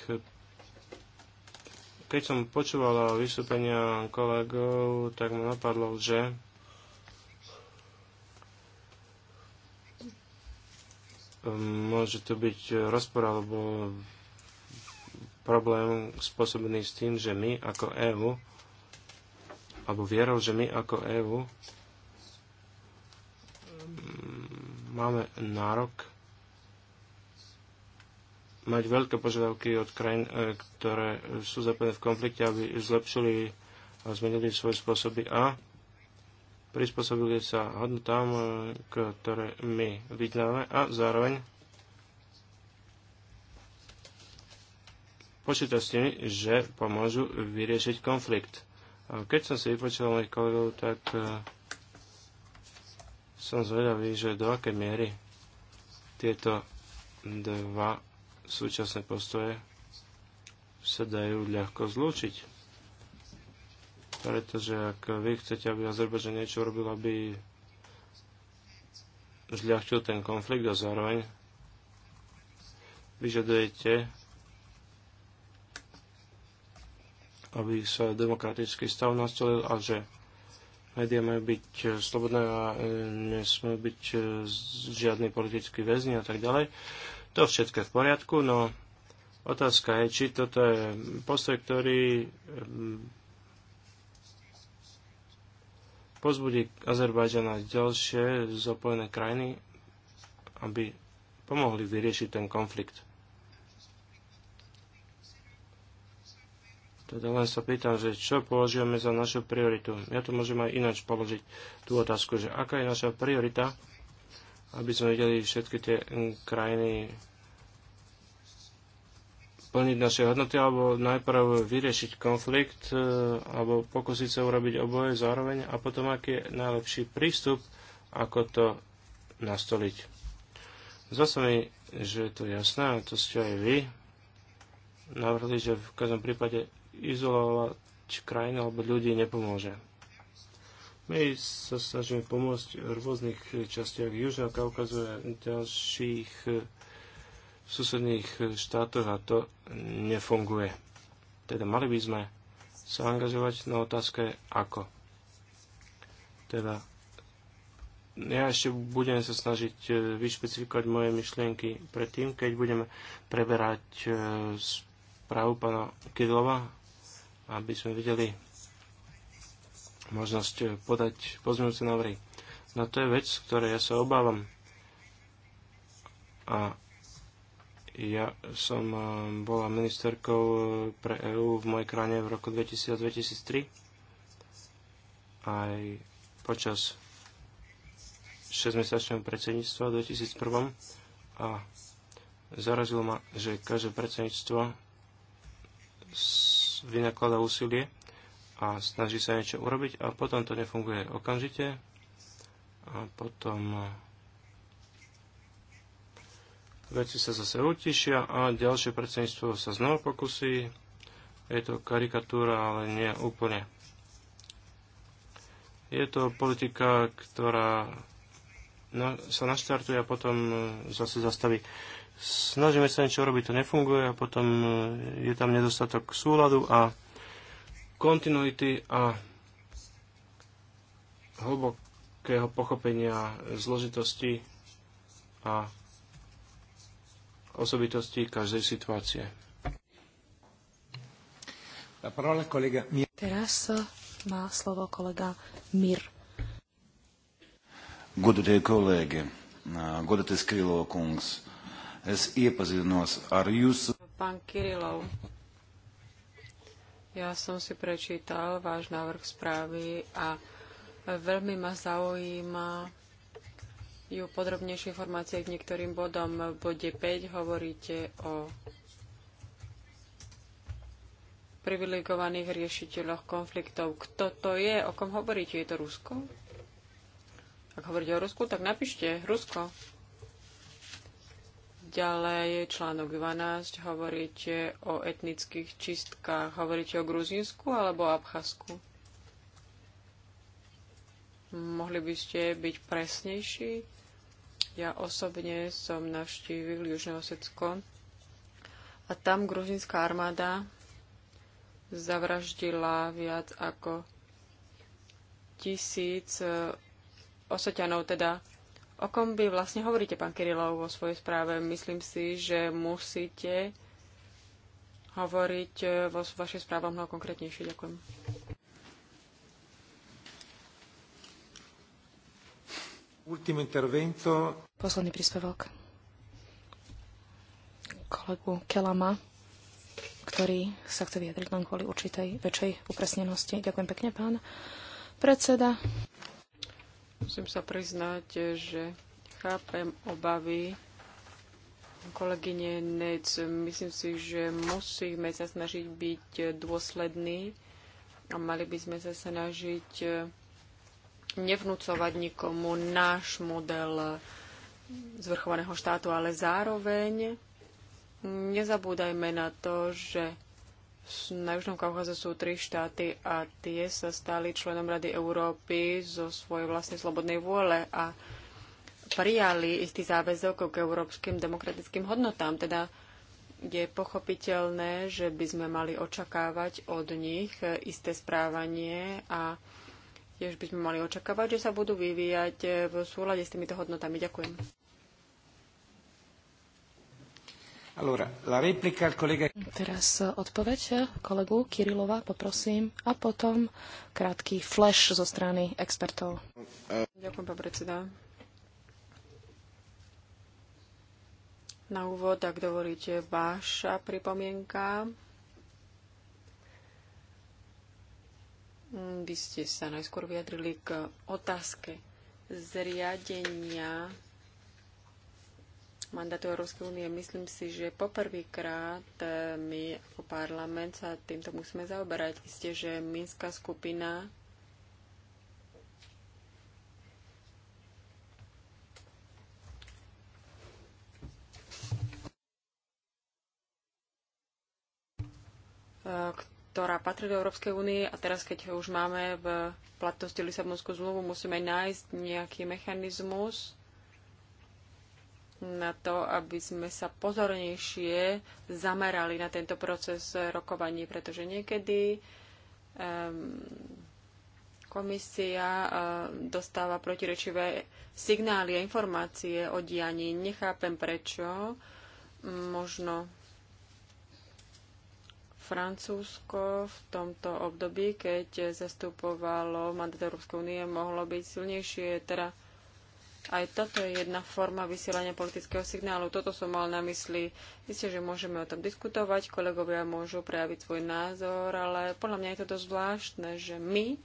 keď som počúval vystúpenia kolegov, tak ma napadlo, že môže tu byť rozpor alebo problém spôsobený s tým, že my ako EÚ alebo vierou, že my ako EÚ mm, máme nárok mať veľké požiadavky od krajín, e, ktoré sú zapojené v konflikte, aby zlepšili a zmenili svoje spôsoby a prispôsobili sa hodnotám, e, ktoré my vyznáme a zároveň počítať s tými, že pomôžu vyriešiť konflikt. A keď som si vypočítal mojich kolegov, tak e, som zvedavý, že do akej miery tieto dva súčasné postoje sa dajú ľahko zlúčiť. Pretože ak vy chcete, aby Azerbajdžan niečo robil, aby zľahčil ten konflikt a zároveň vyžadujete, aby sa demokratický stav nastolil a že médiá majú byť slobodné a nesmú byť žiadny politický väzni a tak ďalej. To všetko je v poriadku, no otázka je, či toto je postoj, ktorý ehm, pozbudí Azerbajdžana ďalšie zopojené krajiny, aby pomohli vyriešiť ten konflikt. Teda len sa pýtam, že čo považujeme za našu prioritu. Ja to môžem aj ináč položiť tú otázku, že aká je naša priorita aby sme vedeli všetky tie krajiny plniť naše hodnoty, alebo najprv vyriešiť konflikt, e, alebo pokúsiť sa urobiť oboje zároveň a potom, aký je najlepší prístup, ako to nastoliť. Zase mi, že je to jasné, a to ste aj vy navrhli, že v každom prípade izolovať krajinu alebo ľudí nepomôže. My sa snažíme pomôcť v rôznych častiach Južného Kaukazu a ďalších susedných štátoch a to nefunguje. Teda mali by sme sa angažovať na otázke ako. Teda ja ešte budem sa snažiť e, vyšpecifikovať moje myšlienky predtým, keď budeme preberať e, správu pána Kidlova, aby sme videli, možnosť eh, podať pozmeňujúce návrhy. No to je vec, ktoré ja sa obávam. A ja som eh, bola ministerkou eh, pre EÚ v mojej krajine v roku 2000-2003. Aj počas 6-mesačného predsedníctva v 2001. A zarazilo ma, že každé predsedníctvo vynakladá úsilie a snaží sa niečo urobiť a potom to nefunguje okamžite a potom e, veci sa zase utišia a ďalšie predsedníctvo sa znova pokusí. Je to karikatúra, ale nie úplne. Je to politika, ktorá sa naštartuje a potom e, zase zastaví. Snažíme sa niečo robiť, to nefunguje a potom e, je tam nedostatok súladu a kontinuity a hlbokého pochopenia zložitosti a osobitosti každej situácie. Teraz eh, má slovo kolega Mir. Godate kolege, eh, godate Skrilo kungs, es iepazinos ar jūs... Pán Kirilov, ja som si prečítal váš návrh správy a veľmi ma zaujíma ju podrobnejšie informácie k niektorým bodom. V bode 5 hovoríte o privilegovaných riešiteľoch konfliktov. Kto to je? O kom hovoríte? Je to Rusko? Ak hovoríte o Rusku, tak napíšte Rusko. Ďalej článok 12, hovoríte o etnických čistkách. Hovoríte o Gruzínsku alebo o Abchazsku? Mohli by ste byť presnejší? Ja osobne som navštívil Južné Osecko a tam gruzinská armáda zavraždila viac ako tisíc eh, oseťanov, teda O kom by vlastne hovoríte, pán Kirilov, vo svojej správe? Myslím si, že musíte hovoriť e, vo vašej správe mnoho konkrétnejšie. Ďakujem. Ultimo intervento. Posledný príspevok kolegu Kelama, ktorý sa chce vyjadriť len kvôli určitej väčšej upresnenosti. Ďakujem pekne, pán predseda. Musím sa priznať, že chápem obavy kolegyne Nec. Myslím si, že musíme sa snažiť byť dôslední a mali by sme sa snažiť nevnúcovať nikomu náš model zvrchovaného štátu, ale zároveň nezabúdajme na to, že na Južnom Kaukaze sú tri štáty a tie sa stali členom Rady Európy zo svojej vlastnej slobodnej vôle a prijali istý záväzok k európskym demokratickým hodnotám. Teda je pochopiteľné, že by sme mali očakávať od nich isté správanie a tiež by sme mali očakávať, že sa budú vyvíjať v súlade s týmito hodnotami. Ďakujem. Allora, la Teraz e, odpoveď e, kolegu Kirilova, poprosím, a potom krátky flash zo strany expertov. Ďakujem, pán predseda. Na úvod, ak dovolíte, váša pripomienka. Vy ste sa najskôr vyjadrili k otázke zriadenia mandátu Európskej únie. Myslím si, že poprvýkrát e, my ako parlament sa týmto musíme zaoberať. Isté, že Minská skupina e, ktorá patrí do Európskej únie a teraz, keď už máme v platnosti Lisabonskú zmluvu, musíme nájsť nejaký mechanizmus, na to, aby sme sa pozornejšie zamerali na tento proces rokovaní, pretože niekedy um, komisia um, dostáva protirečivé signály a informácie o dianí. Nechápem prečo. Možno Francúzsko v tomto období, keď zastupovalo mandát Európskej únie, mohlo byť silnejšie, teda aj toto je jedna forma vysielania politického signálu. Toto som mal na mysli. Myslím, že môžeme o tom diskutovať, kolegovia môžu prejaviť svoj názor, ale podľa mňa je to dosť zvláštne, že my,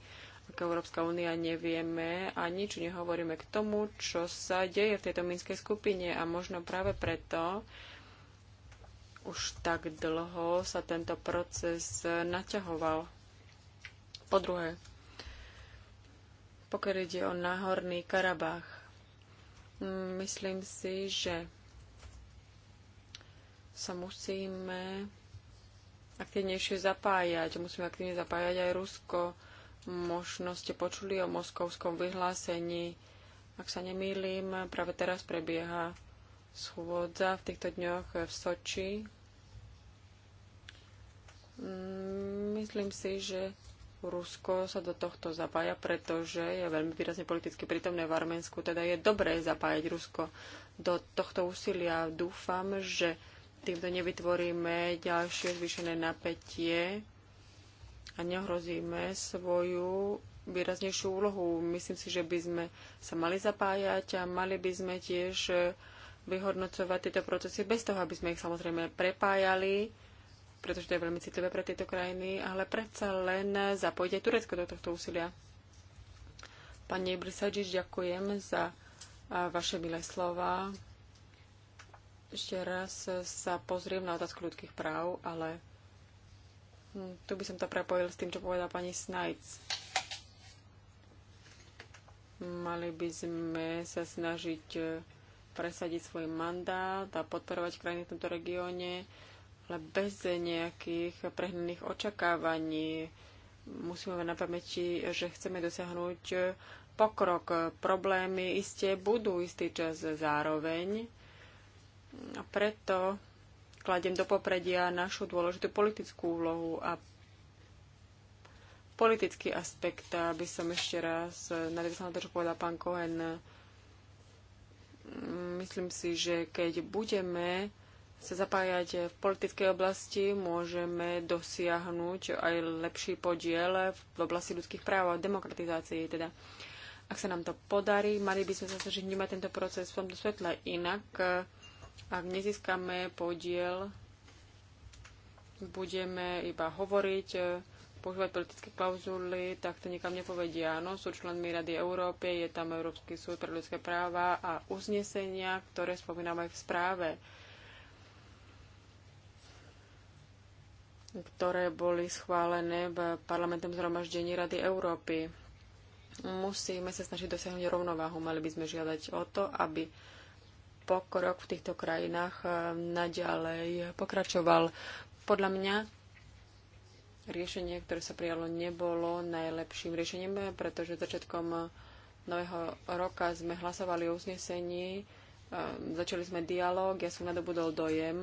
ako Európska únia, nevieme a nič nehovoríme k tomu, čo sa deje v tejto minskej skupine a možno práve preto už tak dlho sa tento proces naťahoval. Po druhé, pokiaľ ide o náhorný Karabách, Myslím si, že sa musíme aktivnejšie zapájať. Musíme aktívne zapájať aj Rusko. Možno ste počuli o moskovskom vyhlásení. Ak sa nemýlim, práve teraz prebieha schôdza v týchto dňoch v Soči. Myslím si, že Rusko sa do tohto zapája, pretože je veľmi výrazne politicky prítomné v Arménsku. Teda je dobré zapájať Rusko do tohto úsilia. Dúfam, že týmto nevytvoríme ďalšie zvýšené napätie a nehrozíme svoju výraznejšiu úlohu. Myslím si, že by sme sa mali zapájať a mali by sme tiež vyhodnocovať tieto procesy bez toho, aby sme ich samozrejme prepájali pretože to je veľmi citlivé pre tieto krajiny, ale predsa len zapojiť aj Turecko do tohto úsilia. Pani Brisadžiš, ďakujem za vaše milé slova. Ešte raz sa pozriem na otázku ľudských práv, ale hm, tu by som to prepojil s tým, čo povedala pani Snajc. Mali by sme sa snažiť e, presadiť svoj mandát a podporovať krajiny v tomto regióne ale bez nejakých prehnaných očakávaní. Musíme mať na pamäti, že chceme dosiahnuť pokrok. Problémy iste budú istý čas zároveň. A preto kladiem do popredia našu dôležitú politickú úlohu a politický aspekt, aby som ešte raz nadviazala na to, čo povedal pán Cohen. Myslím si, že keď budeme sa zapájať v politickej oblasti, môžeme dosiahnuť aj lepší podiel v oblasti ľudských práv a demokratizácie. Teda, ak sa nám to podarí, mali by sme sa snažiť vnímať tento proces v tomto svetle. Inak, ak nezískame podiel, budeme iba hovoriť, používať politické klauzuly, tak to nikam nepovedia. Áno, sú členmi Rady Európy, je tam Európsky súd pre ľudské práva a uznesenia, ktoré spomínam aj v správe ktoré boli schválené v parlamentom zhromaždení Rady Európy. Musíme sa snažiť dosiahnuť rovnováhu. Mali by sme žiadať o to, aby pokrok v týchto krajinách eh, naďalej pokračoval. Podľa mňa riešenie, ktoré sa prijalo, nebolo najlepším riešením, pretože začiatkom nového roka sme hlasovali o uznesení, eh, začali sme dialog, ja som nadobudol dojem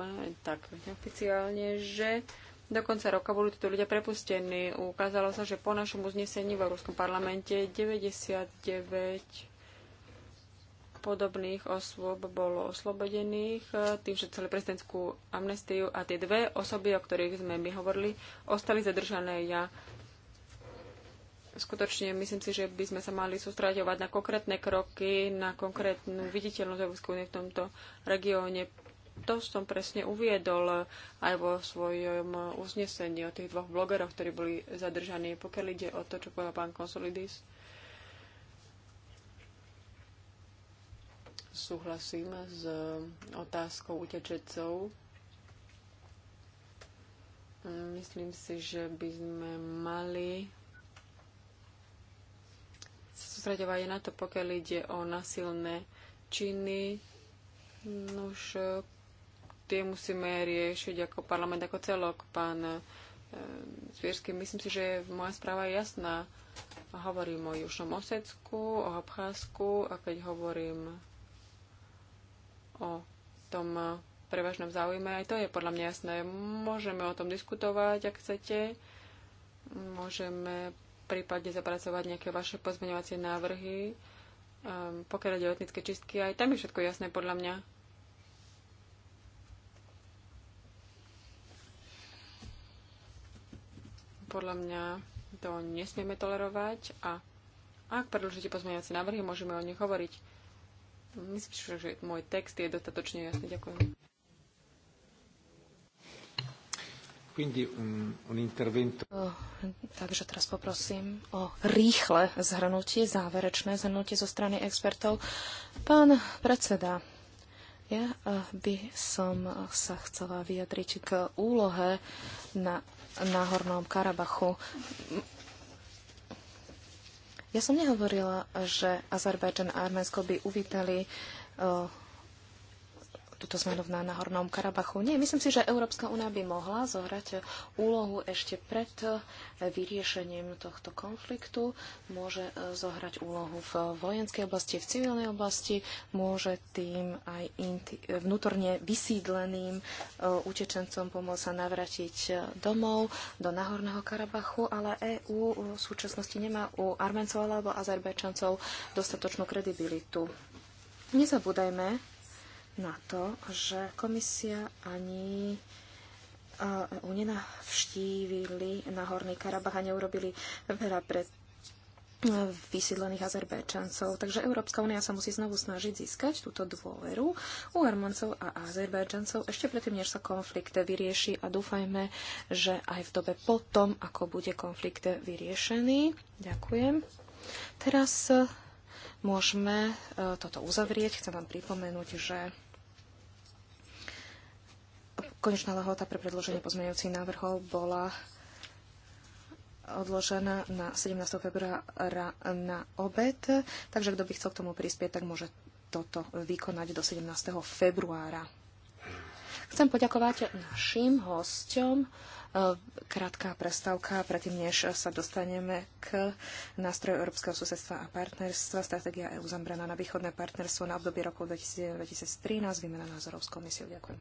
tak neoficiálne, že do konca roka budú títo ľudia prepustení. Ukázalo sa, že po našom uznesení v Európskom parlamente 99 podobných osôb bolo oslobodených eh, tým, že celú prezidentskú amnestiu a tie dve osoby, o ktorých sme my hovorili, ostali zadržané. Ja skutočne myslím si, že by sme sa mali sústraďovať na konkrétne kroky, na konkrétnu viditeľnosť Európskej únie v tomto regióne to som presne uviedol aj vo svojom uznesení o tých dvoch blogeroch, ktorí boli zadržaní. Pokiaľ ide o to, čo povedal pán Konsolidis, súhlasím s otázkou utečecov. Myslím si, že by sme mali sa sústredovať na to, pokiaľ ide o nasilné činy. Nož tie musíme riešiť ako parlament, ako celok. Pán eh, Zvierský, myslím si, že moja správa je jasná. Hovorím o Južnom Osecku, o Abcházku a keď hovorím o tom eh, prevažnom záujme, aj to je podľa mňa jasné. Môžeme o tom diskutovať, ak chcete. Môžeme prípadne zapracovať nejaké vaše pozmeňovacie návrhy. Um, pokiaľ ide o etnické čistky, aj tam je všetko jasné podľa mňa. Podľa mňa to nesmieme tolerovať a ak predložíte pozmeňovacie návrhy, môžeme o nich hovoriť. Myslím, že môj text je dostatočne jasný. Ďakujem. Takže teraz poprosím o rýchle zhrnutie, záverečné zhrnutie zo strany expertov. Pán predseda, ja eh, by som sa chcela vyjadriť k úlohe na na Hornom Karabachu. Ja som nehovorila, že Azerbajdžan a Arménsko by uvítali eh, túto zmenu na Náhornom Karabachu. Nie, myslím si, že Európska únia by mohla zohrať úlohu ešte pred eh, vyriešením tohto konfliktu. Môže eh, zohrať úlohu v vojenskej oblasti, v civilnej oblasti, môže tým aj vnútorne vysídleným eh, utečencom pomôcť sa navratiť domov do Náhorného Karabachu, ale EÚ v súčasnosti nemá u Arméncov alebo Azerbajčancov dostatočnú kredibilitu. Nezabúdajme, na to, že komisia ani EU nenavštívili na Horný Karabach a neurobili veľa pre e, vysídlených Azerbajčancov. Takže Európska únia sa musí znovu snažiť získať túto dôveru u Armancov a Azerbajčancov ešte predtým, než sa konflikt vyrieši a dúfajme, že aj v dobe potom, ako bude konflikt vyriešený. Ďakujem. Teraz e, môžeme e, toto uzavrieť. Chcem vám pripomenúť, že Konečná lehota pre predloženie pozmeňujúcich návrhov bola odložená na 17. februára na obed, takže kto by chcel k tomu prispieť, tak môže toto vykonať do 17. februára. Chcem poďakovať našim hosťom. Krátka prestávka, predtým než sa dostaneme k nástroju Európskeho susedstva a partnerstva, stratégia EU zambraná na východné partnerstvo na obdobie roku 2013, výmena názorov s komisiou. Ďakujem.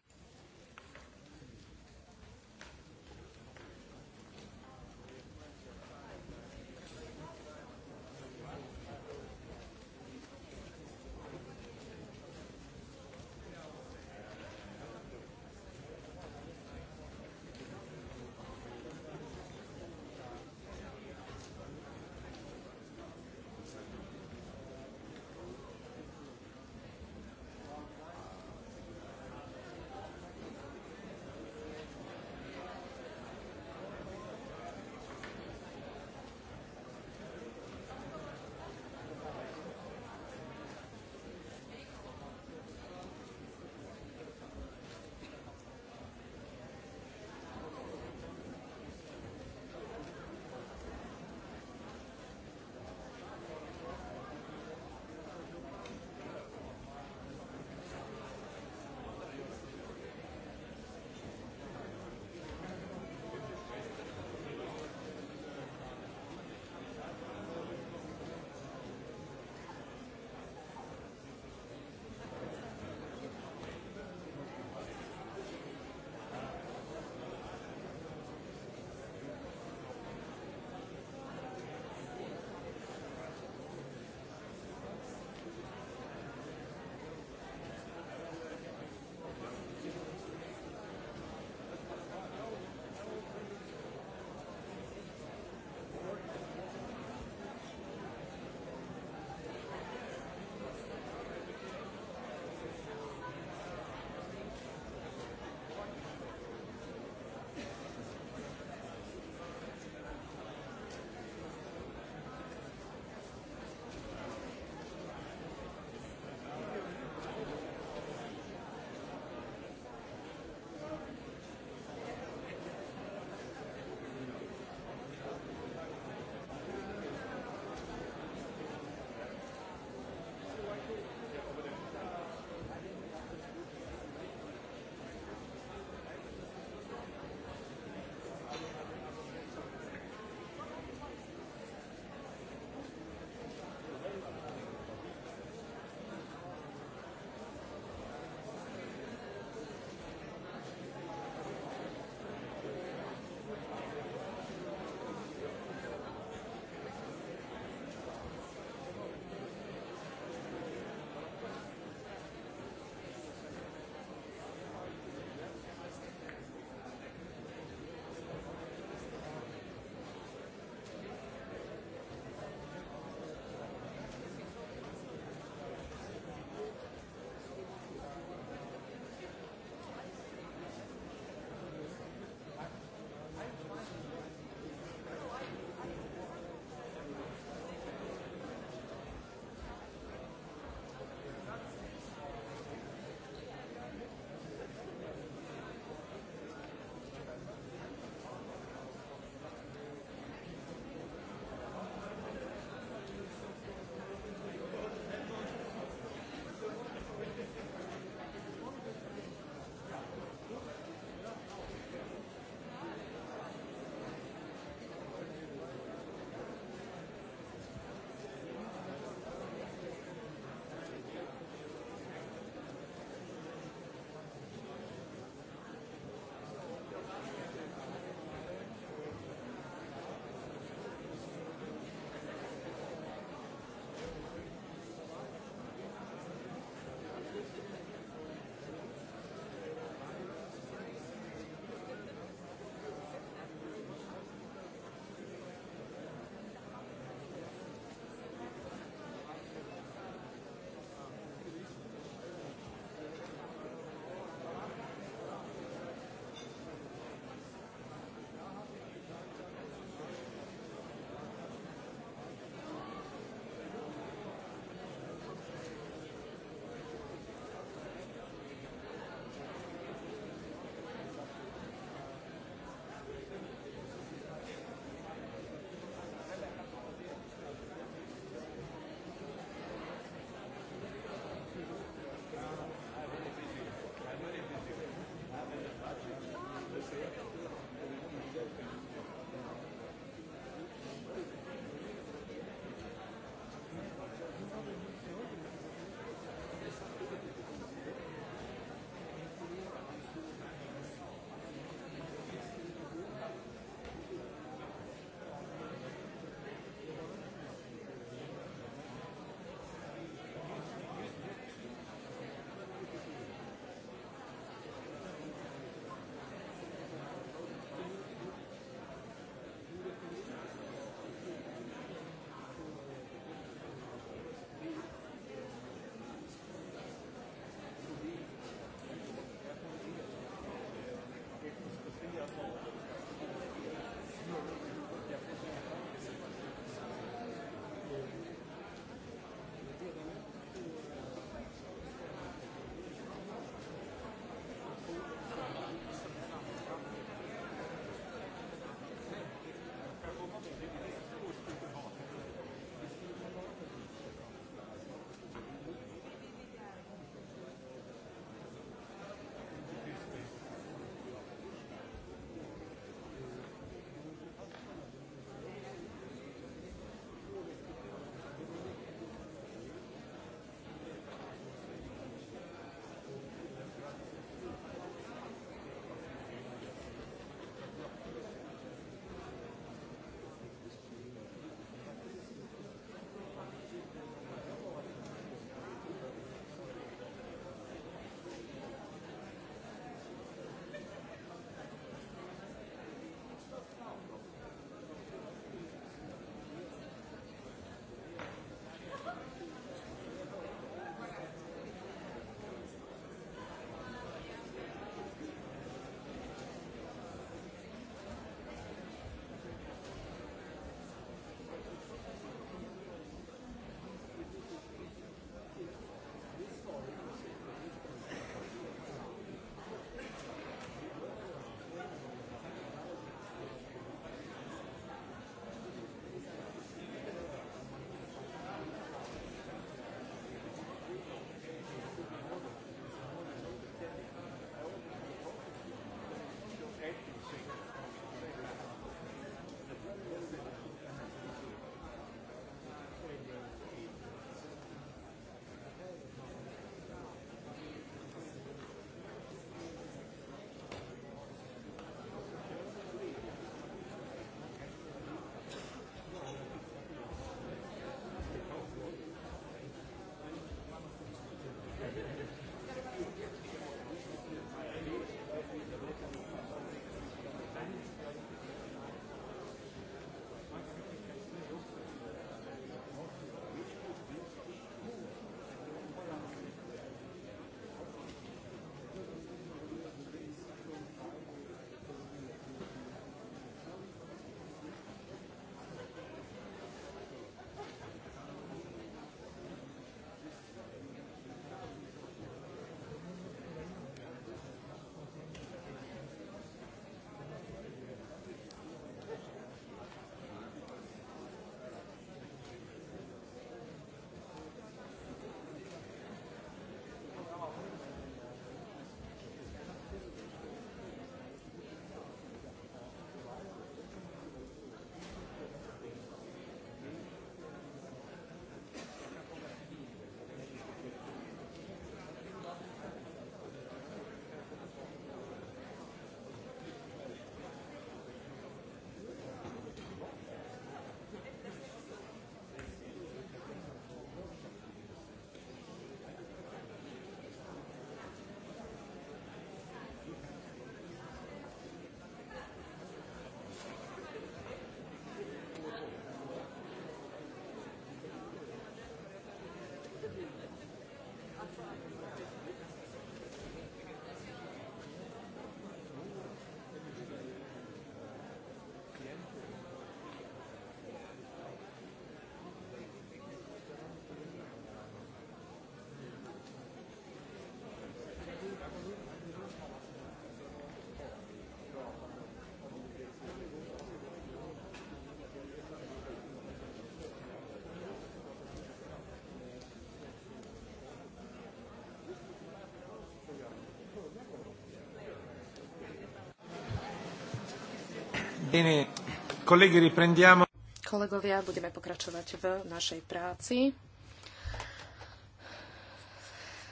Kolegovia, budeme pokračovať v našej práci.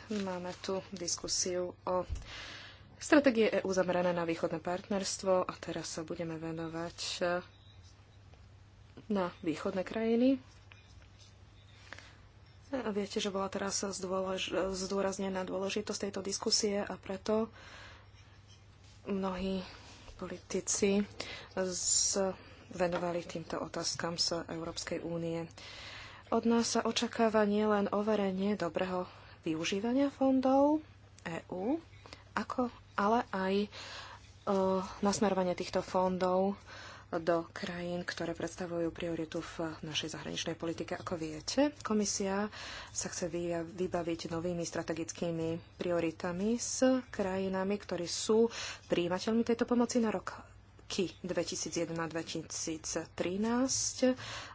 Máme tu diskusiu o stratégie EU zamerané na východné partnerstvo a teraz sa budeme venovať eh, na východné krajiny. Eh, viete, že bola teraz zdôraznená dôležitosť tejto diskusie a preto mnohí politici z, venovali týmto otázkam z Európskej únie. Od nás sa očakáva nielen overenie dobrého využívania fondov EÚ, ako ale aj e, nasmerovanie týchto fondov do krajín, ktoré predstavujú prioritu v našej zahraničnej politike. Ako viete, komisia sa chce vybaviť novými strategickými prioritami s krajinami, ktorí sú príjimateľmi tejto pomoci na rok KY 2001-2013.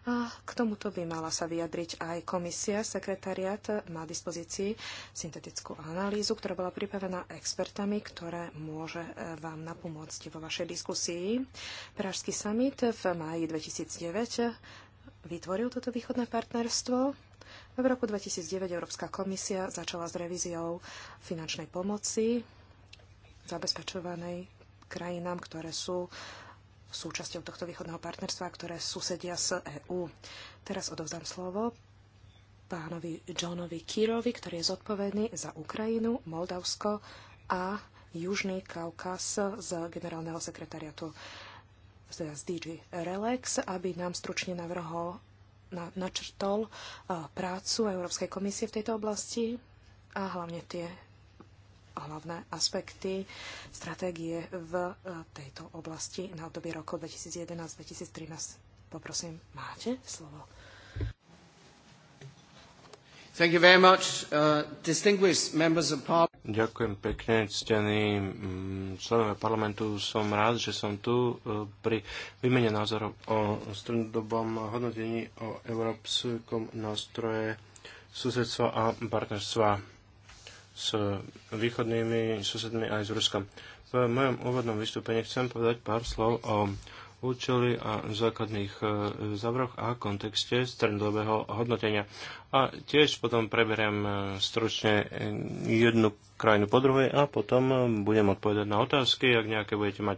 A k tomuto by mala sa vyjadriť aj komisia, sekretariat má dispozícii syntetickú analýzu, ktorá bola pripravená expertami, ktoré môže e, vám napomôcť vo vašej diskusii. Pražský summit v máji 2009 vytvoril toto východné partnerstvo. V roku 2009 Európska komisia začala s revíziou finančnej pomoci zabezpečovanej krajinám, ktoré sú súčasťou tohto východného partnerstva, ktoré susedia s EÚ. Teraz odovzdám slovo pánovi Johnovi Kirovi, ktorý je zodpovedný za Ukrajinu, Moldavsko a Južný Kaukaz z generálneho sekretariatu teda z DG Relax, aby nám stručne navrhol, na, načrtol e, prácu Európskej komisie v tejto oblasti a hlavne tie hlavné aspekty stratégie v e, tejto oblasti na obdobie rokov 2011-2013. Poprosím, máte slovo. Thank you very much, uh, distinguished members of parliament. Ďakujem pekne, ctení mm, členové parlamentu. Som rád, že som tu e, pri výmene názorov o strednodobom hodnotení o európskom nástroje susedstva a partnerstva s východnými susedmi aj s Ruskom. V mojom úvodnom vystúpení chcem povedať pár slov o účely a základných e, zavroch a kontexte strednodobého hodnotenia. A tiež potom preberiem e, stručne e, jednu krajinu po druhej a potom budem odpovedať na otázky, ak nejaké budete mať.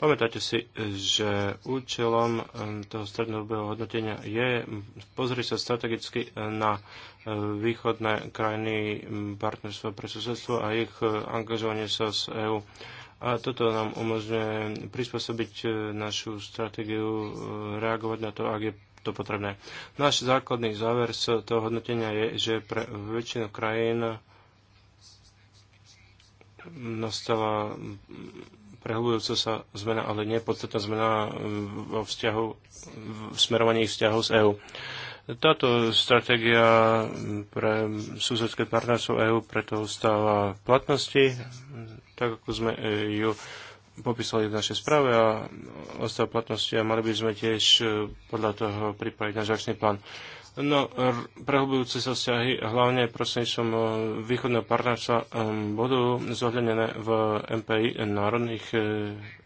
Pamätáte si, že účelom eh, toho strednodobého hodnotenia je pozrieť sa strategicky na eh, východné krajiny mm, partnerstva pre susedstvo a ich eh, angažovanie sa s EÚ. A toto nám umožňuje prispôsobiť našu stratégiu, reagovať na to, ak je to potrebné. Náš základný záver z toho hodnotenia je, že pre väčšinu krajín mm, nastala mm, prehľubujúca sa zmena, ale nie podstatná zmena um, vo vzťahu, v smerovaní vzťahov s EÚ. Táto stratégia um, pre susedské partnerstvo EÚ preto stáva v platnosti, tak ako sme e, ju popísali v našej správe a ostáva platnosti a mali by sme tiež e, podľa toho pripraviť náš akčný plán. No, prehlbujúce sa vzťahy, hlavne prostredníctvom e, východného partnerstva, e, budú zohľadnené v MPI národných e,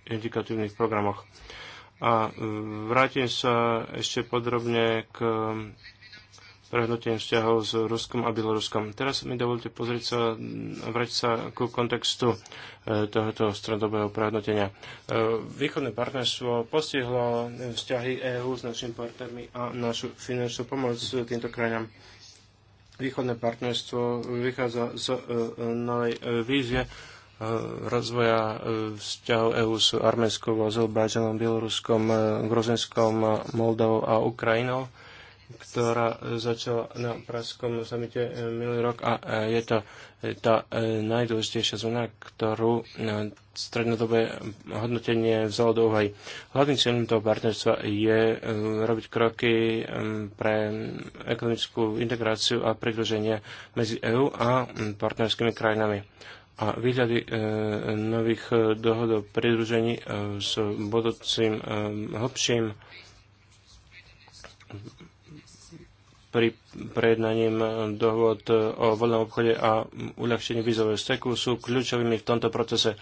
indikatívnych programoch. A vrátim sa ešte podrobne k prehnutím vzťahov s Ruskom a Bieloruskom. Teraz mi dovolte pozrieť sa, vrať sa ku kontextu e, tohoto stredobého prehnutenia. E, východné partnerstvo postihlo vzťahy EÚ s našimi partnermi a našu finančnú pomoc týmto krajinám. Východné partnerstvo vychádza z e, novej vízie rozvoja vzťahov EÚ s Arménskou, Azerbajdžanom, Bieloruskom, Grozenskom, Moldavou a Ukrajinou ktorá začala na Praskom samite eh, minulý rok a eh, je to eh, tá najdôležitejšia zóna, ktorú strednodobé hodnotenie vzalo do úvahy. Hlavným cieľom toho partnerstva je robiť kroky pre ekonomickú integráciu a predloženie medzi EÚ a hm, partnerskými krajinami a výhľady nových dohod o pridružení s budúcim hlbším pri prejednaním dohod o voľnom obchode a uľahčení vízového steku sú kľúčovými v tomto procese.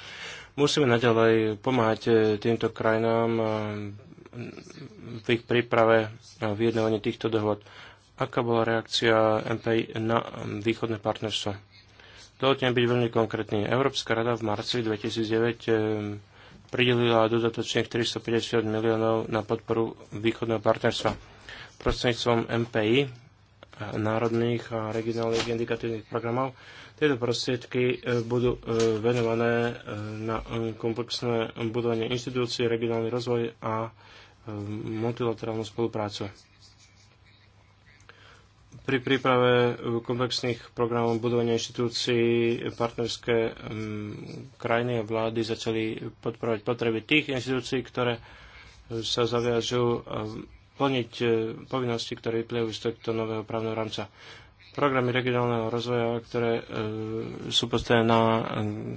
Musíme naďalej pomáhať týmto krajinám v ich príprave a vyjednávaní týchto dohod. Aká bola reakcia MPI na východné partnerstvo? Dovolte byť veľmi konkrétny. Európska rada v marci 2009 eh, pridelila dodatočných 350 miliónov na podporu východného partnerstva prostredníctvom MPI národných a regionálnych indikatívnych programov. Tieto prostriedky e, budú e, venované e, na komplexné budovanie inštitúcií, regionálny rozvoj a multilaterálnu spoluprácu. Pri príprave komplexných programov budovania inštitúcií partnerské krajiny a vlády začali podporovať potreby tých inštitúcií, ktoré sa zaviažujú plniť e, povinnosti, ktoré vyplývajú z tohto nového právneho rámca. Programy regionálneho rozvoja, ktoré e, sú postavené na e,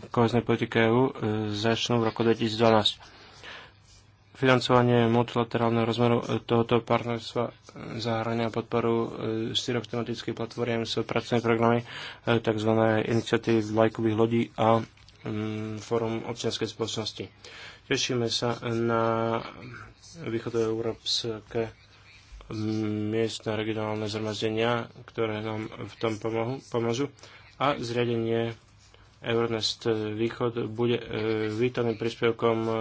koheznej politike EU, e, začnú v roku 2012. Financovanie multilaterálneho rozmeru e, tohoto partnerstva zahrania podporu e, štyroch tematických platform s pracovnými programy, e, tzv. iniciatívy vlajkových lodí a mm, fórum občianskej spoločnosti. Tešíme sa na východoeurópske miestne regionálne zhromaždenia, ktoré nám v tom pomohu, pomôžu a zriadenie Euronest Východ bude e, vítaným príspevkom e,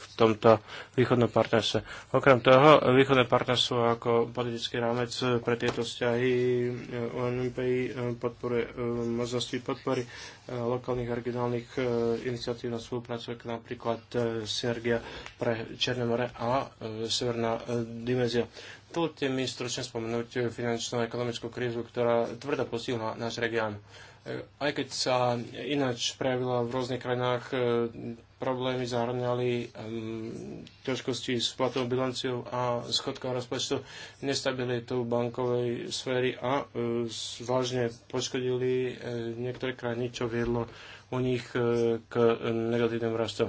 v tomto východnom partnerstve. Okrem toho, východné partnerstvo ako politický rámec pre tieto vzťahy e, UNMPI podporuje možnosti podpory lokálnych a regionálnych iniciatív na spoluprácu, ako napríklad Sergia pre Černé more a Severná dimenzia. Dovolte mi stručne spomenúť finančnú a ekonomickú krízu, ktorá tvrdo postihla náš región. E, aj keď sa ináč prejavila v rôznych krajinách, e, problémy zahrňali e, ťažkosti s platovou bilanciou a schodkom rozpočtu, nestabilitu bankovej sféry a vážne poškodili niektoré krajiny, čo viedlo u nich k negatívnemu rastu.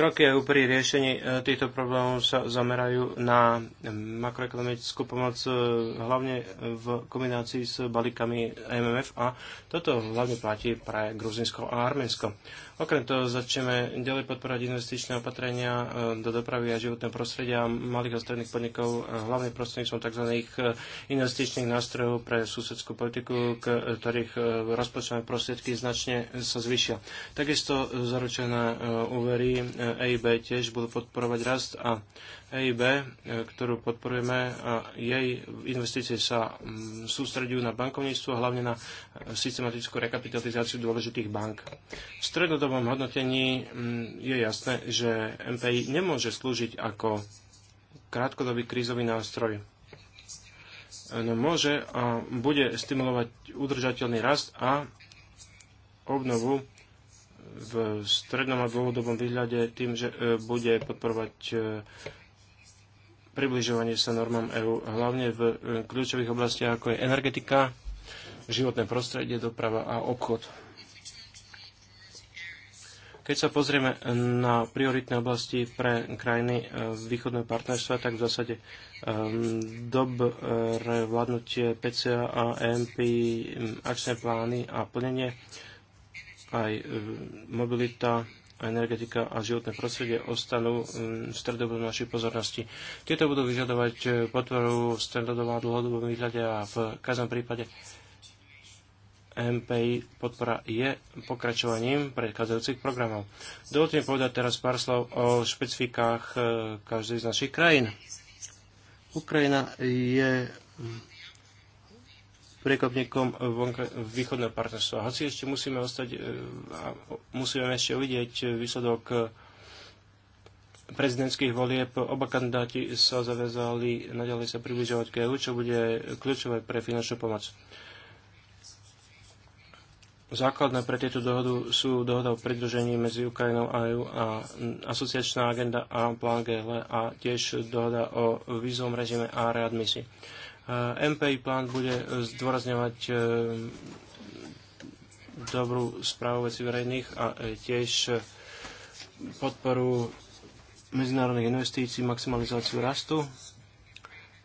Kroky EU pri riešení e, týchto problémov sa zamerajú na makroekonomickú pomoc e, hlavne v kombinácii s balíkami MMF a toto hlavne platí pre Gruzinsko a Arménsko. Okrem toho začneme ďalej podporovať investičné opatrenia e, do dopravy a životného prostredia malých a stredných podnikov, hlavne prostredníctvom tzv. investičných nástrojov pre susedskú politiku, ktorých rozpočtové prostriedky značne sa zvyšia. Takisto zaručené úvery EIB tiež budú podporovať rast a EIB, e, ktorú podporujeme, jej investície sa mm, sústredujú na bankovníctvo, hlavne na e, systematickú rekapitalizáciu dôležitých bank. V strednodobom hodnotení mm, je jasné, že MPI nemôže slúžiť ako krátkodobý krízový nástroj. No môže a bude stimulovať udržateľný rast a obnovu v strednom a dlhodobom výhľade tým, že e, bude podporovať e, približovanie sa normám EÚ, hlavne v e, kľúčových oblastiach ako je energetika, životné prostredie, doprava a obchod. Keď sa pozrieme na prioritné oblasti pre krajiny východného partnerstva, tak v zásade dobre vládnutie PCA a EMP, akčné plány a plnenie aj e, mobilita, energetika a životné prostredie ostanú mm, stredobodom našej pozornosti. Tieto budú vyžadovať e, potvoru stredodobá a dlhodobom výhľade a v každom prípade MPI podpora je pokračovaním predchádzajúcich programov. Dovolte mi povedať teraz pár slov o špecifikách e, každej z našich krajín. Ukrajina je priekopníkom východného partnerstva. Hoci ešte musíme ostať e, musíme ešte uvidieť výsledok e, prezidentských volieb. Oba kandidáti sa zavezali naďalej sa približovať k EU, čo bude kľúčové pre finančnú pomoc. Základné pre tieto dohodu sú dohoda o pridružení medzi Ukrajinou a EU a asociačná agenda a plán GL a tiež dohoda o vízovom režime a readmisii. Eh, MPI plán bude eh, zdôrazňovať eh, dobrú správu veci verejných a tiež podporu medzinárodných investícií, maximalizáciu rastu,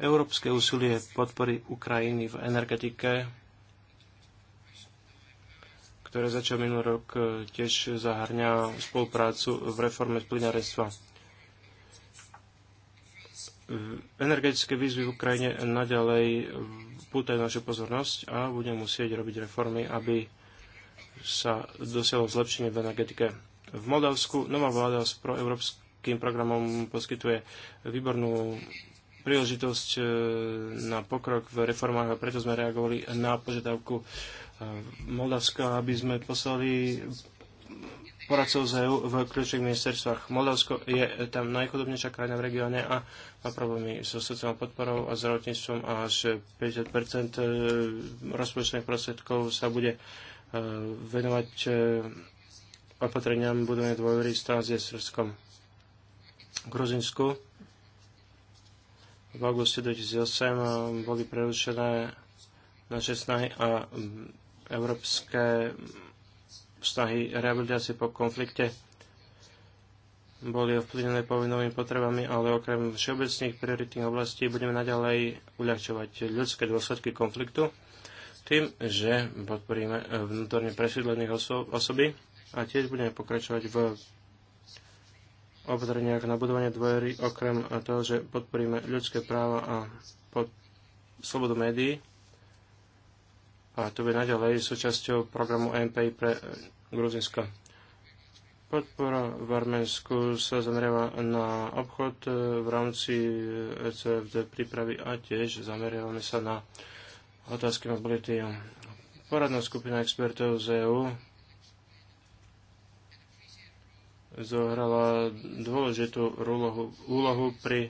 európske úsilie podpory Ukrajiny v energetike, ktoré začal minulý rok, tiež zahrňa spoluprácu v reforme splinárstva energetické výzvy v Ukrajine naďalej pútajú našu pozornosť a budeme musieť robiť reformy, aby sa dosiahlo zlepšenie v energetike. V Moldavsku nová vláda s proeurópskym programom poskytuje výbornú príležitosť e, na pokrok v reformách a preto sme reagovali na požiadavku e, Moldavska, aby sme poslali poradcov z EU v kľúčových ministerstvách. Moldavsko je tam najchudobnejšia krajina v regióne a má problémy so sociálnou podporou a zdravotníctvom a až 50 eh, rozpočtových prostriedkov sa bude eh, venovať eh, opatreniam budovania dôvery s Transjestrskom. Gruzinsku v auguste 2008 boli prerušené naše snahy a mm, európske vztahy rehabilitácie po konflikte boli ovplyvnené povinnovými potrebami, ale okrem všeobecných prioritných oblastí budeme naďalej uľahčovať ľudské dôsledky konfliktu tým, že podporíme vnútorne presídlených oso- osoby a tiež budeme pokračovať v opatreniach na budovanie dvojery, okrem toho, že podporíme ľudské práva a pod slobodu médií. A to bude naďalej súčasťou programu MPI pre Gruzinska. Podpora v Arménsku sa zameriava na obchod e, v rámci ECFD e prípravy a tiež zameriavame sa na otázky mobility. Poradná skupina expertov z EU zohrala dôležitú úlohu, úlohu pri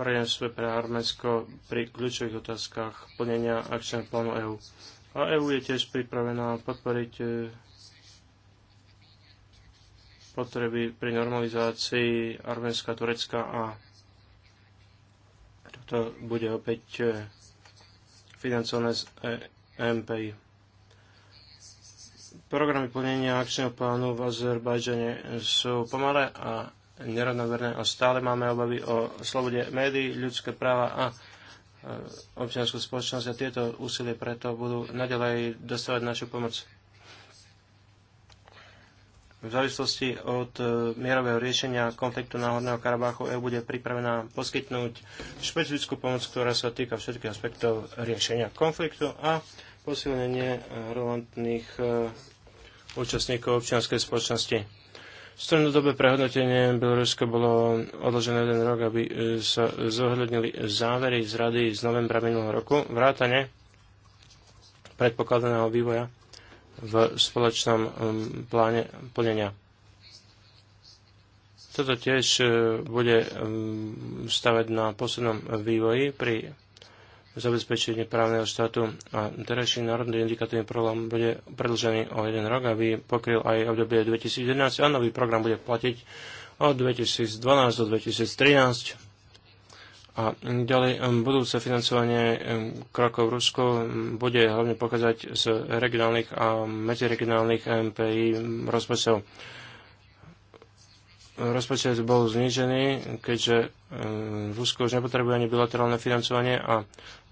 poradenstve pre Arménsko pri kľúčových otázkach plnenia akčného plánu EU. A EU je tiež pripravená podporiť e, potreby pri normalizácii Arménska, Turecka a toto bude opäť e, financované z e, MPI. Programy plnenia akčného plánu v Azerbajdžane sú pomalé a nerovnoverné a stále máme obavy o slobode médií, ľudské práva a E, občianskú spoločnosť a tieto úsilie preto budú naďalej dostávať našu pomoc. V závislosti od e, mierového riešenia konfliktu Náhodného Karabáchu EU bude pripravená poskytnúť špecifickú pomoc, ktorá sa týka všetkých aspektov riešenia konfliktu a posilnenie relevantných e, účastníkov občianskej spoločnosti. Strednodobé prehodnotenie Bielorusko bolo odložené jeden rok, aby e, sa zohľadnili závery z rady z novembra minulého roku, vrátane predpokladaného vývoja v spoločnom pláne plnenia. Toto tiež e, bude stavať na poslednom vývoji pri zabezpečenie právneho štátu a terajší národný indikatívny program bude predlžený o jeden rok, aby pokryl aj obdobie 2011 a nový program bude platiť od 2012 do 2013. A ďalej um, budúce financovanie um, krokov Rusku um, bude hlavne pokazať z regionálnych a medziregionálnych MPI rozpočtov rozpočet bol znižený, keďže Rusko už nepotrebuje ani bilaterálne financovanie a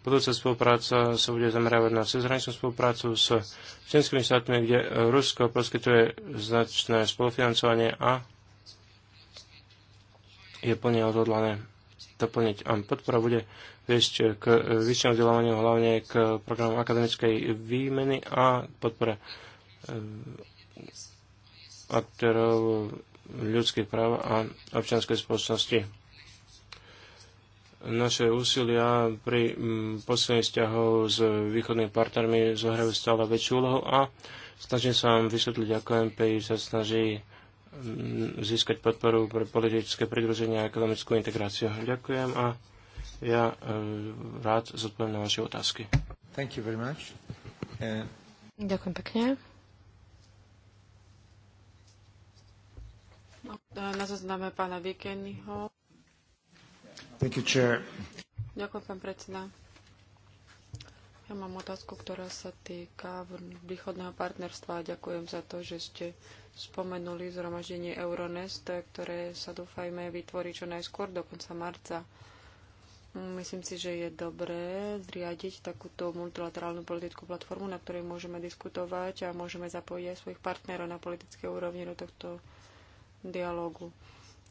Budúca spolupráca sa bude zameriavať na cezhraničnú spoluprácu s členskými štátmi, kde Rusko poskytuje značné spolufinancovanie a je plne odhodlané doplniť. A podpora bude viesť k vyššiemu vzdelávaniu, hlavne k programu akademickej výmeny a podpore eh, aktérov ľudských práv a občianskej spoločnosti naše úsilia pri mm, posilnení vzťahov s východnými partnermi zohrajú stále väčšiu úlohu a snažím sa vám vysvetliť, ako MPI sa snaží mm, získať podporu pre politické pridruženie a ekonomickú integráciu. Ďakujem a ja e, rád zodpoviem na vaše otázky. Thank you very much. And... Uh, Ďakujem pekne. Na zozname pána Vikenyho Thank you, chair. Ďakujem, pán predseda. Ja mám otázku, ktorá sa týka východného partnerstva a ďakujem za to, že ste spomenuli zhromaždenie Euronest, ktoré sa dúfajme vytvorí čo najskôr do konca marca. Myslím si, že je dobré zriadiť takúto multilaterálnu politickú platformu, na ktorej môžeme diskutovať a môžeme zapojiť aj svojich partnerov na politické úrovni do tohto dialógu.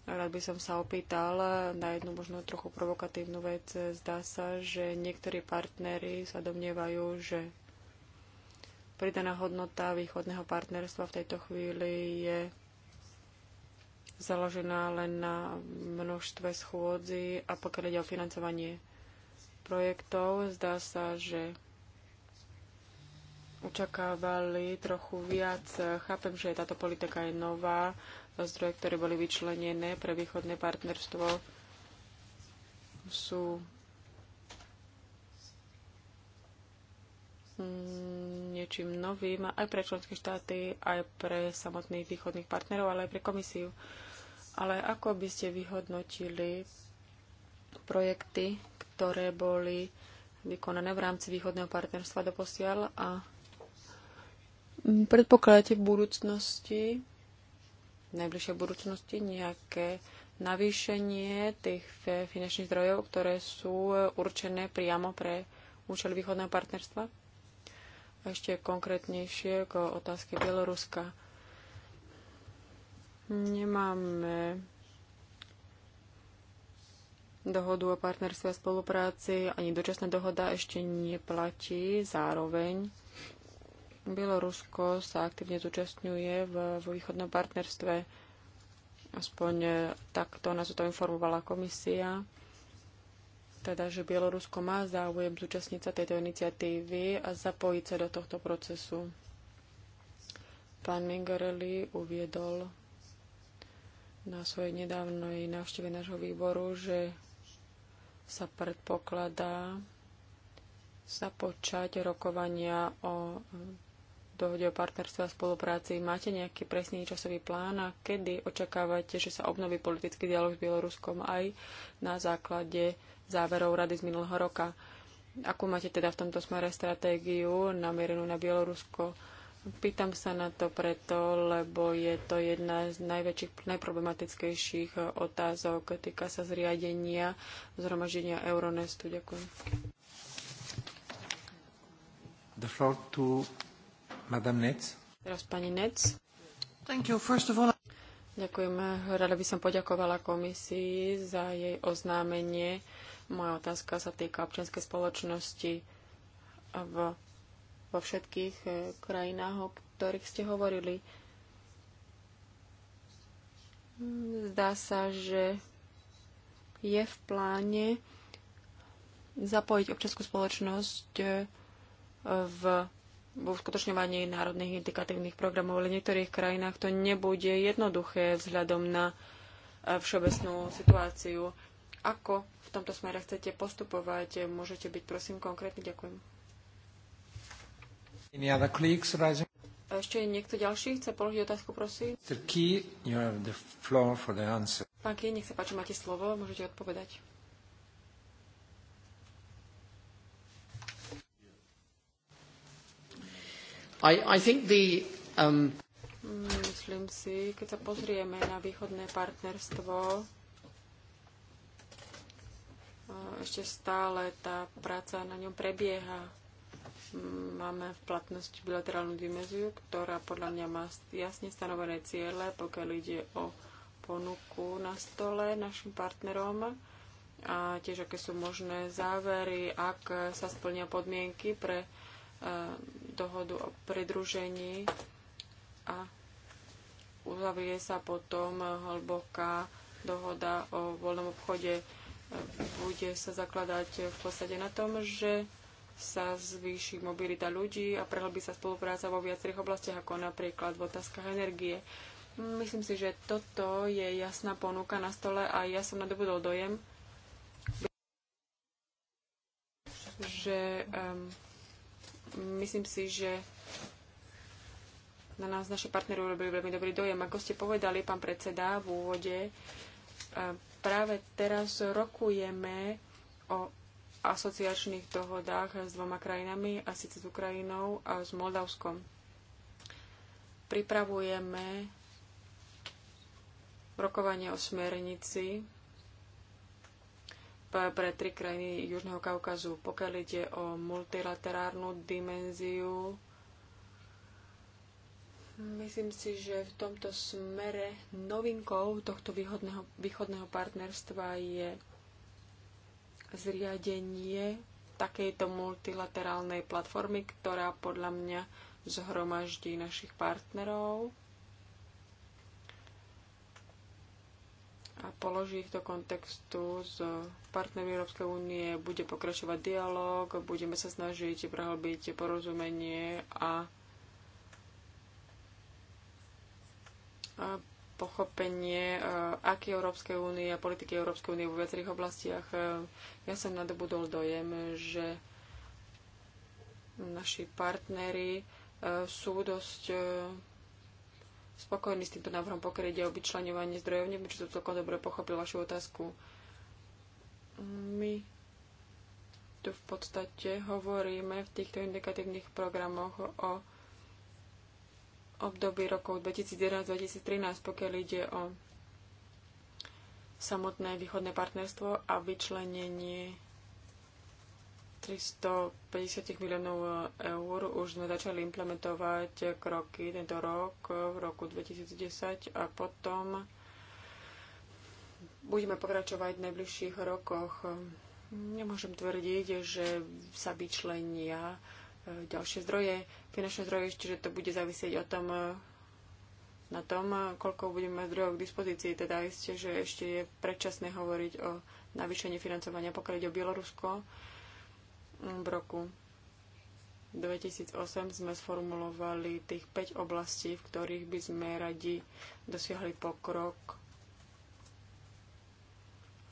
Rád by som sa opýtal na jednu možno trochu provokatívnu vec. Zdá sa, že niektorí partnery sa domnievajú, že pridaná hodnota východného partnerstva v tejto chvíli je založená len na množstve schôdzi a pokiaľ ide o financovanie projektov, zdá sa, že očakávali trochu viac. Chápem, že táto politika je nová, zdroje, ktoré boli vyčlenené pre východné partnerstvo, sú mm, niečím novým aj pre členské štáty, aj pre samotných východných partnerov, ale aj pre komisiu. Ale ako by ste vyhodnotili projekty, ktoré boli vykonané v rámci východného partnerstva posiaľ a predpokladáte v budúcnosti najbližšej budúcnosti nejaké navýšenie tých finančných zdrojov, ktoré sú e, určené priamo pre účel východného partnerstva? A ešte konkrétnejšie k otázke Bieloruska. Nemáme dohodu o partnerstve a spolupráci, ani dočasná dohoda ešte neplatí. Zároveň Bielorusko sa aktívne zúčastňuje v, v východnom partnerstve. Aspoň e, takto nás o to informovala komisia. Teda, že Bielorusko má záujem zúčastniť sa tejto iniciatívy a zapojiť sa do tohto procesu. Pán Mingarelli uviedol na svojej nedávnej návšteve nášho výboru, že sa predpokladá započať rokovania o dohode o partnerstve a spolupráci. Máte nejaký presný časový plán a kedy očakávate, že sa obnoví politický dialog s Bieloruskom aj na základe záverov rady z minulého roka? Akú máte teda v tomto smere stratégiu namierenú na Bielorusko? Pýtam sa na to preto, lebo je to jedna z najväčších, najproblematickejších otázok. Týka sa zriadenia zhromaždenia Euronestu. Ďakujem. The floor to Ďakujem. Rada by som poďakovala komisii za jej oznámenie. Moja otázka sa týka občianskej spoločnosti v, vo všetkých eh, krajinách, o ktorých ste hovorili. Zdá sa, že je v pláne zapojiť občianskú spoločnosť eh, v v uskutočňovaní národných indikatívnych programov, ale v niektorých krajinách to nebude jednoduché vzhľadom na e, všeobecnú situáciu. Ako v tomto smere chcete postupovať? Môžete byť, prosím, konkrétne. Ďakujem. Ešte niekto ďalší chce položiť otázku, prosím? Pán Key, nech sa páči, máte slovo, môžete odpovedať. I, I think the, um... Myslím si, keď sa pozrieme na východné partnerstvo, ešte stále tá práca na ňom prebieha. Máme v platnosti bilaterálnu dimenziu, ktorá podľa mňa má jasne stanovené ciele, pokiaľ ide o ponuku na stole našim partnerom a tiež aké sú možné závery, ak sa splnia podmienky pre dohodu o pridružení a uzavrie sa potom hlboká dohoda o voľnom obchode. Bude sa zakladať v podstate na tom, že sa zvýši mobilita ľudí a prehlbí sa spolupráca vo viacerých oblastiach, ako napríklad v otázkach energie. Myslím si, že toto je jasná ponuka na stole a ja som nadobudol dojem, že um, Myslím si, že na nás naši partnery urobili veľmi dobrý dojem. Ako ste povedali, pán predseda, v úvode, e, práve teraz rokujeme o asociačných dohodách s dvoma krajinami, a síce s Ukrajinou a s Moldavskom. Pripravujeme rokovanie o smernici pre tri krajiny Južného Kaukazu. Pokiaľ ide o multilaterárnu dimenziu, myslím si, že v tomto smere novinkou tohto východného, východného partnerstva je zriadenie takejto multilaterálnej platformy, ktorá podľa mňa zhromaždí našich partnerov a položí ich do kontextu s partnermi Európskej únie, bude pokračovať dialog, budeme sa snažiť prehlbiť porozumenie a, a pochopenie, e, aké Európskej únie a politiky Európskej únie vo viacerých oblastiach. E, ja som nadobudol dojem, že naši partnery e, sú dosť spokojní s týmto návrhom, pokiaľ ide o vyčlenovanie zdrojov. Neviem, či som celkom dobre pochopil vašu otázku. My tu v podstate hovoríme v týchto indikatívnych programoch o období rokov 2011-2013, pokiaľ ide o samotné východné partnerstvo a vyčlenenie 350 miliónov eur už sme začali implementovať kroky tento rok, v roku 2010 a potom budeme pokračovať v najbližších rokoch. Nemôžem tvrdiť, že sa vyčlenia eh, ďalšie zdroje, finančné zdroje, čiže to bude závisieť o tom, eh, na tom, koľko budeme mať zdrojov k dispozícii. Teda isté, že ešte je predčasné hovoriť o navýšení financovania, pokiaľ ide o Bielorusko v roku 2008 sme sformulovali tých 5 oblastí, v ktorých by sme radi dosiahli pokrok,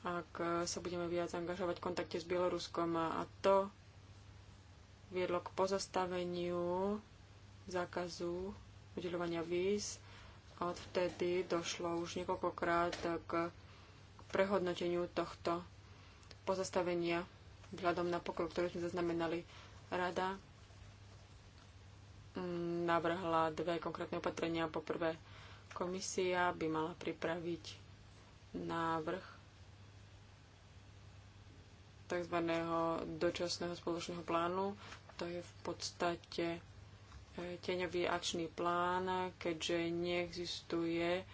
ak sa budeme viac angažovať v kontakte s Bieloruskom. A to viedlo k pozastaveniu zákazu udeľovania víz. Odvtedy došlo už niekoľkokrát k prehodnoteniu tohto pozastavenia vzhľadom na pokrok, ktorý sme zaznamenali. Rada mm, navrhla dve konkrétne opatrenia. Poprvé, komisia by mala pripraviť návrh tzv. dočasného spoločného plánu. To je v podstate e, tieňový akčný plán, keďže neexistuje e,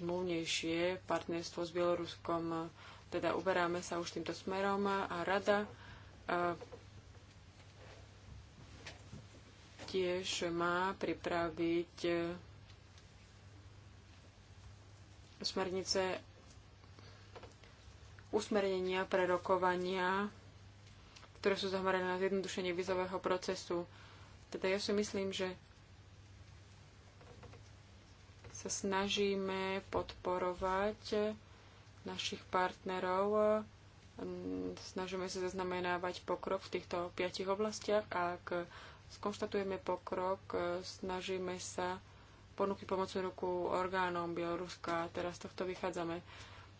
zmluvnejšie partnerstvo s Bieloruskom teda uberáme sa už týmto smerom a rada e, tiež má pripraviť e, smernice usmernenia pre rokovania, ktoré sú zamerané na zjednodušenie vizového procesu. Teda ja si myslím, že sa snažíme podporovať našich partnerov. Ehm, snažíme sa zaznamenávať pokrok v týchto piatich oblastiach a ak skonštatujeme pokrok, e, snažíme sa ponúknuť pomocnú ruku orgánom Bieloruska. a Teraz tohto vychádzame,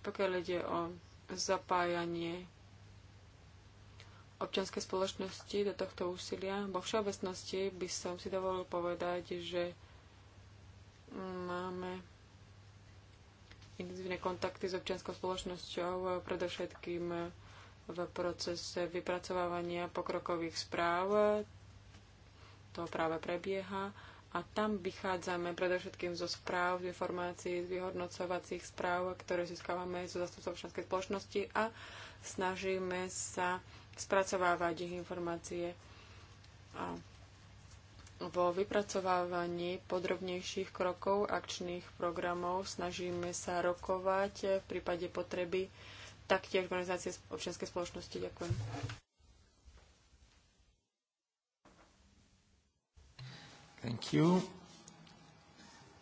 pokiaľ ide o zapájanie občianskej spoločnosti do tohto úsilia. Vo všeobecnosti by som si dovolil povedať, že máme intenzívne kontakty s občianskou spoločnosťou, eh, predovšetkým eh, v procese vypracovávania pokrokových správ. To práve prebieha. A tam vychádzame predovšetkým zo správ, z informácií, z vyhodnocovacích správ, ktoré získavame zo zastupcov občianskej spoločnosti a snažíme sa spracovávať ich informácie. A vo vypracovávaní podrobnejších krokov akčných programov snažíme sa rokovať v prípade potreby taktiež organizácie občianskej spoločnosti. Ďakujem. Thank you.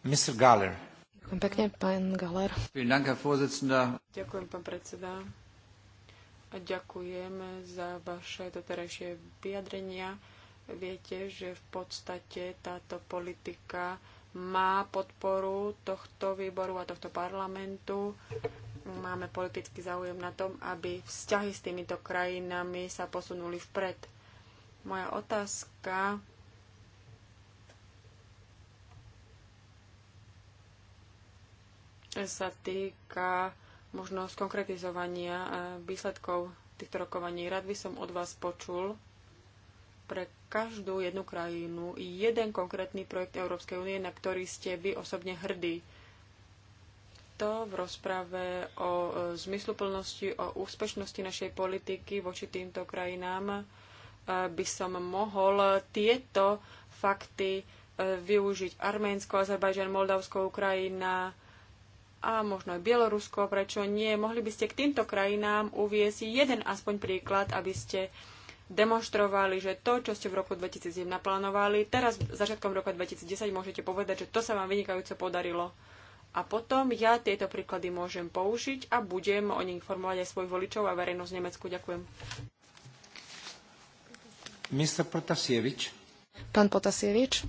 Mr. Galler. Ďakujem pekne, pán Galler. Ďakujem, pán predseda. A ďakujem za vaše doterajšie vyjadrenia. Viete, že v podstate táto politika má podporu tohto výboru a tohto parlamentu. Máme politický záujem na tom, aby vzťahy s týmito krajinami sa posunuli vpred. Moja otázka sa týka možno skonkretizovania eh, výsledkov týchto rokovaní. Rád by som od vás počul, pre každú jednu krajinu jeden konkrétny projekt Európskej únie, na ktorý ste vy osobne hrdí. To v rozprave o e, zmysluplnosti, o úspešnosti našej politiky voči týmto krajinám e, by som mohol tieto fakty e, využiť Arménsko, Azerbajžan, Moldavsko, Ukrajina a možno aj Bielorusko, prečo nie. Mohli by ste k týmto krajinám uviesť jeden aspoň príklad, aby ste uh, demonstrovali, že to, čo ste v roku 2007 naplánovali, teraz začiatkom roka 2010 môžete povedať, že to sa vám vynikajúco podarilo. A potom ja tieto príklady môžem použiť a budem o nich informovať aj svojich voličov a verejnosť v Nemecku. Ďakujem. Mr. Potasievič. Pán Potasievič.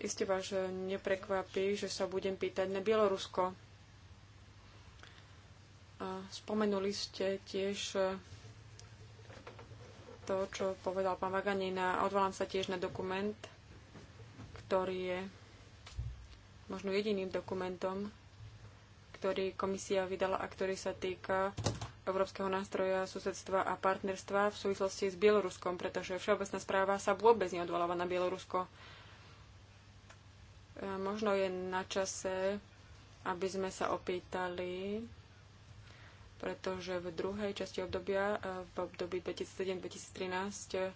Isté vás neprekvapí, že sa budem pýtať na Bielorusko. Spomenuli ste tiež e, to, čo povedal pán Vaganina. Odvolám sa tiež na dokument, ktorý je možno jediným dokumentom, ktorý komisia vydala a ktorý sa týka Európskeho nástroja susedstva a partnerstva v súvislosti s Bieloruskom, pretože všeobecná správa sa vôbec neodvoláva na Bielorusko. E, možno je na čase, aby sme sa opýtali pretože v druhej časti obdobia, e, v období 2007-2013, e,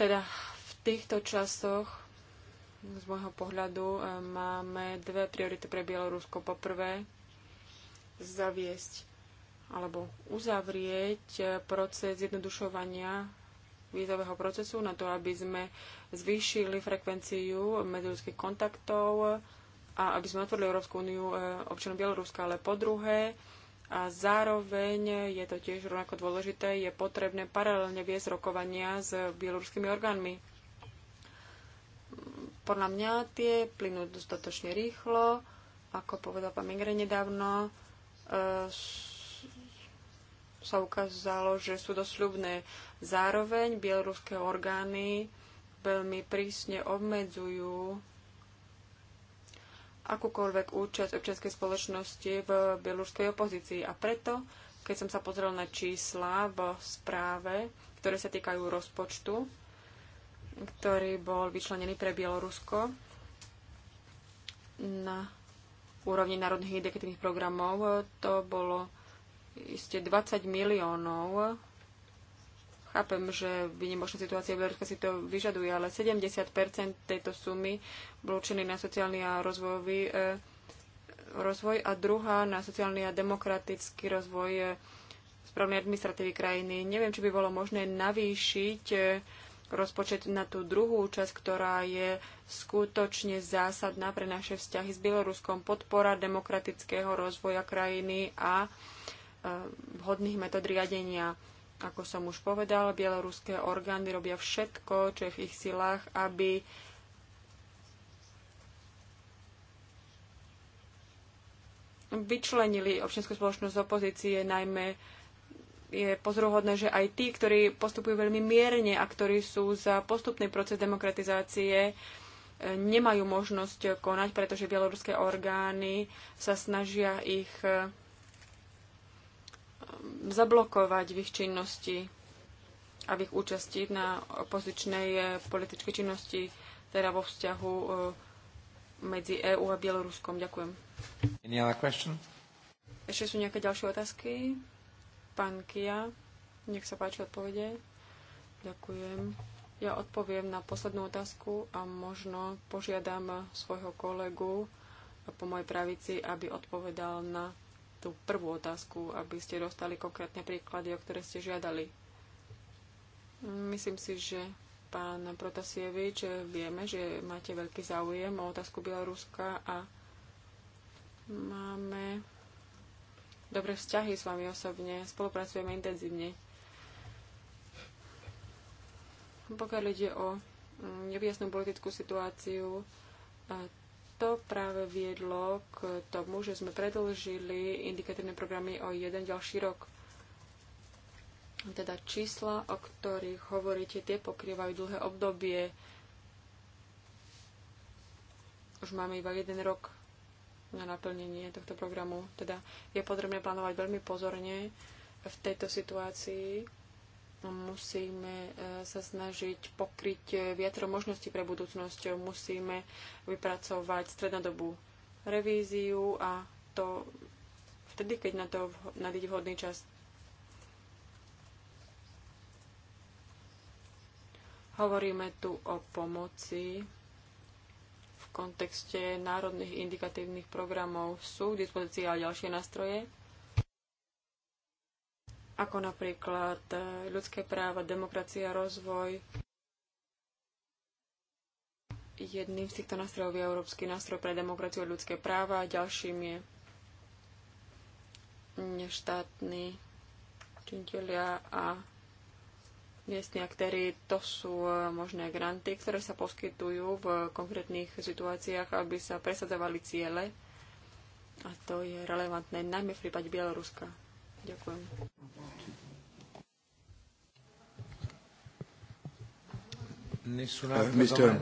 teda v týchto časoch z môjho pohľadu e, máme dve priority pre Bielorusko. Po prvé, zaviesť alebo uzavrieť proces jednodušovania vízového procesu na to, aby sme zvýšili frekvenciu medziludských kontaktov a aby sme otvorili Európsku úniu občanom Bieloruska, ale po druhé, a zároveň je to tiež rovnako dôležité, je potrebné paralelne viesť rokovania s bieloruskými orgánmi. Podľa mňa tie plynú dostatočne rýchlo, ako povedal pán Mingre nedávno, e, sa ukázalo, že sú dosľubné. Zároveň bieloruské orgány veľmi prísne obmedzujú akúkoľvek účasť občianskej spoločnosti v bieloruskej opozícii. A preto, keď som sa pozrel na čísla v správe, ktoré sa týkajú rozpočtu, ktorý bol vyčlenený pre Bielorusko na úrovni národných indikatívnych programov, to bolo iste 20 miliónov Chápem, že výnimočná situácia v Bielorusku si to vyžaduje, ale 70 tejto sumy bol určený na sociálny a rozvojový e, rozvoj a druhá na sociálny a demokratický rozvoj e, správnej administratívy krajiny. Neviem, či by bolo možné navýšiť e, rozpočet na tú druhú časť, ktorá je skutočne zásadná pre naše vzťahy s Bieloruskom. Podpora demokratického rozvoja krajiny a vhodných metód riadenia ako som už povedal, bieloruské orgány robia všetko, čo je v ich silách, aby vyčlenili občianskú spoločnosť z opozície, najmä je pozoruhodné, že aj tí, ktorí postupujú veľmi mierne a ktorí sú za postupný proces demokratizácie, nemajú možnosť konať, pretože bieloruské orgány sa snažia ich zablokovať v ich činnosti a v ich účasti na opozičnej eh, politickej činnosti, teda vo vzťahu eh, medzi EU a Bieloruskom. Ďakujem. Ešte sú nejaké ďalšie otázky? Pán Kia, nech sa páči odpovede. Ďakujem. Ja odpoviem na poslednú otázku a možno požiadam svojho kolegu po mojej pravici, aby odpovedal na tú prvú otázku, aby ste dostali konkrétne príklady, o ktoré ste žiadali. Myslím si, že pán Protasievič, vieme, že máte veľký záujem o otázku Bieloruska a máme dobré vzťahy s vami osobne, spolupracujeme intenzívne. Pokiaľ ide o nevyjasnú politickú situáciu, to práve viedlo k tomu, že sme predlžili indikatívne programy o jeden ďalší rok. Teda čísla, o ktorých hovoríte, tie pokrývajú dlhé obdobie. Už máme iba jeden rok na naplnenie tohto programu. Teda je potrebné plánovať veľmi pozorne v tejto situácii Musíme e, sa snažiť pokryť e, viacero možností pre budúcnosť. Musíme vypracovať strednodobú revíziu a to vtedy, keď na to nadíde vhodný čas. Hovoríme tu o pomoci v kontexte národných indikatívnych programov. Sú k dispozícii aj ďalšie nástroje, ako napríklad e, ľudské práva, demokracia, rozvoj. Jedným z týchto nástrojov je Európsky nástroj pre demokraciu a ľudské práva a ďalším je neštátny činiteľia a miestni aktéry, to sú e, možné granty, ktoré sa poskytujú v konkrétnych situáciách, aby sa presadzovali ciele. A to je relevantné najmä v prípade Bieloruska. Ďakujem. Mr. Uh,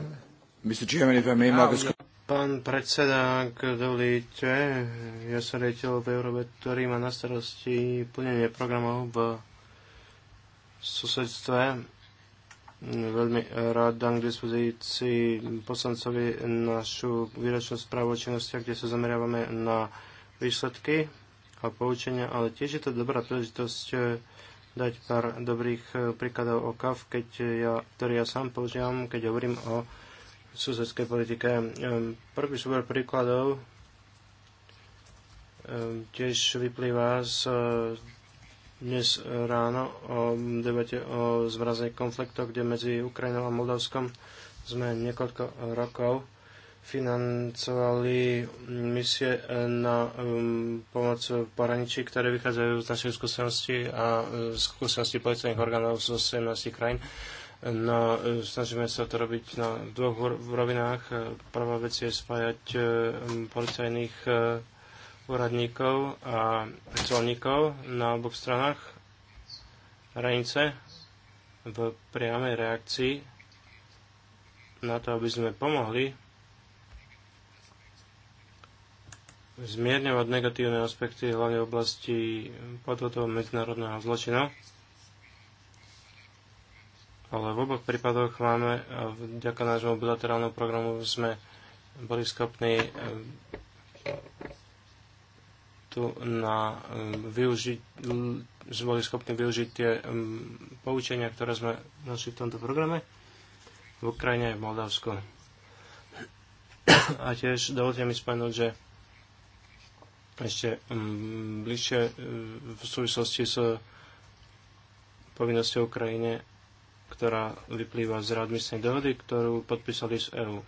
Mr. Chairman, if I may, Marcus... Pán predseda, ak dovolíte, ja som riaditeľ v Európe, ktorý má na starosti plnenie programov v susedstve. Veľmi rád dám k dispozícii poslancovi našu výročnú správu o činnostiach, kde sa zameriavame na výsledky a poučenia, ale tiež je to dobrá príležitosť dať pár dobrých eh, príkladov o KAF, keď ja, ktorý ja sám používam, keď hovorím o susedskej politike. Prvý súbor príkladov tiež vyplýva z eh, dnes ráno o debate o zmrazených konfliktoch, kde medzi Ukrajinou a Moldavskom sme niekoľko rokov financovali misie eh, na um, pomoc v ktoré vychádzajú z našej skúsenosti a eh, skúsenosti policajných orgánov zo 17 krajín. No, eh, snažíme sa to robiť na dvoch rovinách. Prvá vec je spájať policajných úradníkov a colníkov na oboch stranách hranice v priamej reakcii na to, aby sme pomohli zmierňovať negatívne aspekty hlavne v oblasti podvodov medzinárodného zločinu. Ale v oboch prípadoch máme, vďaka nášmu bilaterálnemu programu sme boli schopní e, tu na e, využiť, boli schopní využiť tie e, poučenia, ktoré sme našli v tomto programe v Ukrajine a v Moldavsku. A tiež dovolte mi spomenúť, že ešte mm, bližšie e, v súvislosti s povinnosťou Ukrajine, ktorá vyplýva z rádmyslnej dohody, ktorú podpísali z EÚ.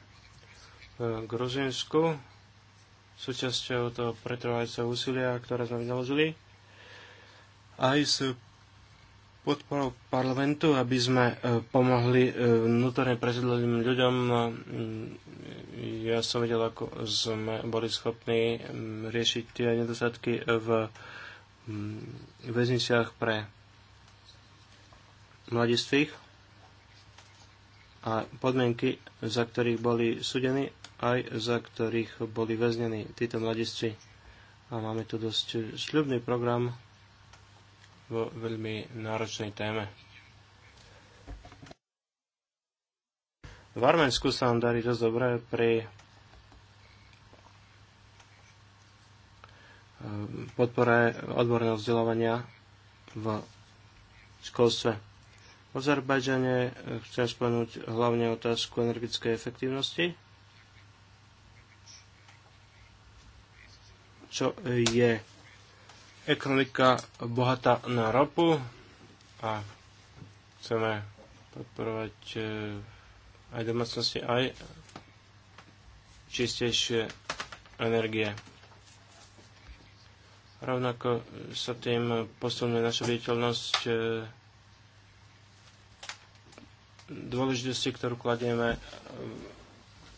V e, Gruzinsku súčasťou toho pretrvajúceho úsilia, ktoré sme vynaložili, aj s podporou parlamentu, aby sme e, pomohli e, vnútorne prezidleným ľuďom. No, mm, ja som videl, ako sme boli schopní mm, riešiť tie nedostatky v mm, väzniciach pre mladistvých a podmienky, za ktorých boli súdení, aj za ktorých boli väznení títo mladiství. A máme tu dosť sľubný program v veľmi náročnej téme. V Arménsku sa nám darí dosť dobre pri ehm, podpore odborného vzdelávania v školstve. V Azerbajdžane eh, chcem spomenúť hlavne otázku energetickej efektivnosti. čo je ekonomika bohatá na ropu a chceme podporovať e, aj domácnosti, aj čistejšie energie. Rovnako sa tým posunuje naša viditeľnosť e, dôležitosti, ktorú kladieme e,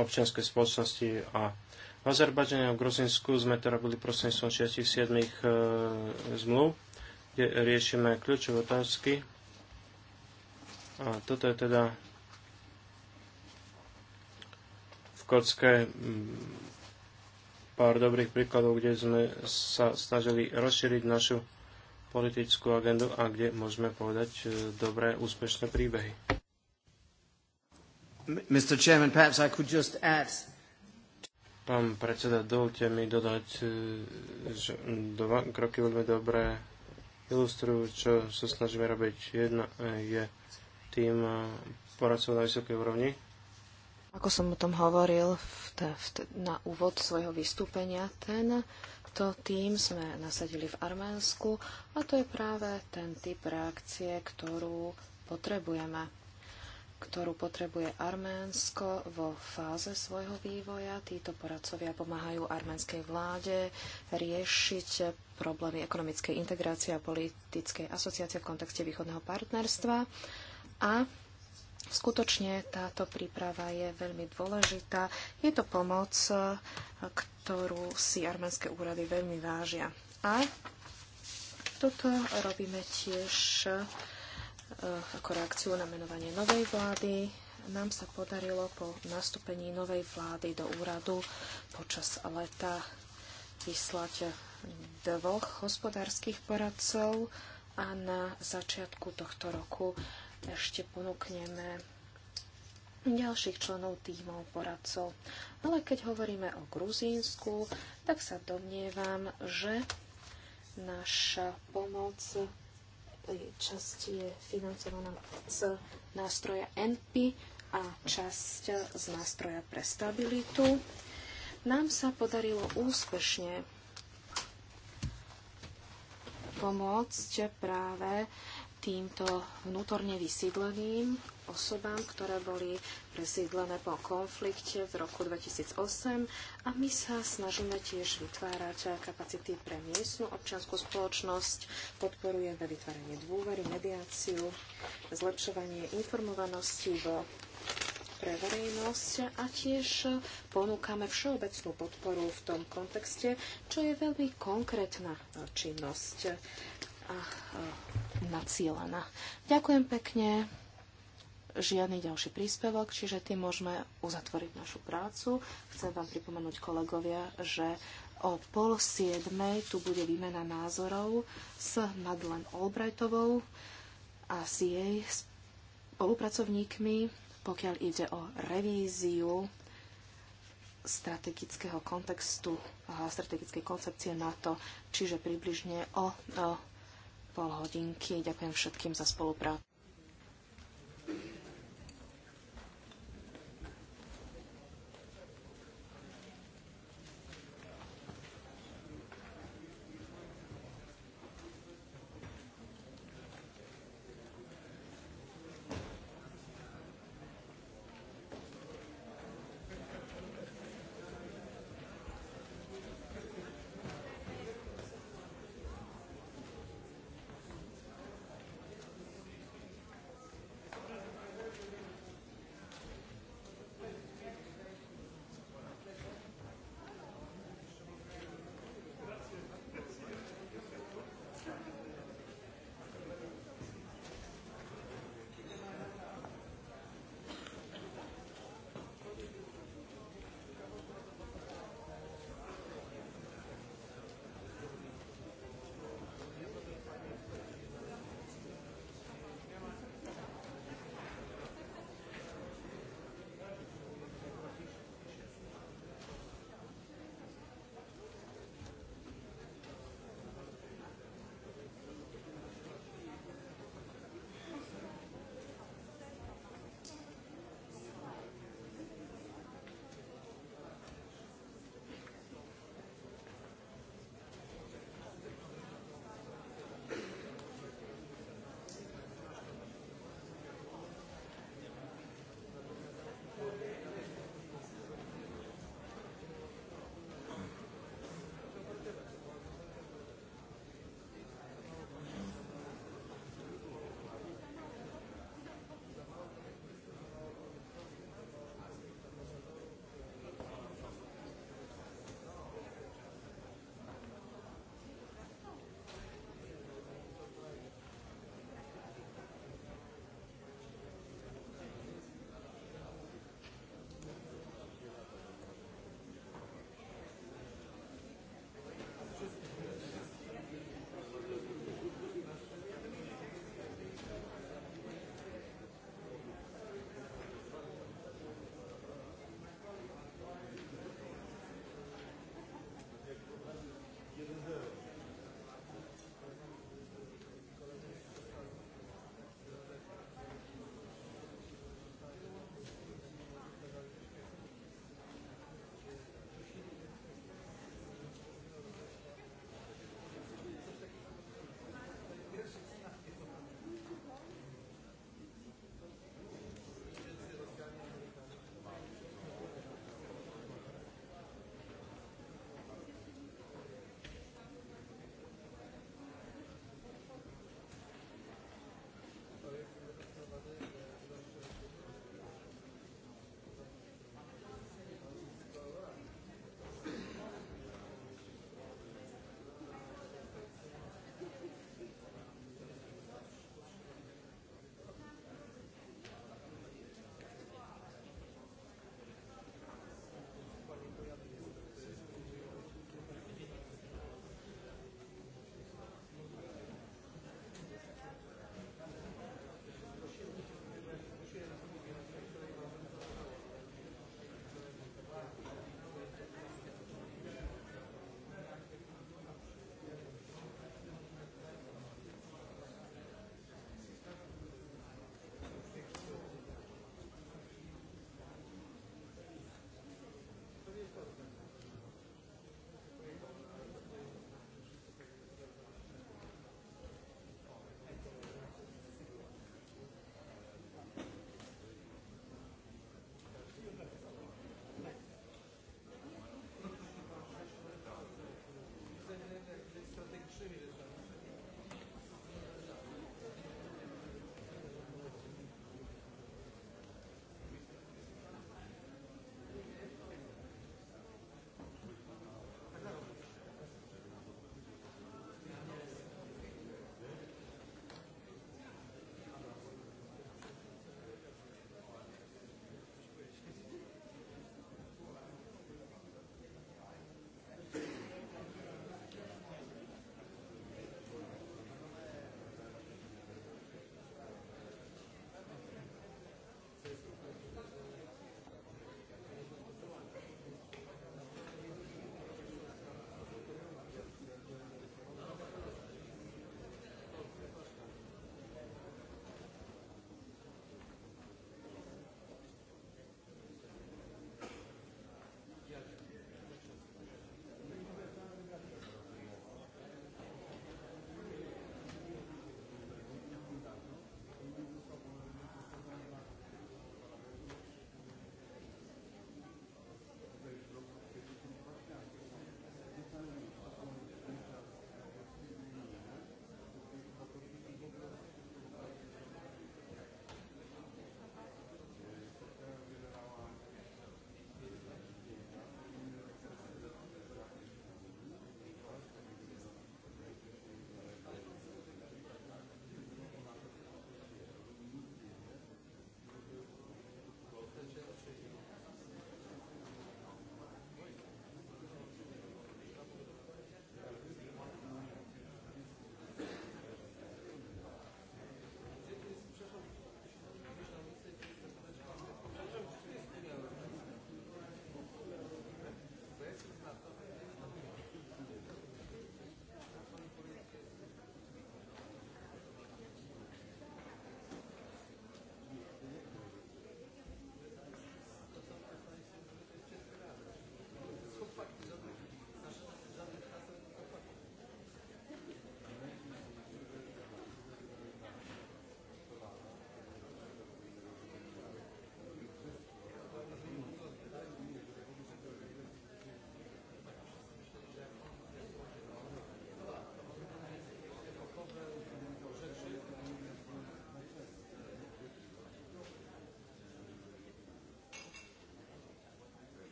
občianskej spoločnosti a v Azerbajdžane a v Grozinsku sme to robili prostredníctvom 67 e, zmluv, kde riešime kľúčové otázky. A toto je teda v kocke mm, pár dobrých príkladov, kde sme sa snažili rozšíriť našu politickú agendu a kde môžeme povedať e, dobré, úspešné príbehy. Mr. Chairman, perhaps I could just add Pán predseda, dovolte mi dodať, e, že dva kroky veľmi dobré ilustrujú, čo sa snažíme robiť. Jedna e, je tým e, poradcov na vysokej úrovni. Ako som o tom hovoril v te, v te, na úvod svojho vystúpenia, ten to tým sme nasadili v Arménsku a to je práve ten typ reakcie, ktorú potrebujeme ktorú potrebuje Arménsko vo fáze svojho vývoja. Títo poradcovia pomáhajú arménskej vláde riešiť problémy ekonomickej integrácie a politickej asociácie v kontexte východného partnerstva. A skutočne táto príprava je veľmi dôležitá. Je to pomoc, ktorú si arménske úrady veľmi vážia. A toto robíme tiež Eh, ako reakciu na menovanie novej vlády nám sa podarilo po nastúpení novej vlády do úradu počas leta vyslať dvoch hospodárskych poradcov a na začiatku tohto roku ešte ponúkneme ďalších členov týmov poradcov. Ale keď hovoríme o Gruzínsku, tak sa domnievam, že naša pomoc časť je financovaná z nástroja NP a časť z nástroja pre stabilitu. Nám sa podarilo úspešne pomôcť práve týmto vnútorne vysídleným osobám, ktoré boli presídlené po konflikte v roku 2008 a my sa snažíme tiež vytvárať kapacity pre miestnu občianskú spoločnosť, podporujeme vytváranie dôvery, mediáciu, zlepšovanie informovanosti v pre verejnosť a tiež ponúkame všeobecnú podporu v tom kontexte, čo je veľmi konkrétna činnosť a nacielená. Ďakujem pekne žiadny ďalší príspevok, čiže tým môžeme uzatvoriť našu prácu. Chcem vám pripomenúť kolegovia, že o pol siedmej tu bude výmena názorov s Madlen Albrightovou a s jej spolupracovníkmi, pokiaľ ide o revíziu strategického kontextu a strategickej koncepcie NATO, čiže približne o, o pol hodinky. Ďakujem všetkým za spoluprácu.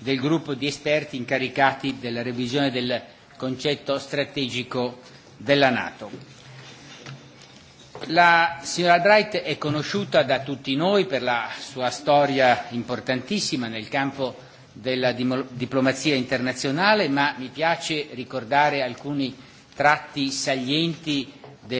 del gruppo di esperti incaricati della revisione del concetto strategico della Nato. La signora Albright è conosciuta da tutti noi per la sua storia importantissima nel campo della diplomazia internazionale, ma mi piace ricordare alcuni tratti salienti